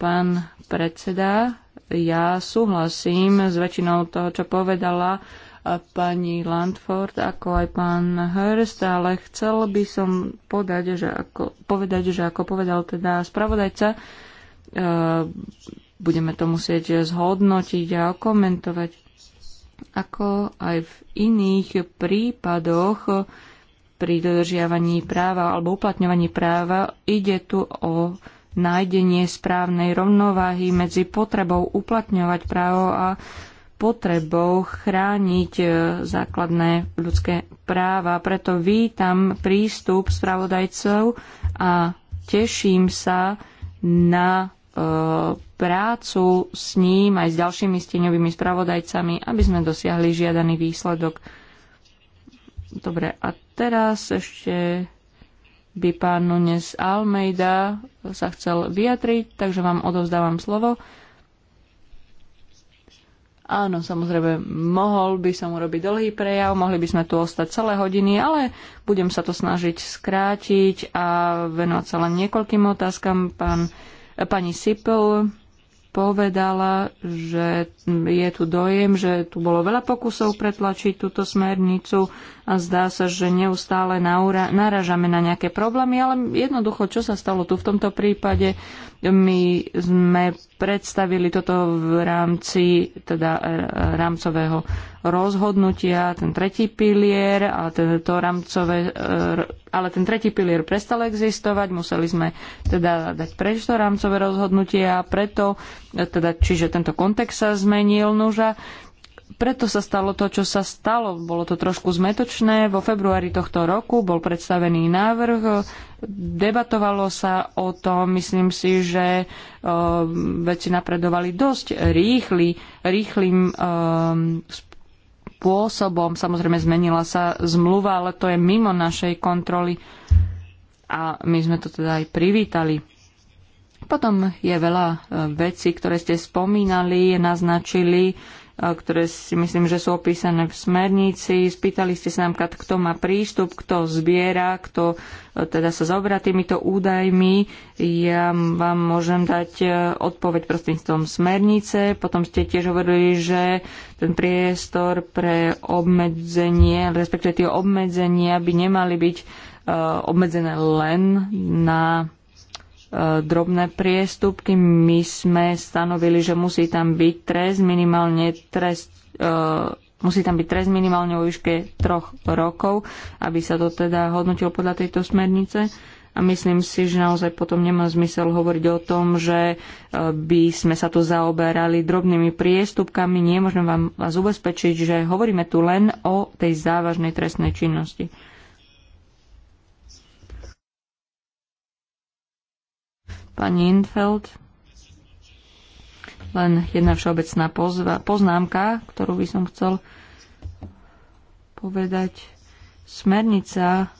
Pán predseda, ja súhlasím s väčšinou toho, čo povedala pani Landford, ako aj pán Hurst, ale chcel by som podať, že ako, povedať, že ako povedal teda spravodajca, Eh, budeme to musieť zhodnotiť a okomentovať. Ako aj v iných prípadoch pri dodržiavaní práva alebo uplatňovaní práva ide tu o nájdenie správnej rovnováhy medzi potrebou uplatňovať právo a potrebou chrániť eh, základné ľudské práva. Preto vítam prístup spravodajcov a teším sa, na e, prácu s ním aj s ďalšími steňovými spravodajcami, aby sme dosiahli žiadaný výsledok. Dobre, a teraz ešte by pán Nunes Almeida sa chcel vyjadriť, takže vám odovzdávam slovo. Áno, samozrejme, mohol by som urobiť dlhý prejav, mohli by sme tu ostať celé hodiny, ale budem sa to snažiť skrátiť a venovať sa len niekoľkým otázkam. Pán, eh, pani Sipel povedala, že je tu dojem, že tu bolo veľa pokusov pretlačiť túto smernicu a zdá sa, že neustále naražame na nejaké problémy, ale jednoducho, čo sa stalo tu v tomto prípade, my sme predstavili toto v rámci teda e, rámcového rozhodnutia, ten tretí pilier a to rámcové, e, ale ten tretí pilier prestal existovať, museli sme teda dať preč to rámcové rozhodnutie a preto, e, teda, čiže tento kontext sa zmenil, nuža, preto sa stalo to, čo sa stalo. Bolo to trošku zmetočné. Vo februári tohto roku bol predstavený návrh, debatovalo sa o tom. Myslím si, že eh, veci napredovali dosť rýchly, rýchlým eh, spôsobom. Samozrejme zmenila sa zmluva, ale to je mimo našej kontroly a my sme to teda aj privítali. Potom je veľa eh, vecí, ktoré ste spomínali, naznačili ktoré si myslím, že sú opísané v smernici. Spýtali ste sa nám, kto má prístup, kto zbiera, kto e, teda sa zaoberá týmito údajmi. Ja vám môžem dať e, odpoveď prostredníctvom smernice. Potom ste tiež hovorili, že ten priestor pre obmedzenie, respektíve tie obmedzenia by nemali byť e, obmedzené len na E, drobné priestupky. My sme stanovili, že musí tam byť trest minimálne trest e, musí tam byť trest minimálne o výške troch rokov, aby sa to teda hodnotilo podľa tejto smernice. A myslím si, že naozaj potom nemá zmysel hovoriť o tom, že e, by sme sa tu zaoberali drobnými priestupkami. Nie, môžem vám vás ubezpečiť, že hovoríme tu len o tej závažnej trestnej činnosti. Pani Infeld, len jedna všeobecná poznámka, ktorú by som chcel povedať. Smernica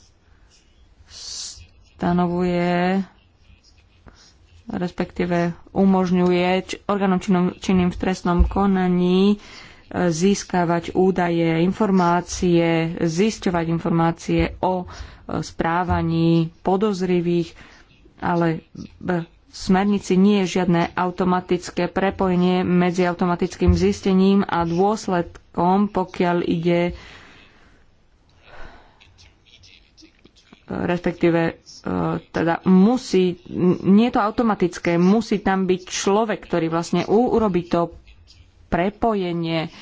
stanovuje respektíve umožňuje orgánom činným v trestnom konaní e, získavať údaje, informácie, zisťovať informácie o e, správaní podozrivých ale v smernici nie je žiadne automatické prepojenie medzi automatickým zistením a dôsledkom, pokiaľ ide respektíve e, teda musí, nie je to automatické, musí tam byť človek, ktorý vlastne urobí to prepojenie uh,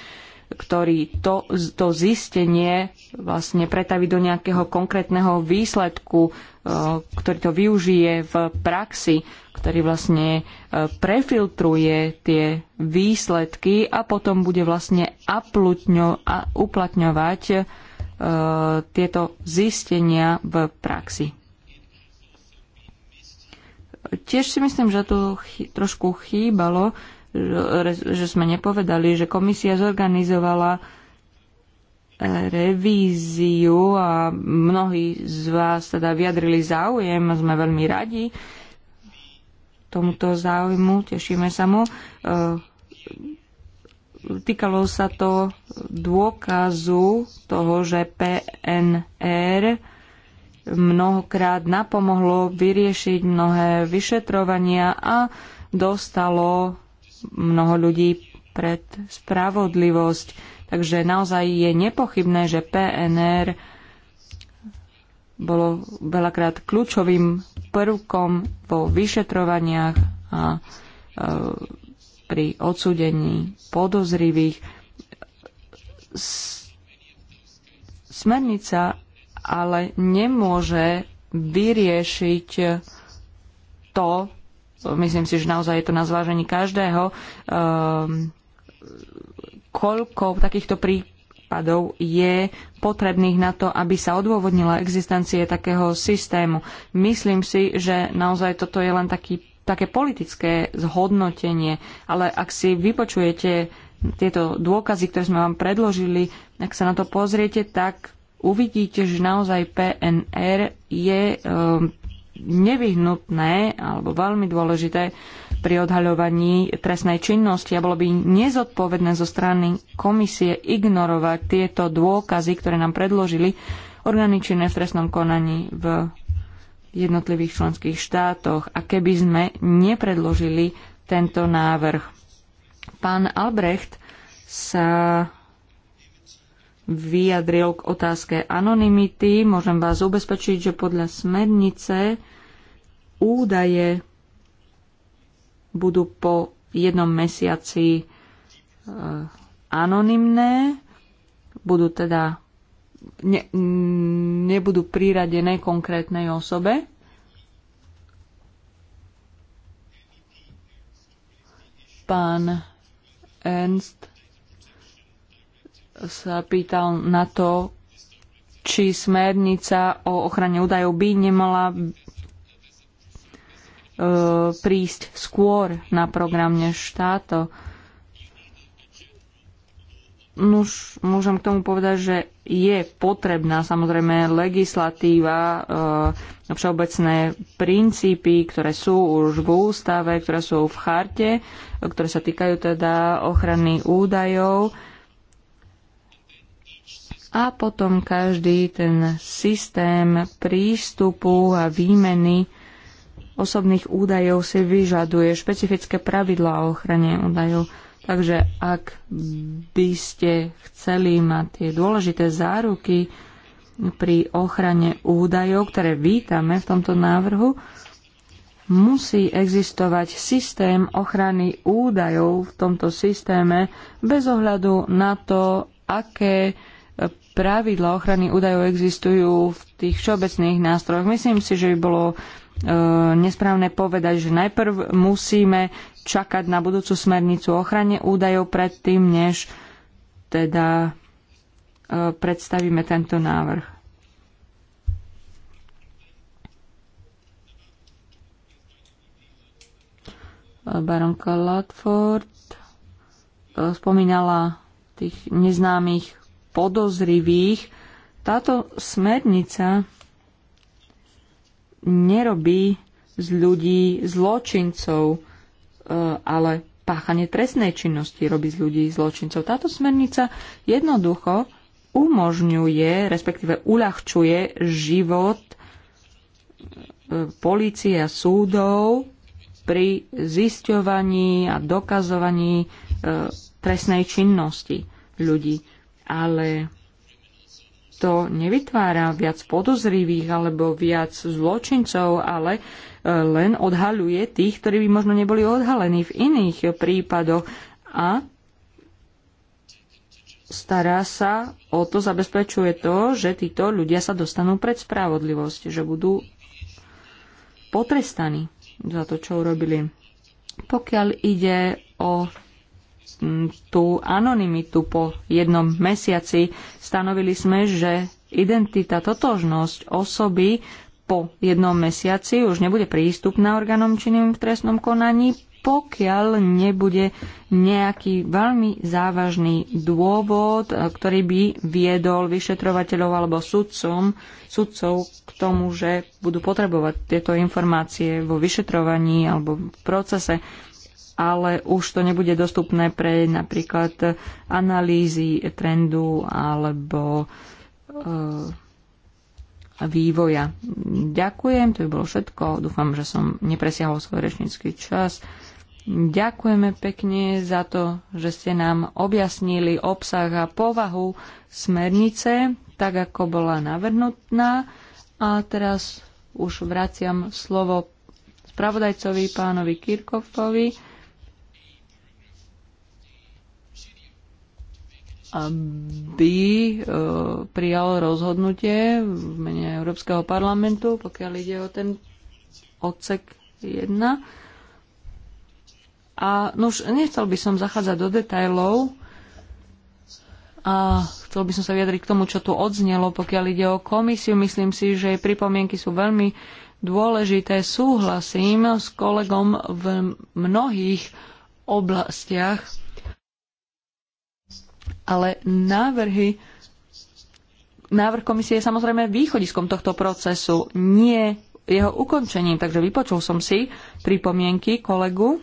ktorý to, to zistenie vlastne pretaví do nejakého konkrétneho výsledku, e, ktorý to využije v praxi, ktorý vlastne e, prefiltruje tie výsledky a potom bude vlastne uplatňovať e, tieto zistenia v praxi. Tiež si myslím, že chy, trošku chýbalo, že sme nepovedali, že komisia zorganizovala e, revíziu a mnohí z vás teda vyjadrili záujem, sme veľmi radi tomuto záujmu, tešíme sa mu. E, týkalo sa to dôkazu toho, že PNR mnohokrát napomohlo vyriešiť mnohé vyšetrovania a dostalo mnoho ľudí pred spravodlivosť. Takže naozaj je nepochybné, že PNR bolo veľakrát kľúčovým prvkom vo vyšetrovaniach a e, pri odsúdení podozrivých. smernica ale nemôže vyriešiť to, myslím si, že naozaj je to na zvážení každého, ehm, koľko takýchto prípadov je potrebných na to, aby sa odôvodnila existencie takého systému. Myslím si, že naozaj toto je len taký, také politické zhodnotenie, ale ak si vypočujete tieto dôkazy, ktoré sme vám predložili, ak sa na to pozriete, tak uvidíte, že naozaj PNR je um, nevyhnutné alebo veľmi dôležité pri odhaľovaní trestnej činnosti a bolo by nezodpovedné zo strany komisie ignorovať tieto dôkazy, ktoré nám predložili orgány činné v trestnom konaní v jednotlivých členských štátoch a keby sme nepredložili tento návrh. Pán Albrecht sa vyjadril k otázke anonymity. Môžem vás ubezpečiť, že podľa smernice údaje budú po jednom mesiaci e, anonymné, budú teda ne, nebudú priradené konkrétnej osobe. Pán Ernst sa pýtal na to, či smernica o ochrane údajov by nemala e, prísť skôr na program než No Nuž, môžem k tomu povedať, že je potrebná samozrejme legislatíva, e, všeobecné princípy, ktoré sú už v ústave, ktoré sú v charte, e, ktoré sa týkajú teda ochrany údajov. E, a potom každý ten systém prístupu a výmeny osobných údajov si vyžaduje špecifické pravidlá o ochrane údajov. Takže ak by ste chceli mať tie dôležité záruky pri ochrane údajov, ktoré vítame v tomto návrhu, musí existovať systém ochrany údajov v tomto systéme bez ohľadu na to, aké pravidla ochrany údajov existujú v tých všeobecných nástrojoch. Myslím si, že by bolo e, nesprávne povedať, že najprv musíme čakať na budúcu smernicu o ochrane údajov predtým, než teda e, predstavíme tento návrh. E, baronka Latford e, spomínala tých neznámych podozrivých. Táto smernica nerobí z ľudí zločincov, e, ale páchanie trestnej činnosti robí z ľudí zločincov. Táto smernica jednoducho umožňuje, respektíve uľahčuje život e, polície a súdov pri zisťovaní a dokazovaní e, trestnej činnosti ľudí ale to nevytvára viac podozrivých alebo viac zločincov, ale e, len odhaluje tých, ktorí by možno neboli odhalení v iných prípadoch a stará sa o to, zabezpečuje to, že títo ľudia sa dostanú pred spravodlivosť, že budú potrestaní za to, čo urobili. Pokiaľ ide o tú anonymitu po jednom mesiaci. Stanovili sme, že identita, totožnosť osoby po jednom mesiaci už nebude prístupná orgánom činným v trestnom konaní, pokiaľ nebude nejaký veľmi závažný dôvod, e, ktorý by viedol vyšetrovateľov alebo sudcom, sudcov k tomu, že budú potrebovať tieto informácie vo vyšetrovaní alebo v procese ale už to nebude dostupné pre napríklad analýzy trendu alebo e, vývoja. Ďakujem, to by bolo všetko. Dúfam, že som nepresiahol svoj rečnícky čas. Ďakujeme pekne za to, že ste nám objasnili obsah a povahu smernice, tak ako bola navrhnutná. A teraz už vraciam slovo spravodajcovi pánovi Kirkovovi aby e, prijal rozhodnutie v mene Európskeho parlamentu, pokiaľ ide o ten odsek 1. A no už nechcel by som zachádzať do detajlov a chcel by som sa vyjadriť k tomu, čo tu odznelo, pokiaľ ide o komisiu. Myslím si, že jej pripomienky sú veľmi dôležité. Súhlasím s kolegom v mnohých oblastiach ale návrhy návrh komisie je samozrejme východiskom tohto procesu, nie jeho ukončením. Takže vypočul som si pripomienky kolegu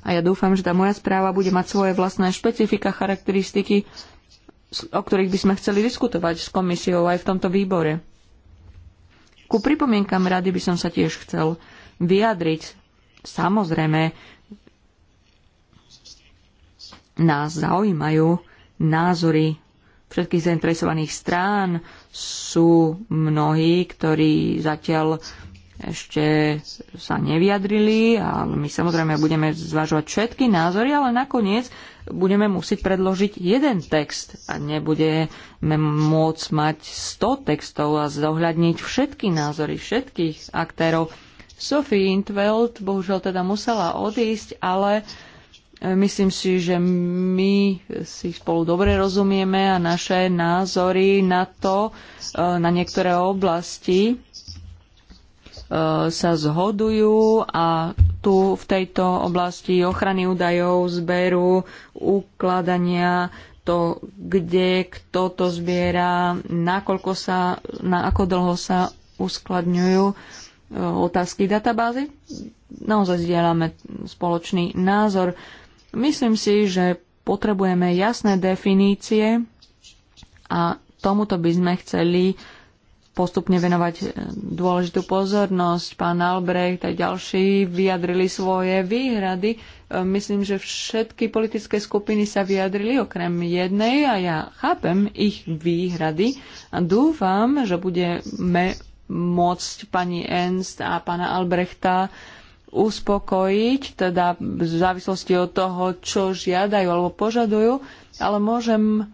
a ja dúfam, že tá moja správa bude mať svoje vlastné špecifika, charakteristiky, o ktorých by sme chceli diskutovať s komisiou aj v tomto výbore. Ku pripomienkam rady by som sa tiež chcel vyjadriť. Samozrejme, nás zaujímajú názory všetkých zainteresovaných strán. Sú mnohí, ktorí zatiaľ ešte sa nevyjadrili a my samozrejme budeme zvažovať všetky názory, ale nakoniec budeme musieť predložiť jeden text a nebudeme môcť mať 100 textov a zohľadniť všetky názory všetkých aktérov. Sophie Intveld bohužiaľ teda musela odísť, ale uh, Myslím si, že my si spolu dobre rozumieme a naše názory na to, e, na niektoré oblasti e, sa zhodujú a tu v tejto oblasti ochrany údajov, zberu, ukladania, to, kde, kto to zbiera, nakoľko sa, na ako dlho sa uskladňujú e, otázky databázy. Naozaj zdieľame spoločný názor. Myslím si, že potrebujeme jasné definície a tomuto by sme chceli postupne venovať eh, dôležitú pozornosť. Pán Albrecht a ďalší vyjadrili svoje výhrady. Eh, myslím, že všetky politické skupiny sa vyjadrili okrem jednej a ja chápem ich výhrady a dúfam, že budeme môcť pani Enst a pána Albrechta uspokojiť, teda v závislosti od toho, čo žiadajú alebo požadujú, ale môžem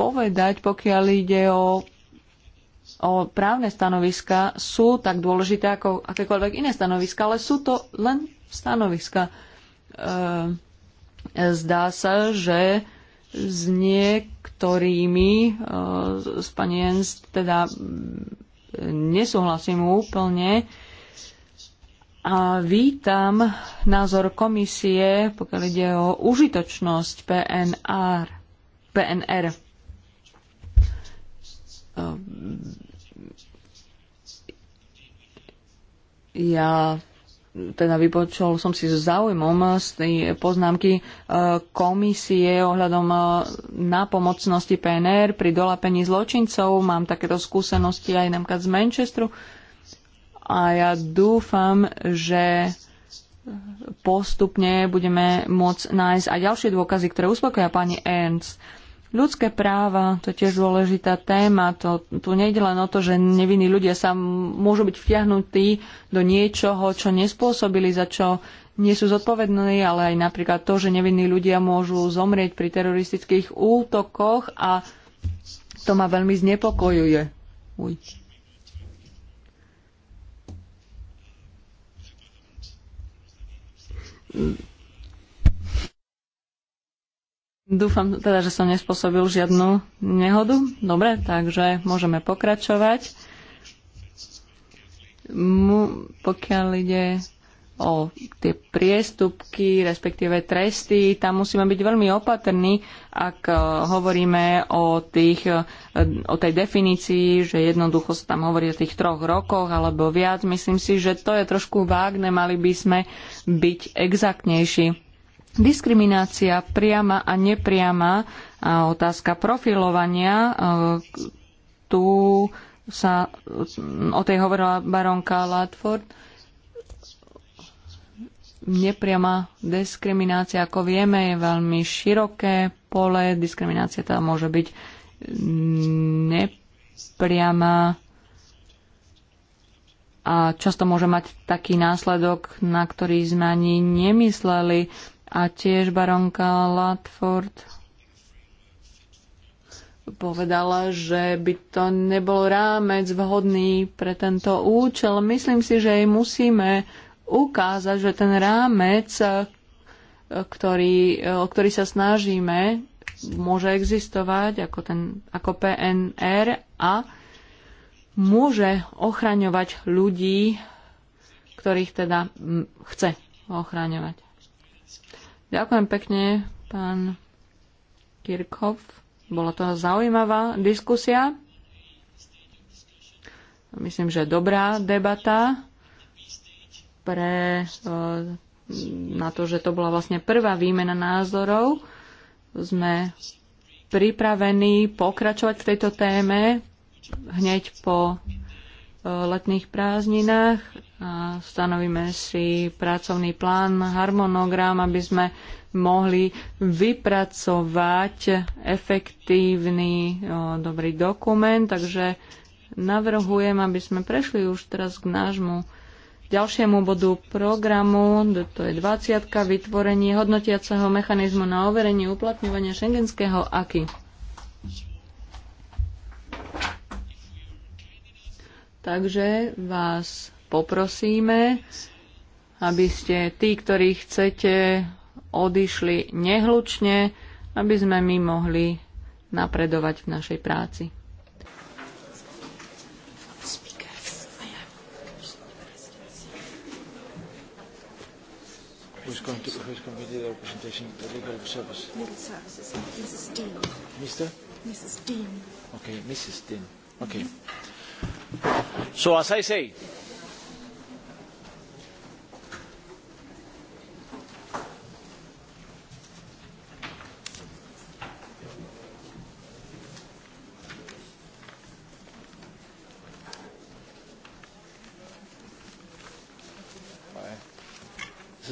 povedať, pokiaľ ide o, o právne stanoviska, sú tak dôležité ako akékoľvek iné stanoviska, ale sú to len stanoviska. E, zdá sa, že s niektorými e, z panienst teda nesúhlasím úplne, a vítam názor komisie, pokiaľ ide o užitočnosť PNR. PNR. Ehm, ja teda vypočul som si s záujmom z tej poznámky ehm, komisie ohľadom ehm, na pomocnosti PNR pri dolapení zločincov. Mám takéto skúsenosti aj napríklad z Manchesteru a ja dúfam, že postupne budeme môcť nájsť aj ďalšie dôkazy, ktoré uspokoja pani Ernst. Ľudské práva, to je tiež dôležitá téma. To, tu nejde len o to, že nevinní ľudia sa môžu byť vtiahnutí do niečoho, čo nespôsobili, za čo nie sú zodpovední, ale aj napríklad to, že nevinní ľudia môžu zomrieť pri teroristických útokoch a to ma veľmi znepokojuje. Uj. Dúfam teda, že som nespôsobil žiadnu nehodu. Dobre, takže môžeme pokračovať. Mu, pokiaľ ide o tie priestupky, respektíve tresty, tam musíme byť veľmi opatrní, ak e, hovoríme o, tých, e, o tej definícii, že jednoducho sa tam hovorí o tých troch rokoch alebo viac. Myslím si, že to je trošku vágne, mali by sme byť exaktnejší. Diskriminácia priama a nepriama a otázka profilovania, e, tu sa o tej hovorila baronka Ladford, nepriama diskriminácia, ako vieme, je veľmi široké pole. Diskriminácia tá môže byť nepriama a často môže mať taký následok, na ktorý sme ani nemysleli. A tiež baronka Latford povedala, že by to nebol rámec vhodný pre tento účel. Myslím si, že jej musíme ukázať, že ten rámec, e, ktorý, e, o ktorý sa snažíme, môže existovať ako, ten, ako PNR a môže ochraňovať ľudí, ktorých teda chce ochraňovať. Ďakujem pekne, pán Kirchhoff. Bola to zaujímavá diskusia. Myslím, že dobrá debata pre, na to, že to bola vlastne prvá výmena názorov. Sme pripravení pokračovať v tejto téme hneď po letných prázdninách a stanovíme si pracovný plán, harmonogram, aby sme mohli vypracovať efektívny, dobrý dokument. Takže navrhujem, aby sme prešli už teraz k nášmu ďalšiemu bodu programu, to je 20. vytvorenie hodnotiaceho mechanizmu na overenie uplatňovania šengenského aky. Takže vás poprosíme, aby ste tí, ktorí chcete, odišli nehlučne, aby sme my mohli napredovať v našej práci. Who's going to who's going to do the representation the legal service? Legal services, Mrs. Dean. Mr. Mrs. Dean. Okay, Mrs. Dean. Okay. Mm-hmm. So as I say.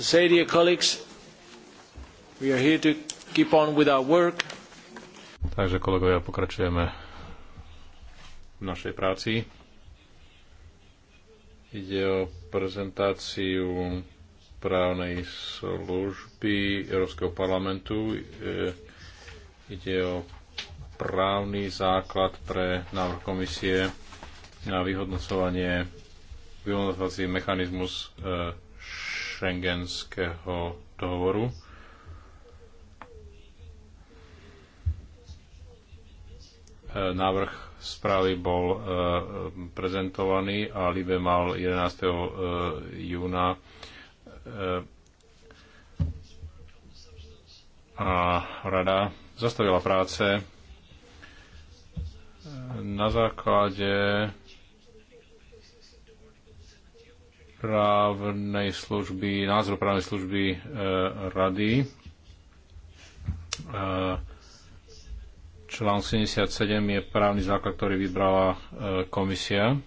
say, dear colleagues, we are here to keep on with our work. Takže kolegovia, pokračujeme v našej práci. Ide o prezentáciu právnej služby Európskeho parlamentu. E, ide o právny základ pre návrh komisie na vyhodnocovanie vyhodnocovací mechanizmus e, šengenského dohovoru. E, návrh správy bol e, prezentovaný a Libe mal 11. E, júna a rada zastavila práce na základe právnej služby, názor právnej služby e, rady. E, článok 77 je právny základ, ktorý vybrala e, komisia.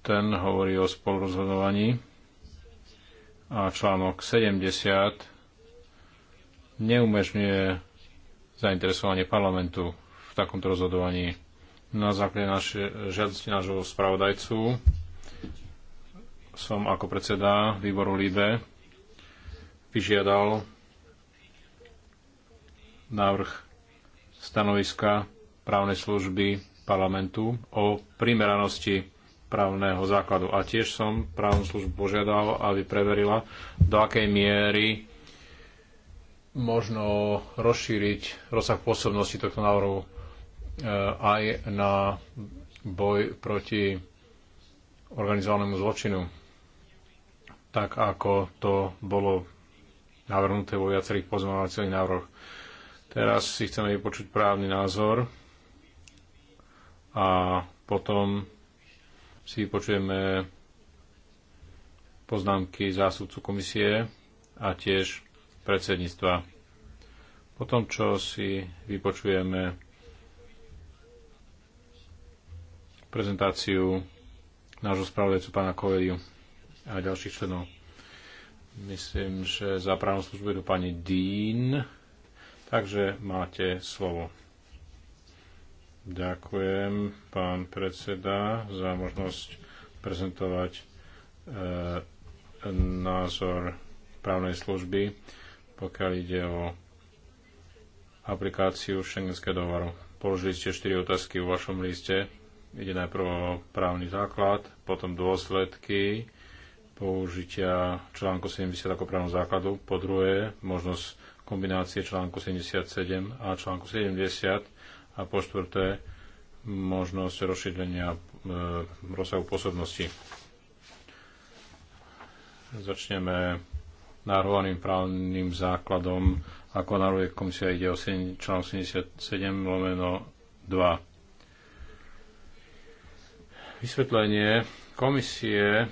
Ten hovorí o spolurozhodovaní. A článok 70 neumežňuje zainteresovanie parlamentu v takomto rozhodovaní. Na základe naše, žiadosti nášho spravodajcu som ako predseda výboru LIBE vyžiadal návrh stanoviska právnej služby parlamentu o primeranosti právneho základu. A tiež som právnu službu požiadal, aby preverila, do akej miery možno rozšíriť rozsah pôsobnosti tohto návrhu Eh, aj na boj proti organizovanému zločinu, tak ako to bolo navrhnuté vo viacerých pozmeňovacích návrhoch. Teraz si chceme vypočuť právny názor a potom si vypočujeme poznámky zásudcu komisie a tiež predsedníctva. Potom, čo si vypočujeme prezentáciu nášho spravodajcu pána Koveliu a ďalších členov. Myslím, že za právnu službu je tu pani Dín, takže máte slovo. Ďakujem, pán predseda, za možnosť prezentovať e, názor právnej služby, pokiaľ ide o aplikáciu šengenského dovaru. Položili ste 4 otázky v vašom liste Ide najprv o právny základ, potom dôsledky použitia článku 70 ako právnu základu, po druhé možnosť kombinácie článku 77 a článku 70 a po štvrté možnosť rozšírenia e, rozsahu pôsobnosti. Začneme navrhovaným právnym základom, ako navrhuje komisia, ide o článok 77 lomeno 2 vysvetlenie komisie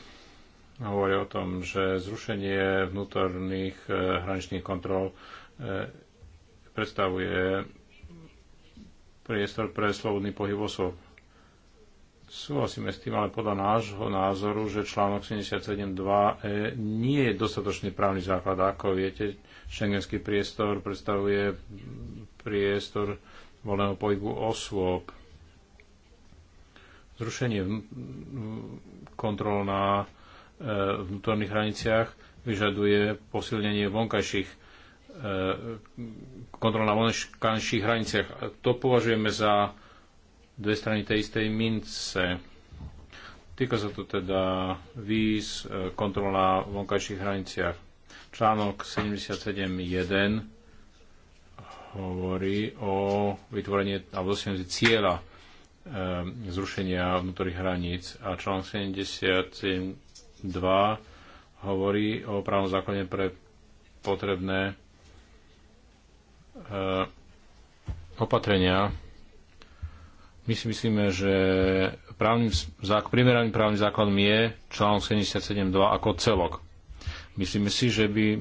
hovorí o tom, že zrušenie vnútorných e, hraničných kontrol e, predstavuje priestor pre slobodný pohyb osôb. Súhlasíme s tým, ale podľa nášho názoru, že článok 77.2 e nie je dostatočný právny základ. Ako viete, šengenský priestor predstavuje priestor voľného pohybu osôb Zrušenie kontrol na e, vnútorných hraniciach vyžaduje posilnenie vonkajších e, kontrol na vonkajších hraniciach. A to považujeme za dve strany tej istej mince. Týka sa to teda víz, e, kontrol na vonkajších hraniciach. Článok 77.1 hovorí o vytvorení alebo dosiahnutí cieľa Ehm, zrušenia vnútorných hraníc. A článok 72 hovorí o právnom zákone pre potrebné ehm, opatrenia. My si myslíme, že právnym, primeraným právnym zákonom je článok 77.2 ako celok. Myslíme si, že by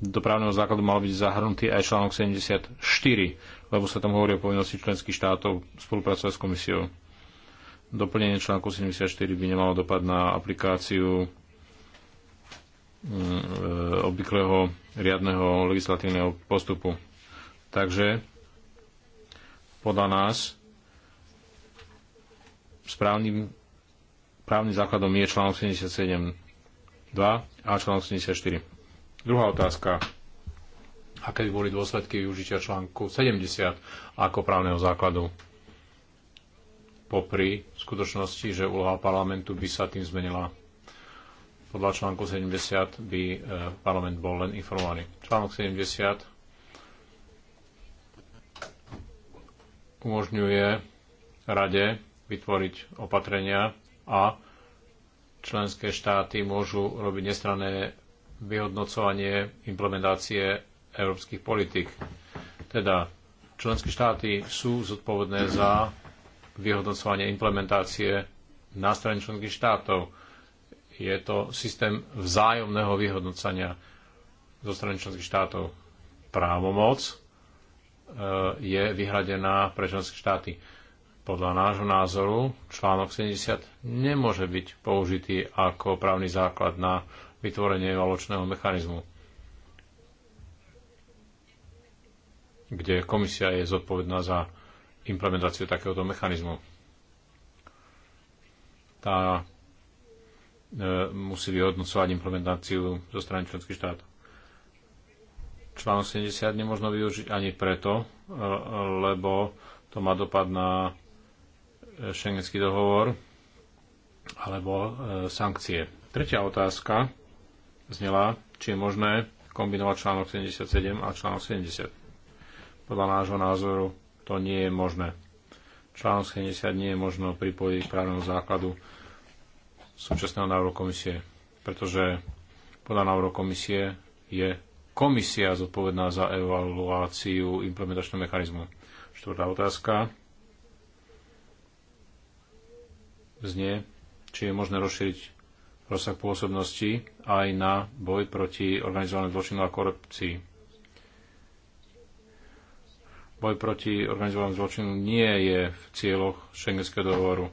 do právneho základu mal byť zahrnutý aj článok 74, lebo sa tam hovorí o povinnosti členských štátov spolupracovať s komisiou. Doplnenie článku 74 by nemalo dopad na aplikáciu mm, e, obvyklého riadneho legislatívneho postupu. Takže podľa nás správnym právnym základom je článok 77.2 a článok 74. Druhá otázka. Aké by boli dôsledky využitia článku 70 ako právneho základu? Popri skutočnosti, že úloha parlamentu by sa tým zmenila. Podľa článku 70 by e, parlament bol len informovaný. Článok 70 umožňuje rade vytvoriť opatrenia a členské štáty môžu robiť nestranné vyhodnocovanie implementácie európskych politik. Teda členské štáty sú zodpovedné za vyhodnocovanie implementácie na strane členských štátov. Je to systém vzájomného vyhodnocania zo strany členských štátov. Právomoc e, je vyhradená pre členské štáty. Podľa nášho názoru článok 70 nemôže byť použitý ako právny základ na vytvorenie valočného mechanizmu, kde komisia je zodpovedná za implementáciu takéhoto mechanizmu. Tá e, musí vyhodnocovať implementáciu zo strany členských štátov. Článok 70 nemôžno využiť ani preto, e, lebo to má dopad na šengenský e, dohovor alebo sankcie. Tretia otázka znela, či je možné kombinovať článok 77 a článok 70. Podľa nášho názoru to nie je možné. Článok 70 nie je možno pripojiť k právnemu základu súčasného návrhu komisie, pretože podľa návrhu komisie je komisia zodpovedná za evaluáciu implementačného mechanizmu. Štvrtá otázka znie, či je možné rozšíriť rozsah pôsobnosti aj na boj proti organizovanému zločinu a korupcii. Boj proti organizovanému zločinu nie je v cieľoch Schengenského dohovoru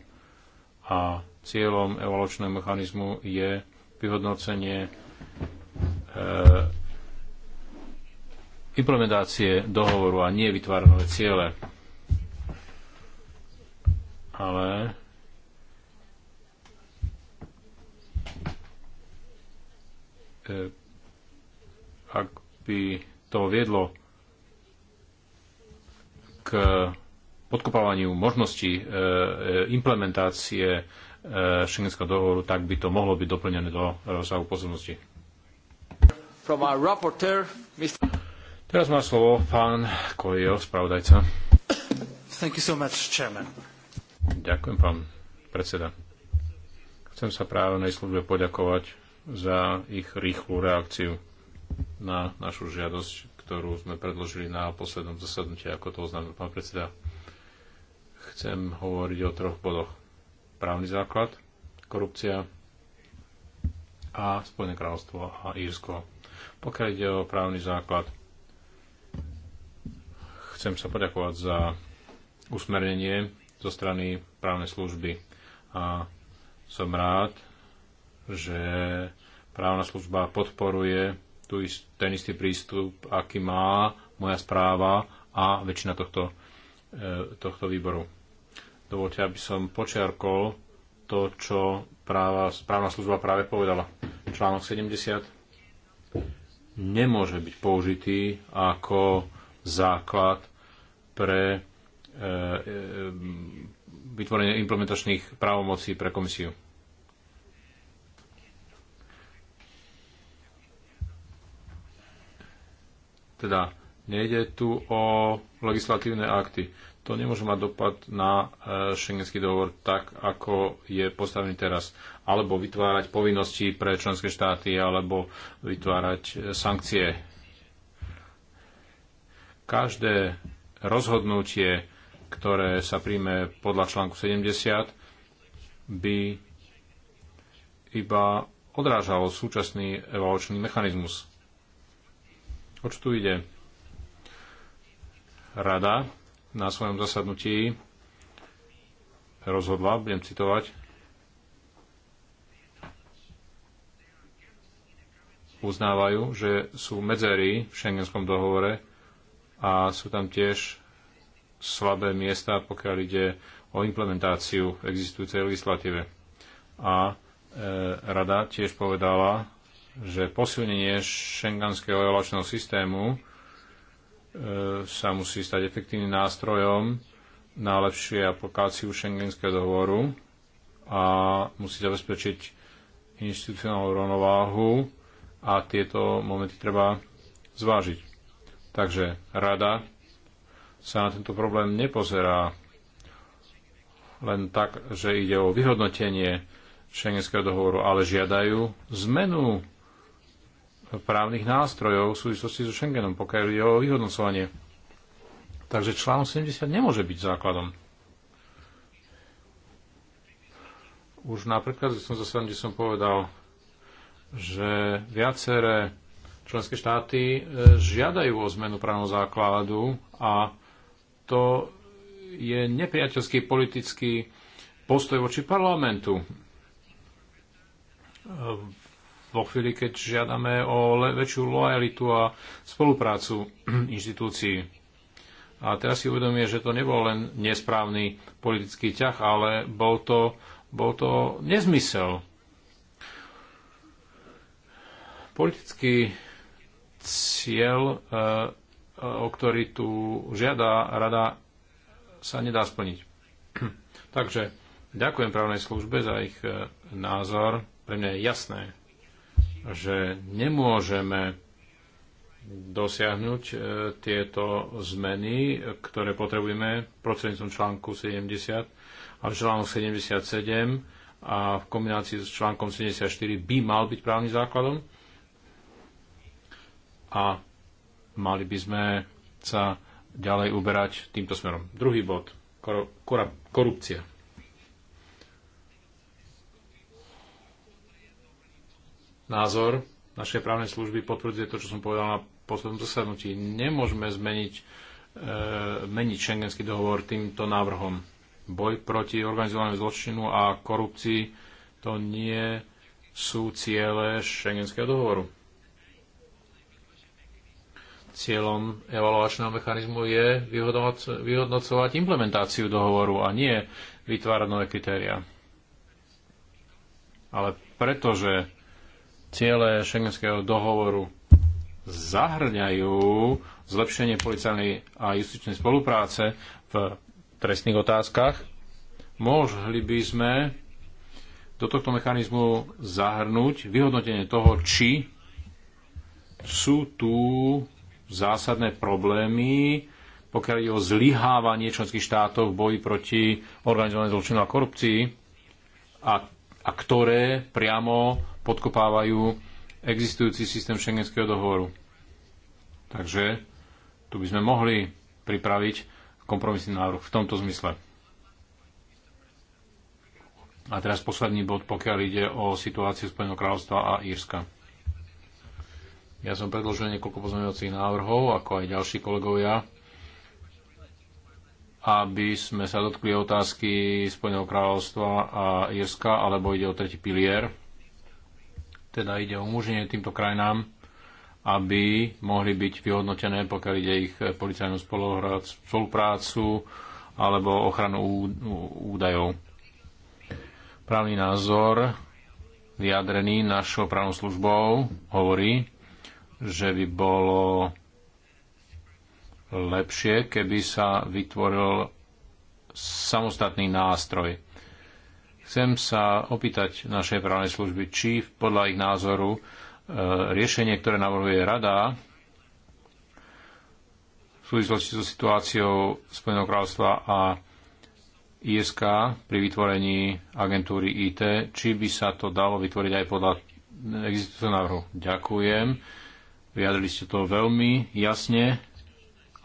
a cieľom evolučného mechanizmu je vyhodnocenie e, implementácie dohovoru a nie vytvárané ciele. Ale Eh, ak by to viedlo k podkopávaniu možností eh, eh, implementácie šengenského dohovoru, tak by to mohlo byť doplnené do rozsahu pozornosti. Teraz má slovo pán Kojo, spravodajca. So much, Ďakujem, pán predseda. Chcem sa práve službe poďakovať za ich rýchlu reakciu na našu žiadosť, ktorú sme predložili na poslednom zasadnutí, ako to oznámil pán predseda. Chcem hovoriť o troch bodoch. Právny základ, korupcia a Spojené kráľovstvo a Írsko. Pokiaľ ide o právny základ, chcem sa poďakovať za usmernenie zo strany právnej služby a som rád, že právna služba podporuje tu ist, ten istý prístup, aký má moja správa a väčšina tohto, e, tohto výboru. Dovolte, aby som počiarkol to, čo práva, právna služba práve povedala. Článok 70 nemôže byť použitý ako základ pre e, e, vytvorenie implementačných právomocí pre komisiu. Teda nejde tu o legislatívne akty. To nemôže mať dopad na šengenský e, dohovor tak, ako je postavený teraz. Alebo vytvárať povinnosti pre členské štáty, alebo vytvárať e, sankcie. Každé rozhodnutie, ktoré sa príjme podľa článku 70, by iba odrážalo súčasný evaluačný mechanizmus. O čo tu ide? Rada na svojom zasadnutí rozhodla, budem citovať, uznávajú, že sú medzery v šengenskom dohovore a sú tam tiež slabé miesta, pokiaľ ide o implementáciu existujúcej legislatíve. A e, rada tiež povedala, že posilnenie šengenského evaluačného systému e, sa musí stať efektívnym nástrojom na lepšie aplikáciu šengenského dohovoru a musí zabezpečiť inštitucionálnu rovnováhu a tieto momenty treba zvážiť. Takže rada sa na tento problém nepozerá len tak, že ide o vyhodnotenie šengenského dohovoru, ale žiadajú zmenu právnych nástrojov v súvislosti so Schengenom, pokiaľ je o vyhodnocovanie. Takže článok 70 nemôže byť základom. Už na som zasadnutí som povedal, že viaceré členské štáty e, žiadajú o zmenu právneho základu a to je nepriateľský politický postoj voči parlamentu e, vo chvíli, keď žiadame o väčšiu lojalitu a spoluprácu inštitúcií. A teraz si uvedomuje, že to nebol len nesprávny politický ťah, ale bol to, bol to nezmysel. Politický cieľ, e, e, o ktorý tu žiada rada, sa nedá splniť. Takže ďakujem právnej službe za ich e, názor. Pre mňa je jasné, že nemôžeme dosiahnuť e, tieto zmeny, ktoré potrebujeme prostredníctvom článku 70 a článok 77 a v kombinácii s článkom 74 by mal byť právnym základom a mali by sme sa ďalej uberať týmto smerom. Druhý bod, korupcia. názor našej právnej služby potvrdzuje to, čo som povedal na poslednom zasadnutí. Nemôžeme zmeniť e, meniť šengenský dohovor týmto návrhom. Boj proti organizovanému zločinu a korupcii to nie sú ciele šengenského dohovoru. Cieľom evaluačného mechanizmu je vyhodnocovať implementáciu dohovoru a nie vytvárať nové kritéria. Ale pretože Ciele šengenského dohovoru zahrňajú zlepšenie policajnej a justičnej spolupráce v trestných otázkach. Mohli by sme do tohto mechanizmu zahrnúť vyhodnotenie toho, či sú tu zásadné problémy, pokiaľ ide o zlyhávanie členských štátov v boji proti organizovanej zločinu a korupcii a, a ktoré priamo podkopávajú existujúci systém šengenského dohovoru. Takže tu by sme mohli pripraviť kompromisný návrh v tomto zmysle. A teraz posledný bod, pokiaľ ide o situáciu Spojeného kráľovstva a Írska. Ja som predložil niekoľko pozmeňovacích návrhov, ako aj ďalší kolegovia, aby sme sa dotkli otázky Spojeného kráľovstva a Írska, alebo ide o tretí pilier teda ide o umožnenie týmto krajinám, aby mohli byť vyhodnotené, pokiaľ ide ich eh, policajnú spoluprácu alebo ochranu údajov. Právny názor vyjadrený našou právnou službou hovorí, že by bolo lepšie, keby sa vytvoril samostatný nástroj Chcem sa opýtať našej právnej služby, či podľa ich názoru e, riešenie, ktoré navrhuje Rada v súvislosti so situáciou Spojeného kráľovstva a ISK pri vytvorení agentúry IT, či by sa to dalo vytvoriť aj podľa existujúceho návrhu. Ďakujem. Vyjadrili ste to veľmi jasne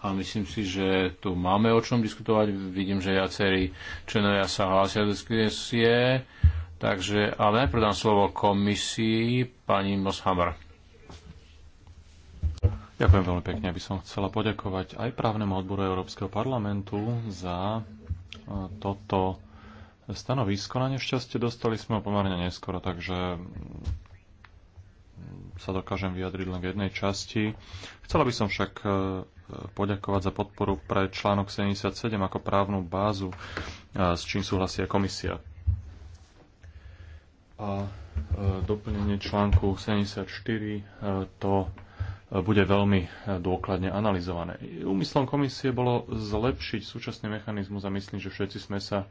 a myslím si, že tu máme o čom diskutovať. Vidím, že viacerí členovia sa hlásia do diskusie, takže, ale najprv dám slovo komisii pani Moshammer. Ďakujem veľmi pekne, aby som chcela poďakovať aj právnemu odboru Európskeho parlamentu za e, toto stanovisko. Na nešťastie dostali sme ho pomerne neskoro, takže mm, sa dokážem vyjadriť len k jednej časti. Chcela by som však e, poďakovať za podporu pre článok 77 ako právnu bázu, s čím súhlasia komisia. A e, doplnenie článku 74 e, to e, bude veľmi dôkladne analyzované. Úmyslom komisie bolo zlepšiť súčasný mechanizmus a myslím, že všetci sme sa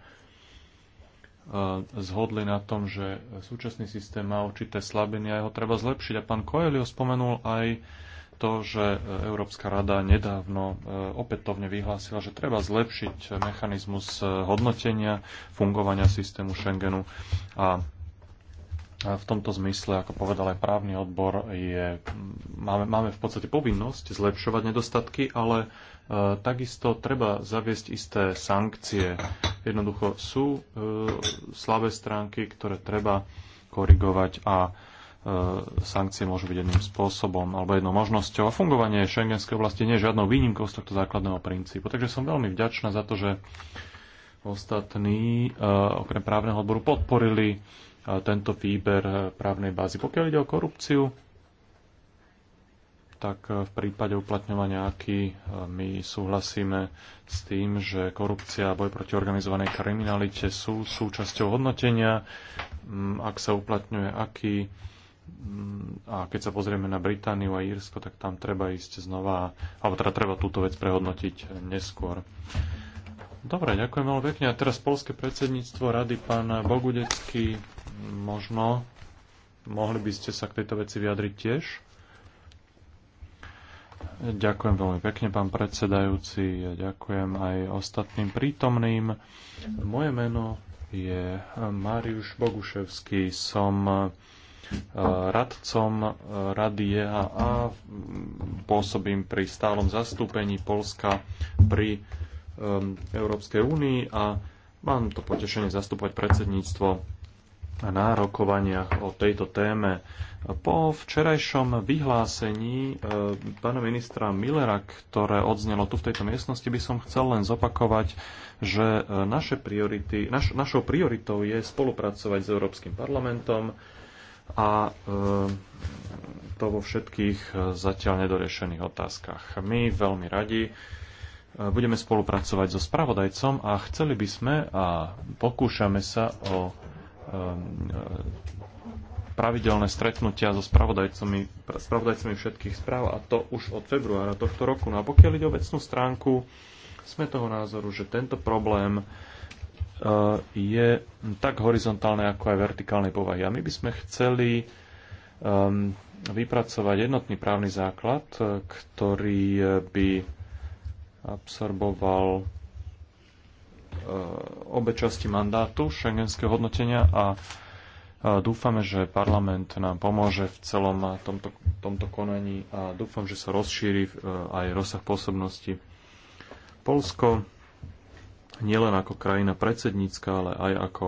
zhodli na tom, že súčasný systém má určité slabiny a jeho treba zlepšiť. A pán Koelio spomenul aj to, že e, Európska rada nedávno e, opätovne vyhlásila, že treba zlepšiť mechanizmus e, hodnotenia fungovania systému Schengenu a v tomto zmysle, ako povedal aj právny odbor, je, máme, máme v podstate povinnosť zlepšovať nedostatky, ale e, takisto treba zaviesť isté sankcie. Jednoducho sú e, slabé stránky, ktoré treba korigovať a e, E, sankcie môžu byť jedným spôsobom alebo jednou možnosťou a fungovanie šengenskej oblasti nie je žiadnou výnimkou z tohto základného princípu. Takže som veľmi vďačná za to, že ostatní e, okrem právneho odboru podporili e, tento výber právnej bázy. Pokiaľ ide o korupciu, tak v prípade uplatňovania aký my súhlasíme s tým, že korupcia a boj proti organizovanej kriminalite sú súčasťou hodnotenia. Mm, ak sa uplatňuje aký, a keď sa pozrieme na Britániu a Írsko, tak tam treba ísť znova, alebo teda treba túto vec prehodnotiť neskôr. Dobre, ďakujem veľmi pekne. A teraz polské predsedníctvo rady, pán Bogudecký, možno mohli by ste sa k tejto veci vyjadriť tiež? Ďakujem veľmi pekne, pán predsedajúci. Ja ďakujem aj ostatným prítomným. Moje meno je Mariuš Boguševský. Som radcom e, Rady EAA, pôsobím pri stálom zastúpení Polska pri e, Európskej únii a mám to potešenie zastúpať predsedníctvo na rokovaniach o tejto téme. Po včerajšom vyhlásení e, pána ministra Millera, ktoré odznelo tu v tejto miestnosti, by som chcel len zopakovať, že naše priority, naš, našou prioritou je spolupracovať s Európskym parlamentom, a e, to vo všetkých e, zatiaľ nedorešených otázkach. My veľmi radi e, budeme spolupracovať so spravodajcom a chceli by sme a pokúšame sa o pravidelné stretnutia so spravodajcami, spravodajcami všetkých správ a to už od februára tohto roku. No a pokiaľ ide o vecnú stránku, sme toho názoru, že tento problém E, je tak horizontálnej, ako aj vertikálnej povahy. A my by sme chceli um, vypracovať jednotný právny základ, e, ktorý e, by absorboval obe časti mandátu šengenského hodnotenia a dúfame, že parlament nám pomôže v celom tomto, tomto konaní a dúfam, že sa rozšíri aj rozsah pôsobnosti. Polsko nielen ako krajina predsednícka, ale aj ako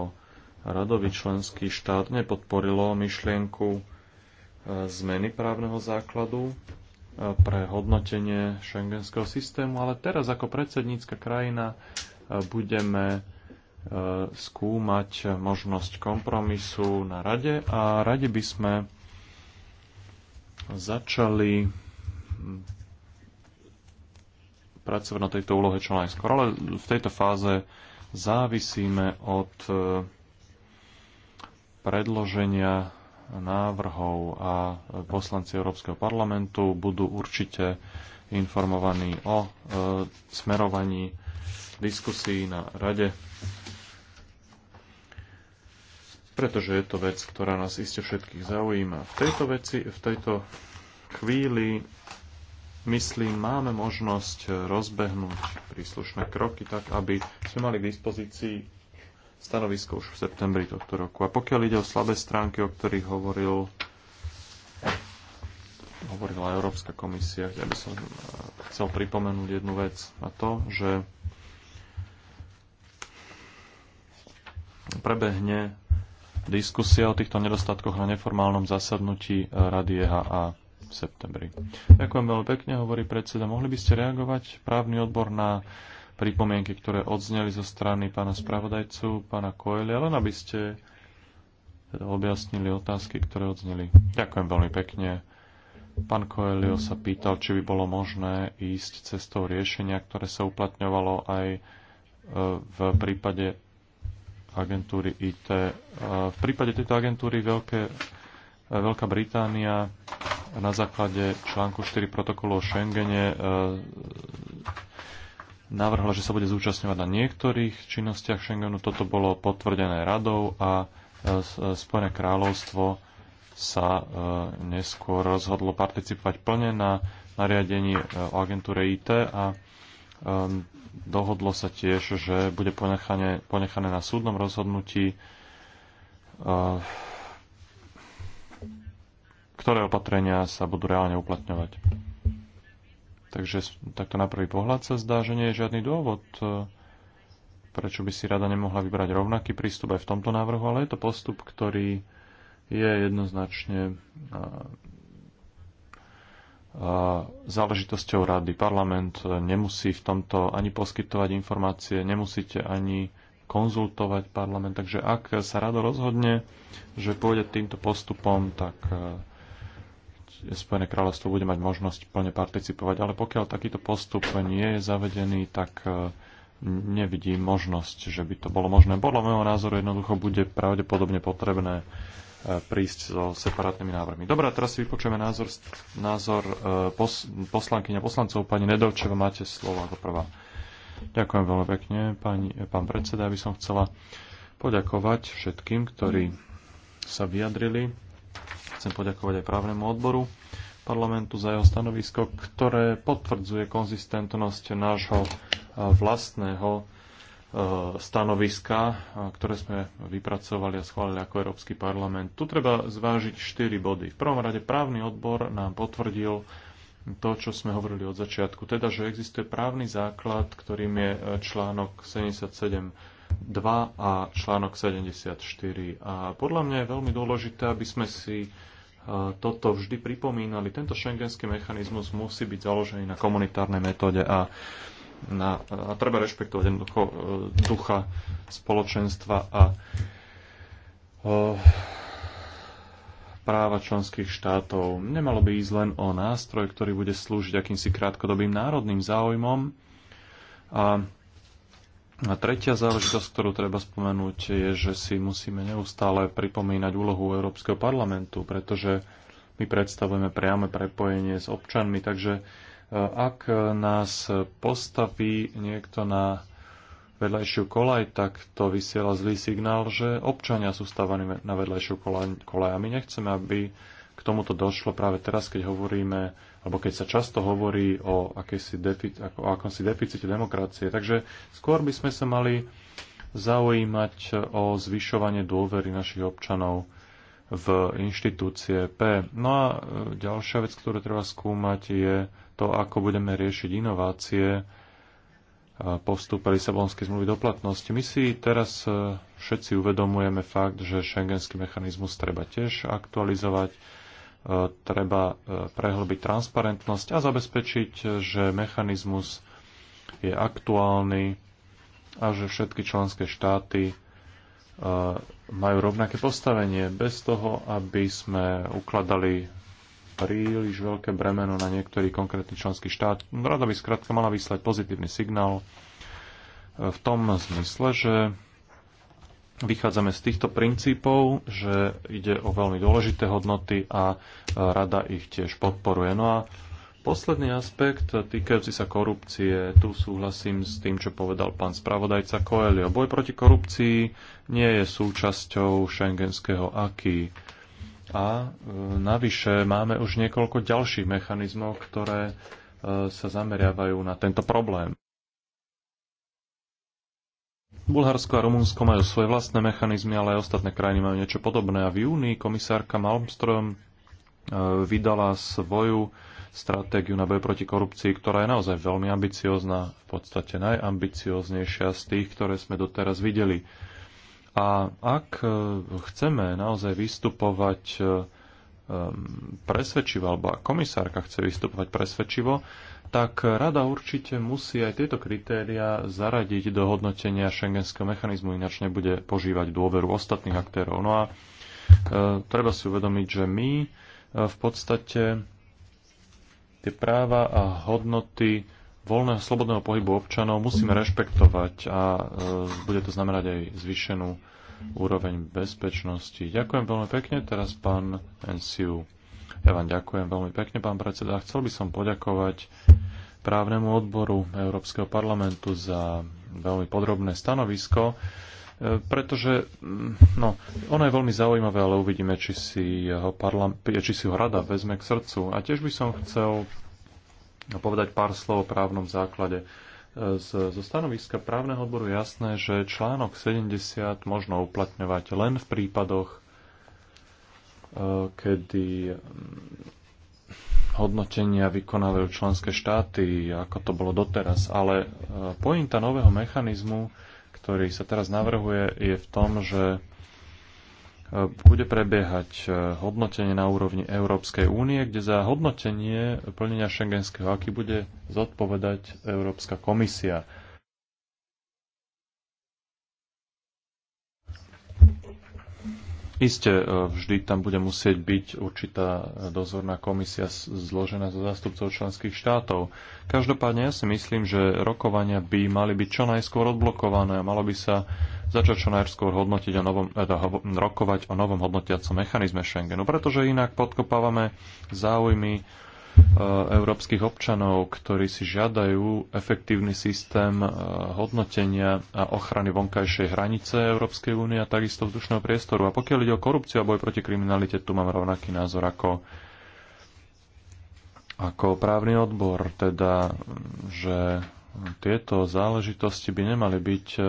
radový členský štát nepodporilo myšlienku e, zmeny právneho základu e, pre hodnotenie šengenského systému, ale teraz ako predsednícka krajina e, budeme skúmať možnosť kompromisu na rade a radi by sme začali pracovať na tejto úlohe čo najskôr, ale v tejto fáze závisíme od e, predloženia návrhov a poslanci Európskeho parlamentu budú určite informovaní o e, smerovaní diskusí na rade, pretože je to vec, ktorá nás iste všetkých zaujíma. V tejto veci, v tejto chvíli myslím, máme možnosť rozbehnúť príslušné kroky tak, aby sme mali k dispozícii stanovisko už v septembri tohto roku. A pokiaľ ide o slabé stránky, o ktorých hovoril hovorila Európska komisia, ja by som eh, chcel pripomenúť jednu vec a to, že prebehne diskusia o týchto nedostatkoch na neformálnom zasadnutí eh, Rady EHA v septembri. Ďakujem veľmi pekne, hovorí predseda. Mohli by ste reagovať právny odbor na pripomienky, ktoré odzneli zo strany pána spravodajcu, pána Koelia, len aby ste objasnili otázky, ktoré odzneli. Ďakujem veľmi pekne. Pán Koelio sa pýtal, či by bolo možné ísť cestou riešenia, ktoré sa uplatňovalo aj e, v prípade agentúry IT. E, v prípade tejto agentúry veľké Veľká Británia na základe článku 4 protokolu o Schengene e, navrhla, že sa bude zúčastňovať na niektorých činnostiach Schengenu. Toto bolo potvrdené radou a e, e, Spojené kráľovstvo sa neskôr rozhodlo participovať plne na nariadení o agentúre IT a dohodlo sa tiež, že bude ponechané, ponechané na súdnom rozhodnutí ktoré opatrenia sa budú reálne uplatňovať. Takže takto na prvý pohľad sa zdá, že nie je žiadny dôvod, e, prečo by si rada nemohla vybrať rovnaký prístup aj v tomto návrhu, ale je to postup, ktorý je jednoznačne e, e, záležitosťou rady. Parlament nemusí v tomto ani poskytovať informácie, nemusíte ani konzultovať parlament. Takže ak sa rado rozhodne, že pôjde týmto postupom, tak Spojené kráľovstvo bude mať možnosť plne participovať, ale pokiaľ takýto postup nie je zavedený, tak e, nevidím možnosť, že by to bolo možné. Podľa môjho názoru jednoducho bude pravdepodobne potrebné e, prísť so separátnymi návrhmi. Dobre, teraz si vypočujeme názor, názor e, pos, poslankyňa poslancov. Pani Nedovčeva, máte slovo ako prvá. Ďakujem veľmi pekne, pani, pán predseda. Ja by som chcela poďakovať všetkým, ktorí sa vyjadrili Chcem poďakovať aj právnemu odboru parlamentu za jeho stanovisko, ktoré potvrdzuje konzistentnosť nášho e, vlastného e, stanoviska, e, ktoré sme vypracovali a schválili ako Európsky parlament. Tu treba zvážiť 4 body. V prvom rade právny odbor nám potvrdil to, čo sme hovorili od začiatku, teda, že existuje právny základ, ktorým je článok 77 2 a článok 74. A podľa mňa je veľmi dôležité, aby sme si e, toto vždy pripomínali. Tento šengenský mechanizmus musí byť založený na komunitárnej metóde a, na, a treba rešpektovať jednoducho e, ducha spoločenstva a e, práva členských štátov. Nemalo by ísť len o nástroj, ktorý bude slúžiť akýmsi krátkodobým národným záujmom a a tretia záležitosť, ktorú treba spomenúť, je, že si musíme neustále pripomínať úlohu Európskeho parlamentu, pretože my predstavujeme priame prepojenie s občanmi, takže e, ak nás postaví niekto na vedľajšiu kolaj, tak to vysiela zlý signál, že občania sú stávaní na vedľajšiu kolaj, kolaj a my nechceme, aby k tomuto došlo práve teraz, keď hovoríme alebo keď sa často hovorí o, akési ako, o akomsi deficite demokracie. Takže skôr by sme sa mali zaujímať o zvyšovanie dôvery našich občanov v inštitúcie P. No a e, ďalšia vec, ktorú treba skúmať, je to, ako budeme riešiť inovácie postupe Lisabonskej zmluvy do platnosti. My si teraz e, všetci uvedomujeme fakt, že šengenský mechanizmus treba tiež aktualizovať treba e, prehlbiť transparentnosť a zabezpečiť, že mechanizmus je aktuálny a že všetky členské štáty e, majú rovnaké postavenie bez toho, aby sme ukladali príliš veľké bremeno na niektorý konkrétny členský štát. Rada by skrátka mala vyslať pozitívny signál e, v tom zmysle, že Vychádzame z týchto princípov, že ide o veľmi dôležité hodnoty a e, rada ich tiež podporuje. No a posledný aspekt e, týkajúci sa korupcie. Tu súhlasím s tým, čo povedal pán spravodajca Koelio. Boj proti korupcii nie je súčasťou šengenského aký. A e, navyše máme už niekoľko ďalších mechanizmov, ktoré sa zameriavajú na tento problém. Bulharsko a Rumunsko majú svoje vlastné mechanizmy, ale aj ostatné krajiny majú niečo podobné. A v júni komisárka Malmström e, vydala svoju stratégiu na boj proti korupcii, ktorá je naozaj veľmi ambiciózna, v podstate najambicióznejšia z tých, ktoré sme doteraz videli. A ak e, chceme naozaj vystupovať e, presvedčivo, alebo ak komisárka chce vystupovať presvedčivo, tak rada určite musí aj tieto kritéria zaradiť do hodnotenia šengenského mechanizmu, ináč nebude požívať dôveru ostatných aktérov. No a e, treba si uvedomiť, že my e, v podstate tie práva a hodnoty voľného slobodného pohybu občanov musíme rešpektovať a e, bude to znamenať aj zvýšenú úroveň bezpečnosti. Ďakujem veľmi pekne. Teraz pán Ensiu. Ja vám ďakujem veľmi pekne, pán predseda. Chcel by som poďakovať právnemu odboru Európskeho parlamentu za veľmi podrobné stanovisko, e, pretože mm, no, ono je veľmi zaujímavé, ale uvidíme, či si, ho parlam- či si ho rada vezme k srdcu. A tiež by som chcel povedať pár slov o právnom základe. E, z, zo stanoviska právneho odboru je jasné, že článok 70 možno uplatňovať len v prípadoch, kedy mm, hodnotenia vykonávajú členské štáty, ako to bolo doteraz, ale e, pointa nového mechanizmu, ktorý sa teraz navrhuje, je v tom, že e, bude prebiehať e, hodnotenie na úrovni Európskej únie, kde za hodnotenie plnenia šengenského aký bude zodpovedať Európska komisia. Isté, e, vždy tam bude musieť byť určitá dozorná komisia zložená zo zástupcov členských štátov. Každopádne ja si myslím, že rokovania by mali byť čo najskôr odblokované a malo by sa začať čo najskôr hodnotiť o novom, teda ho, rokovať o novom hodnotiacom mechanizme Schengenu, pretože inak podkopávame záujmy E, európskych občanov, ktorí si žiadajú efektívny systém e, hodnotenia a ochrany vonkajšej hranice Európskej únie a takisto vzdušného priestoru. A pokiaľ ide o korupciu a boj proti kriminalite, tu mám rovnaký názor ako, ako právny odbor, teda, že tieto záležitosti by nemali byť e,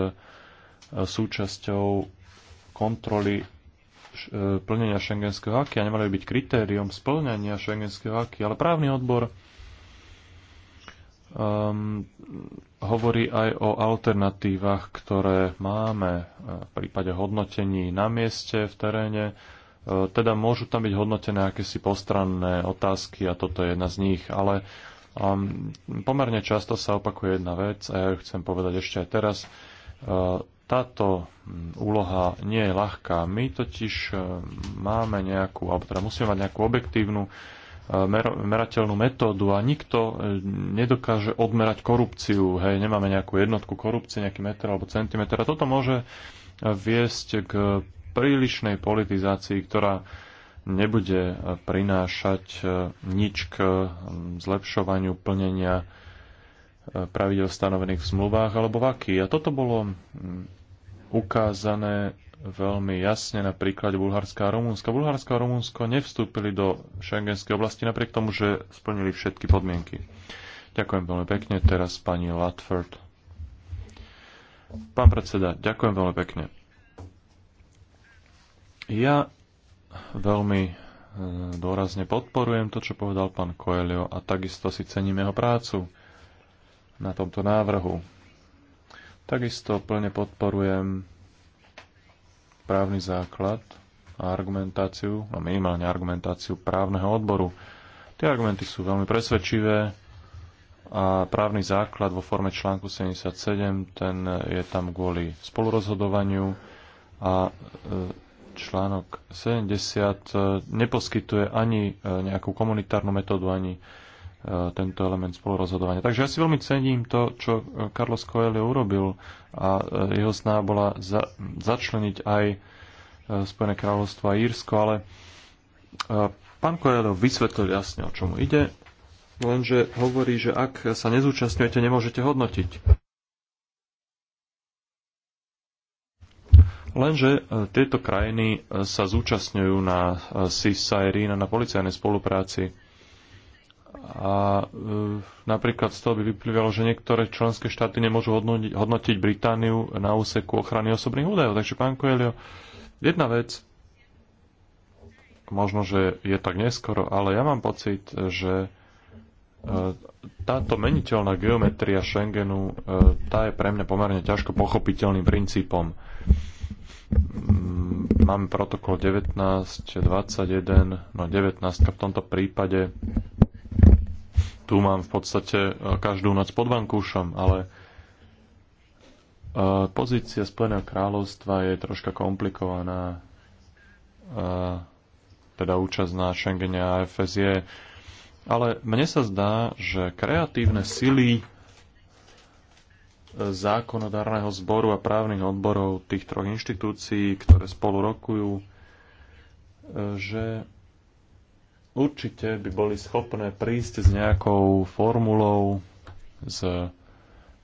súčasťou kontroly E, plnenia šengenského aky a nemali byť kritériom splňania šengenského aky, ale právny odbor um, hovorí aj o alternatívach, ktoré máme e, v prípade hodnotení na mieste, v teréne. E, teda môžu tam byť hodnotené akési postranné otázky a toto je jedna z nich, ale um, pomerne často sa opakuje jedna vec a ja ju chcem povedať ešte aj teraz. Uh, táto úloha nie je ľahká. My totiž e, máme nejakú, alebo teda musíme mať nejakú objektívnu e, merateľnú metódu a nikto e, nedokáže odmerať korupciu. Hej, nemáme nejakú jednotku korupcie, nejaký meter alebo centimetr. A toto môže viesť k prílišnej politizácii, ktorá nebude prinášať nič k zlepšovaniu plnenia pravidel stanovených v zmluvách alebo v aký. A toto bolo mm, ukázané veľmi jasne na príklade Bulharska a Rumunska. Bulharsko a Rumunsko nevstúpili do šengenskej oblasti napriek tomu, že splnili všetky podmienky. Ďakujem veľmi pekne. Teraz pani Latford. Pán predseda, ďakujem veľmi pekne. Ja veľmi e, dôrazne podporujem to, čo povedal pán Coelho a takisto si cením jeho prácu na tomto návrhu. Takisto plne podporujem právny základ a argumentáciu, no minimálne argumentáciu právneho odboru. Tie argumenty sú veľmi presvedčivé a právny základ vo forme článku 77, ten je tam kvôli spolurozhodovaniu a e, článok 70 e, neposkytuje ani e, nejakú komunitárnu metódu, ani tento element spolurozhodovania. Takže ja si veľmi cením to, čo Carlos Coelho urobil a e, jeho sná bola za, začleniť aj e, Spojené kráľovstvo a Írsko, ale e, pán Coelho vysvetlil jasne, o čom ide, lenže hovorí, že ak sa nezúčastňujete, nemôžete hodnotiť. Lenže tieto krajiny sa zúčastňujú na CIS na policajnej spolupráci a e, napríklad z toho by vyplývalo, že niektoré členské štáty nemôžu hodnotiť, hodnotiť Britániu na úseku ochrany osobných údajov. Takže, pán Coelho, jedna vec, možno, že je tak neskoro, ale ja mám pocit, že e, táto meniteľná geometria Schengenu, e, tá je pre mňa pomerne ťažko pochopiteľným princípom. Mm, Máme protokol 19, 21, no 19 v tomto prípade tu mám v podstate e, každú noc pod vankúšom, ale e, pozícia Spojeného kráľovstva je troška komplikovaná. E, teda účasť na Schengene a AFS je. Ale mne sa zdá, že kreatívne sily zákonodárneho zboru a právnych odborov tých troch inštitúcií, ktoré spolu rokujú, že určite by boli schopné prísť s nejakou formulou, s e,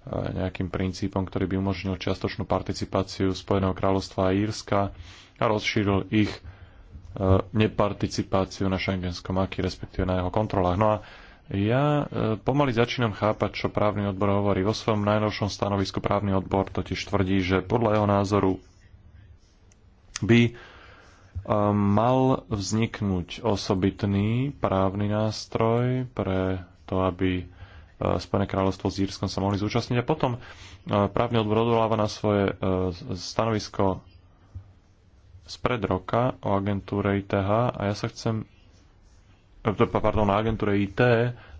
nejakým princípom, ktorý by umožnil čiastočnú participáciu Spojeného kráľovstva a Írska a rozšíril ich e, neparticipáciu na šengenskom aký, respektíve na jeho kontrolách. No a ja e, pomaly začínam chápať, čo právny odbor hovorí. Vo svojom najnovšom stanovisku právny odbor totiž tvrdí, že podľa jeho názoru by mal vzniknúť osobitný právny nástroj pre to, aby e, Spojené kráľovstvo s Írskom sa mohli zúčastniť. A potom e, právny odbor odvoláva na svoje e, stanovisko spred roka o agentúre ITH a ja sa chcem pardon, na agentúre IT,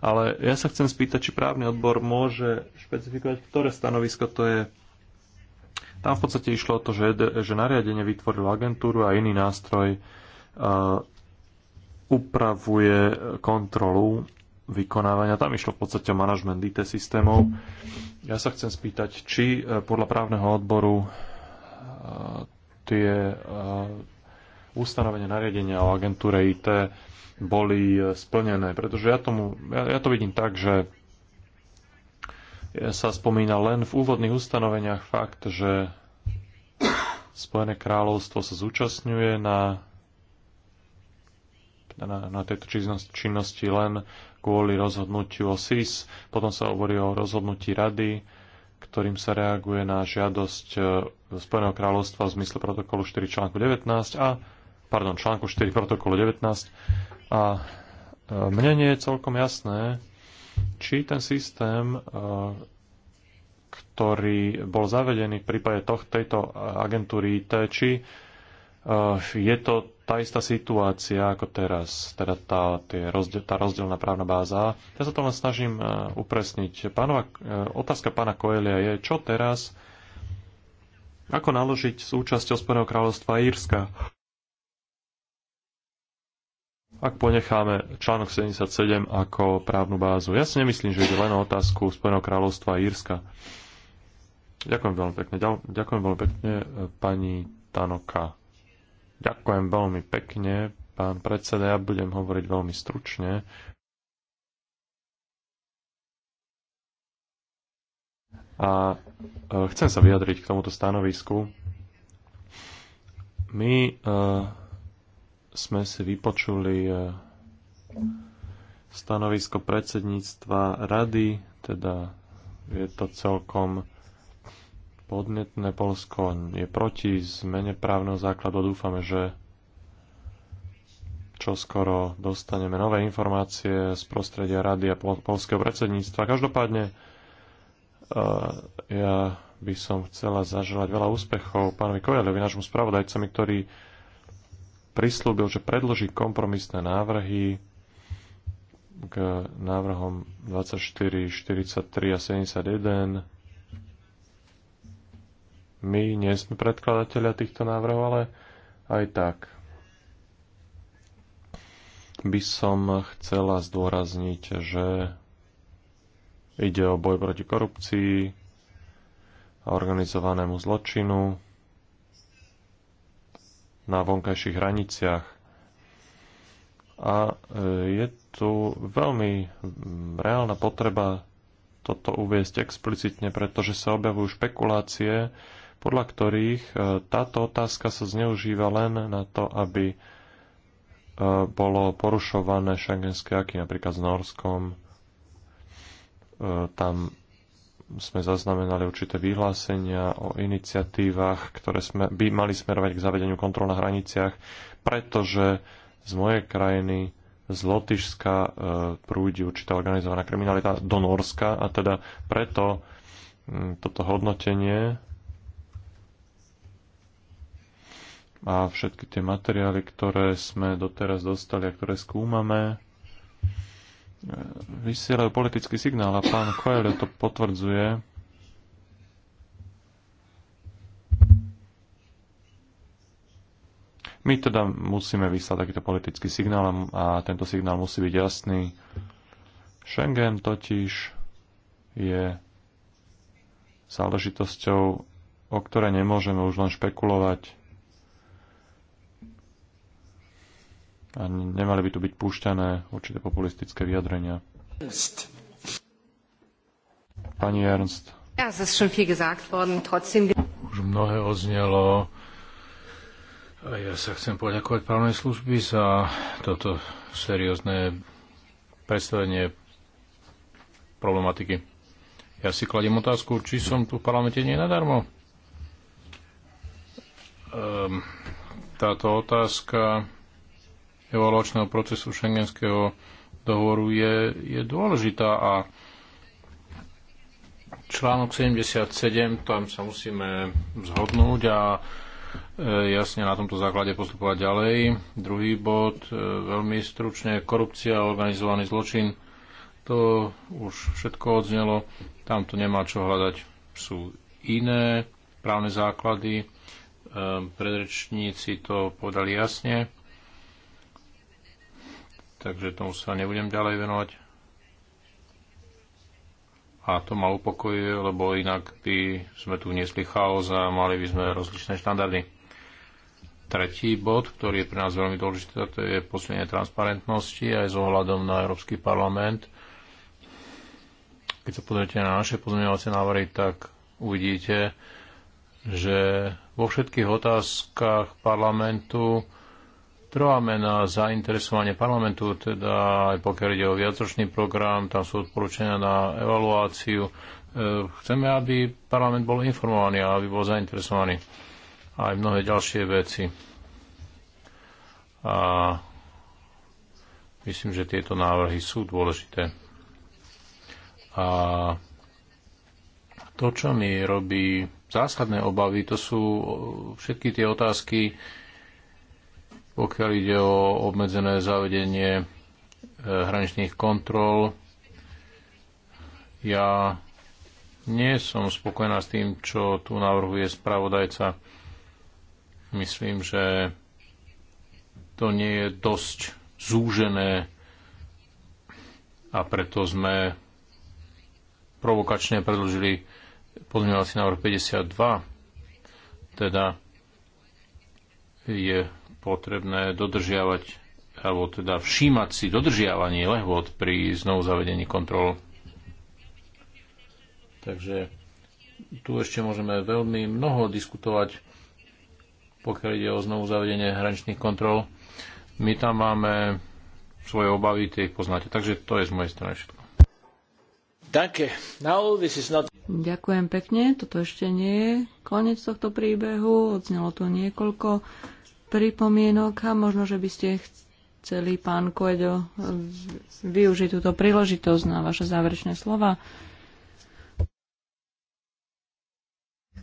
ale ja sa chcem spýtať, či právny odbor môže špecifikovať, ktoré stanovisko to je tam v podstate išlo o to, že, že nariadenie vytvorilo agentúru a iný nástroj uh, upravuje kontrolu vykonávania. Tam išlo v podstate o manažment IT systémov. Ja sa chcem spýtať, či e, podľa právneho odboru e, tie ustanovenia nariadenia o agentúre IT boli splnené, pretože ja, tomu, ja, ja to vidím tak, že sa spomína len v úvodných ustanoveniach fakt, že Spojené kráľovstvo sa zúčastňuje na, na, na tejto činnosti len kvôli rozhodnutiu o SIS. Potom sa hovorí o rozhodnutí rady, ktorým sa reaguje na žiadosť e, Spojeného kráľovstva v zmysle protokolu 4 článku 19 a pardon, článku 4 protokolu 19 a e, mne nie je celkom jasné, či ten systém, e, ktorý bol zavedený v prípade toh, tejto agentúry IT, či e, je to tá istá situácia ako teraz, teda tá, tie rozdiel, tá rozdielna právna báza. Ja sa to len snažím e, upresniť. Pánova, otázka pána Koelia je, čo teraz, ako naložiť s účasťou Spojeného kráľovstva Írska? ak ponecháme článok 77 ako právnu bázu. Ja si nemyslím, že ide len o otázku Spojeného kráľovstva a Írska. Ďakujem veľmi pekne. Ďakujem veľmi pekne pani Tanoka. Ďakujem veľmi pekne, pán predseda. Ja budem hovoriť veľmi stručne. A e, chcem sa vyjadriť k tomuto stanovisku. My e, sme si vypočuli eh, stanovisko predsedníctva rady, teda je to celkom podnetné. Polsko je proti zmene právneho základu. Dúfame, že čo skoro dostaneme nové informácie z prostredia rady a polského predsedníctva. Každopádne eh, ja by som chcela zaželať veľa úspechov pánovi Kojelovi, nášmu spravodajcovi, ktorý prislúbil, že predloží kompromisné návrhy k návrhom 24, 43 a 71. My nie sme predkladateľia týchto návrhov, ale aj tak by som chcela zdôrazniť, že ide o boj proti korupcii a organizovanému zločinu na vonkajších hraniciach. A e, je tu veľmi reálna potreba toto uviesť explicitne, pretože sa objavujú špekulácie, podľa ktorých e, táto otázka sa zneužíva len na to, aby e, bolo porušované šengenské aky napríklad s Norskom. Tam sme zaznamenali určité vyhlásenia o iniciatívach, ktoré sme, by mali smerovať k zavedeniu kontrol na hraniciach, pretože z mojej krajiny, z Lotyšska e, prúdi určitá organizovaná kriminalita do Norska a teda preto toto hodnotenie a všetky tie materiály, ktoré sme doteraz dostali a ktoré skúmame, vysielajú politický signál a pán Coelho to potvrdzuje. My teda musíme vyslať takýto politický signál a tento signál musí byť jasný. Schengen totiž je záležitosťou, o ktorej nemôžeme už len špekulovať. a nemali by tu byť púšťané určité populistické vyjadrenia. Pani Ernst. Už mnohé oznelo. A ja sa chcem poďakovať právnej služby za toto seriózne predstavenie problematiky. Ja si kladiem otázku, či som tu v parlamente nie nadarmo. Um, táto otázka evaluačného procesu šengenského dohovoru je, je dôležitá a článok 77, tam sa musíme zhodnúť a e, jasne na tomto základe postupovať ďalej. Druhý bod, e, veľmi stručne, korupcia a organizovaný zločin. To už všetko odznelo, tam to nemá čo hľadať. Sú iné právne základy, e, predrečníci to podali jasne takže tomu sa nebudem ďalej venovať. A to ma upokojuje, lebo inak by sme tu vniesli chaos a mali by sme rozličné štandardy. Tretí bod, ktorý je pre nás veľmi dôležitý, to je posilnenie transparentnosti aj s ohľadom na Európsky parlament. Keď sa pozriete na naše pozmeňovacie návrhy, tak uvidíte, že vo všetkých otázkach parlamentu Trváme na zainteresovanie parlamentu, teda aj pokiaľ ide o viacročný program, tam sú odporúčania na evaluáciu. E, chceme, aby parlament bol informovaný a aby bol zainteresovaný. Aj mnohé ďalšie veci. A myslím, že tieto návrhy sú dôležité. A to, čo mi robí zásadné obavy, to sú všetky tie otázky, pokiaľ ide o obmedzené zavedenie e, hraničných kontrol, ja nie som spokojná s tým, čo tu navrhuje spravodajca. Myslím, že to nie je dosť zúžené a preto sme provokačne predložili pozmeňovací návrh 52, teda je potrebné dodržiavať alebo teda všímať si dodržiavanie lehôd pri znovu zavedení kontrol. Takže tu ešte môžeme veľmi mnoho diskutovať, pokiaľ ide o znovu zavedenie hraničných kontrol. My tam máme svoje obavy, tie ich poznáte. Takže to je z mojej strany všetko. Danke. Now this is not... Ďakujem pekne. Toto ešte nie je koniec tohto príbehu. Odznelo tu niekoľko pripomienok a možno, že by ste chceli, pán Koedo, využiť túto príležitosť na vaše záverečné slova.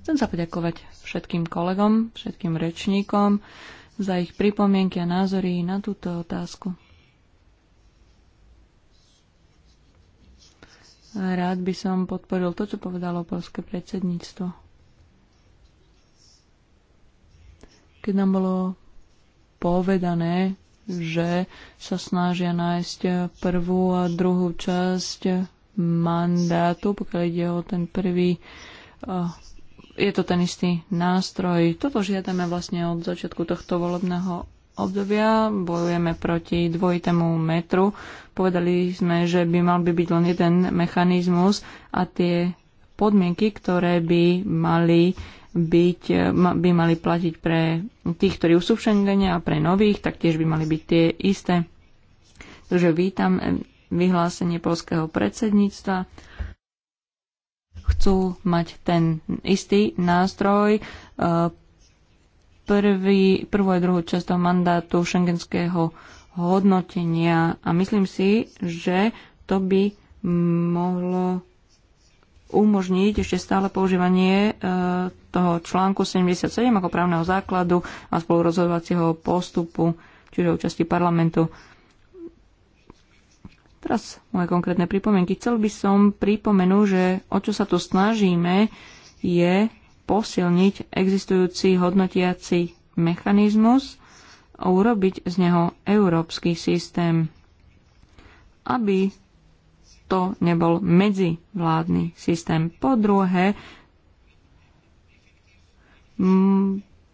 Chcem sa poďakovať všetkým kolegom, všetkým rečníkom za ich pripomienky a názory na túto otázku. Rád by som podporil to, čo povedalo polské predsedníctvo. Keď nám bolo povedané, že sa snažia nájsť prvú a druhú časť mandátu, pokiaľ ide o ten prvý, je to ten istý nástroj. Toto žiadame vlastne od začiatku tohto volebného obdobia. Bojujeme proti dvojitému metru. Povedali sme, že by mal by byť len jeden mechanizmus a tie podmienky, ktoré by mali byť, by mali platiť pre tých, ktorí sú v Schengene a pre nových, tak tiež by mali byť tie isté. Takže vítam vyhlásenie polského predsedníctva. Chcú mať ten istý nástroj e, prvý, prvú aj druhú časť toho mandátu šengenského hodnotenia a myslím si, že to by mohlo umožniť ešte stále používanie e, toho článku 77 ako právneho základu a spolurozhodovacieho postupu, čiže účasti parlamentu. Teraz moje konkrétne pripomienky. Chcel by som pripomenúť, že o čo sa tu snažíme, je posilniť existujúci hodnotiaci mechanizmus a urobiť z neho európsky systém, aby to nebol medzivládny systém. Po druhé,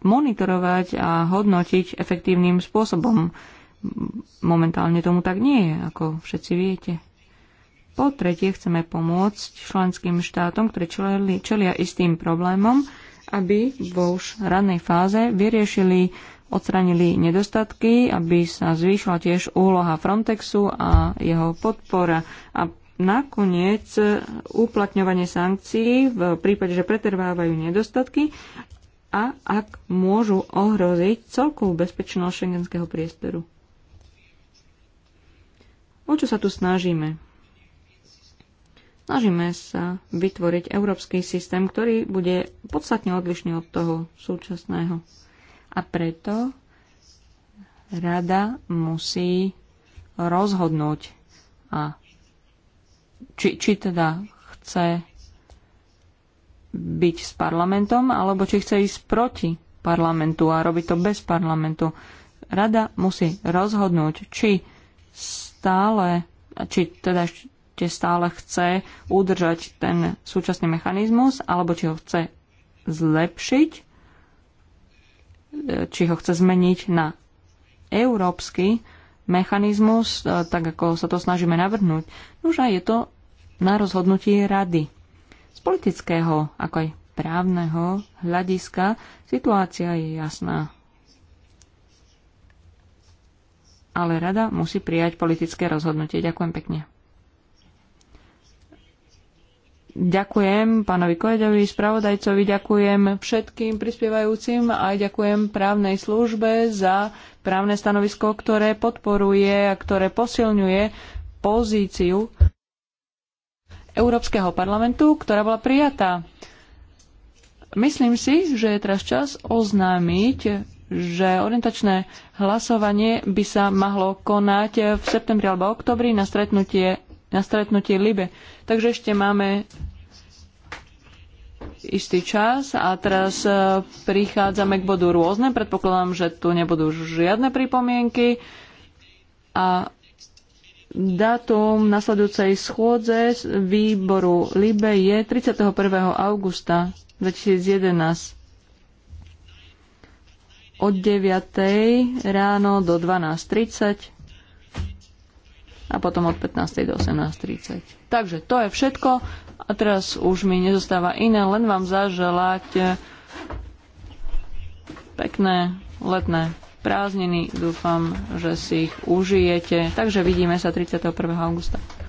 monitorovať a hodnotiť efektívnym spôsobom. Momentálne tomu tak nie je, ako všetci viete. Po tretie, chceme pomôcť členským štátom, ktorí čelia istým problémom, aby vo už ranej fáze vyriešili, odstranili nedostatky, aby sa zvýšila tiež úloha Frontexu a jeho podpora. A nakoniec uplatňovanie sankcií v prípade, že pretrvávajú nedostatky a ak môžu ohroziť celkovú bezpečnosť šengenského priestoru. O čo sa tu snažíme? Snažíme sa vytvoriť európsky systém, ktorý bude podstatne odlišný od toho súčasného. A preto rada musí rozhodnúť, a či, či teda chce byť s parlamentom, alebo či chce ísť proti parlamentu a robiť to bez parlamentu. Rada musí rozhodnúť, či stále, či teda či stále chce udržať ten súčasný mechanizmus, alebo či ho chce zlepšiť, e, či ho chce zmeniť na európsky mechanizmus, e, tak ako sa to snažíme navrhnúť. Už aj je to na rozhodnutí rady. Z politického, ako aj právneho hľadiska situácia je jasná. Ale rada musí prijať politické rozhodnutie. Ďakujem pekne. Ďakujem pánovi Kojedovi, spravodajcovi, ďakujem všetkým prispievajúcim a aj ďakujem právnej službe za právne stanovisko, ktoré podporuje a ktoré posilňuje pozíciu Európskeho parlamentu, ktorá bola prijatá. Myslím si, že je teraz čas oznámiť, že orientačné hlasovanie by sa mohlo konať v septembri alebo oktobri na stretnutie, na stretnutie LIBE Takže ešte máme istý čas a teraz e, prichádzame k bodu rôzne. Predpokladám, že tu nebudú žiadne pripomienky a dátum nasledujúcej schôdze výboru LIBE je 31. augusta 2011 od 9. ráno do 12.30 a potom od 15. do 18.30. Takže to je všetko a teraz už mi nezostáva iné, len vám zaželať eh, pekné letné prázdniny. Dúfam, že si ich užijete. Takže vidíme sa 31. augusta.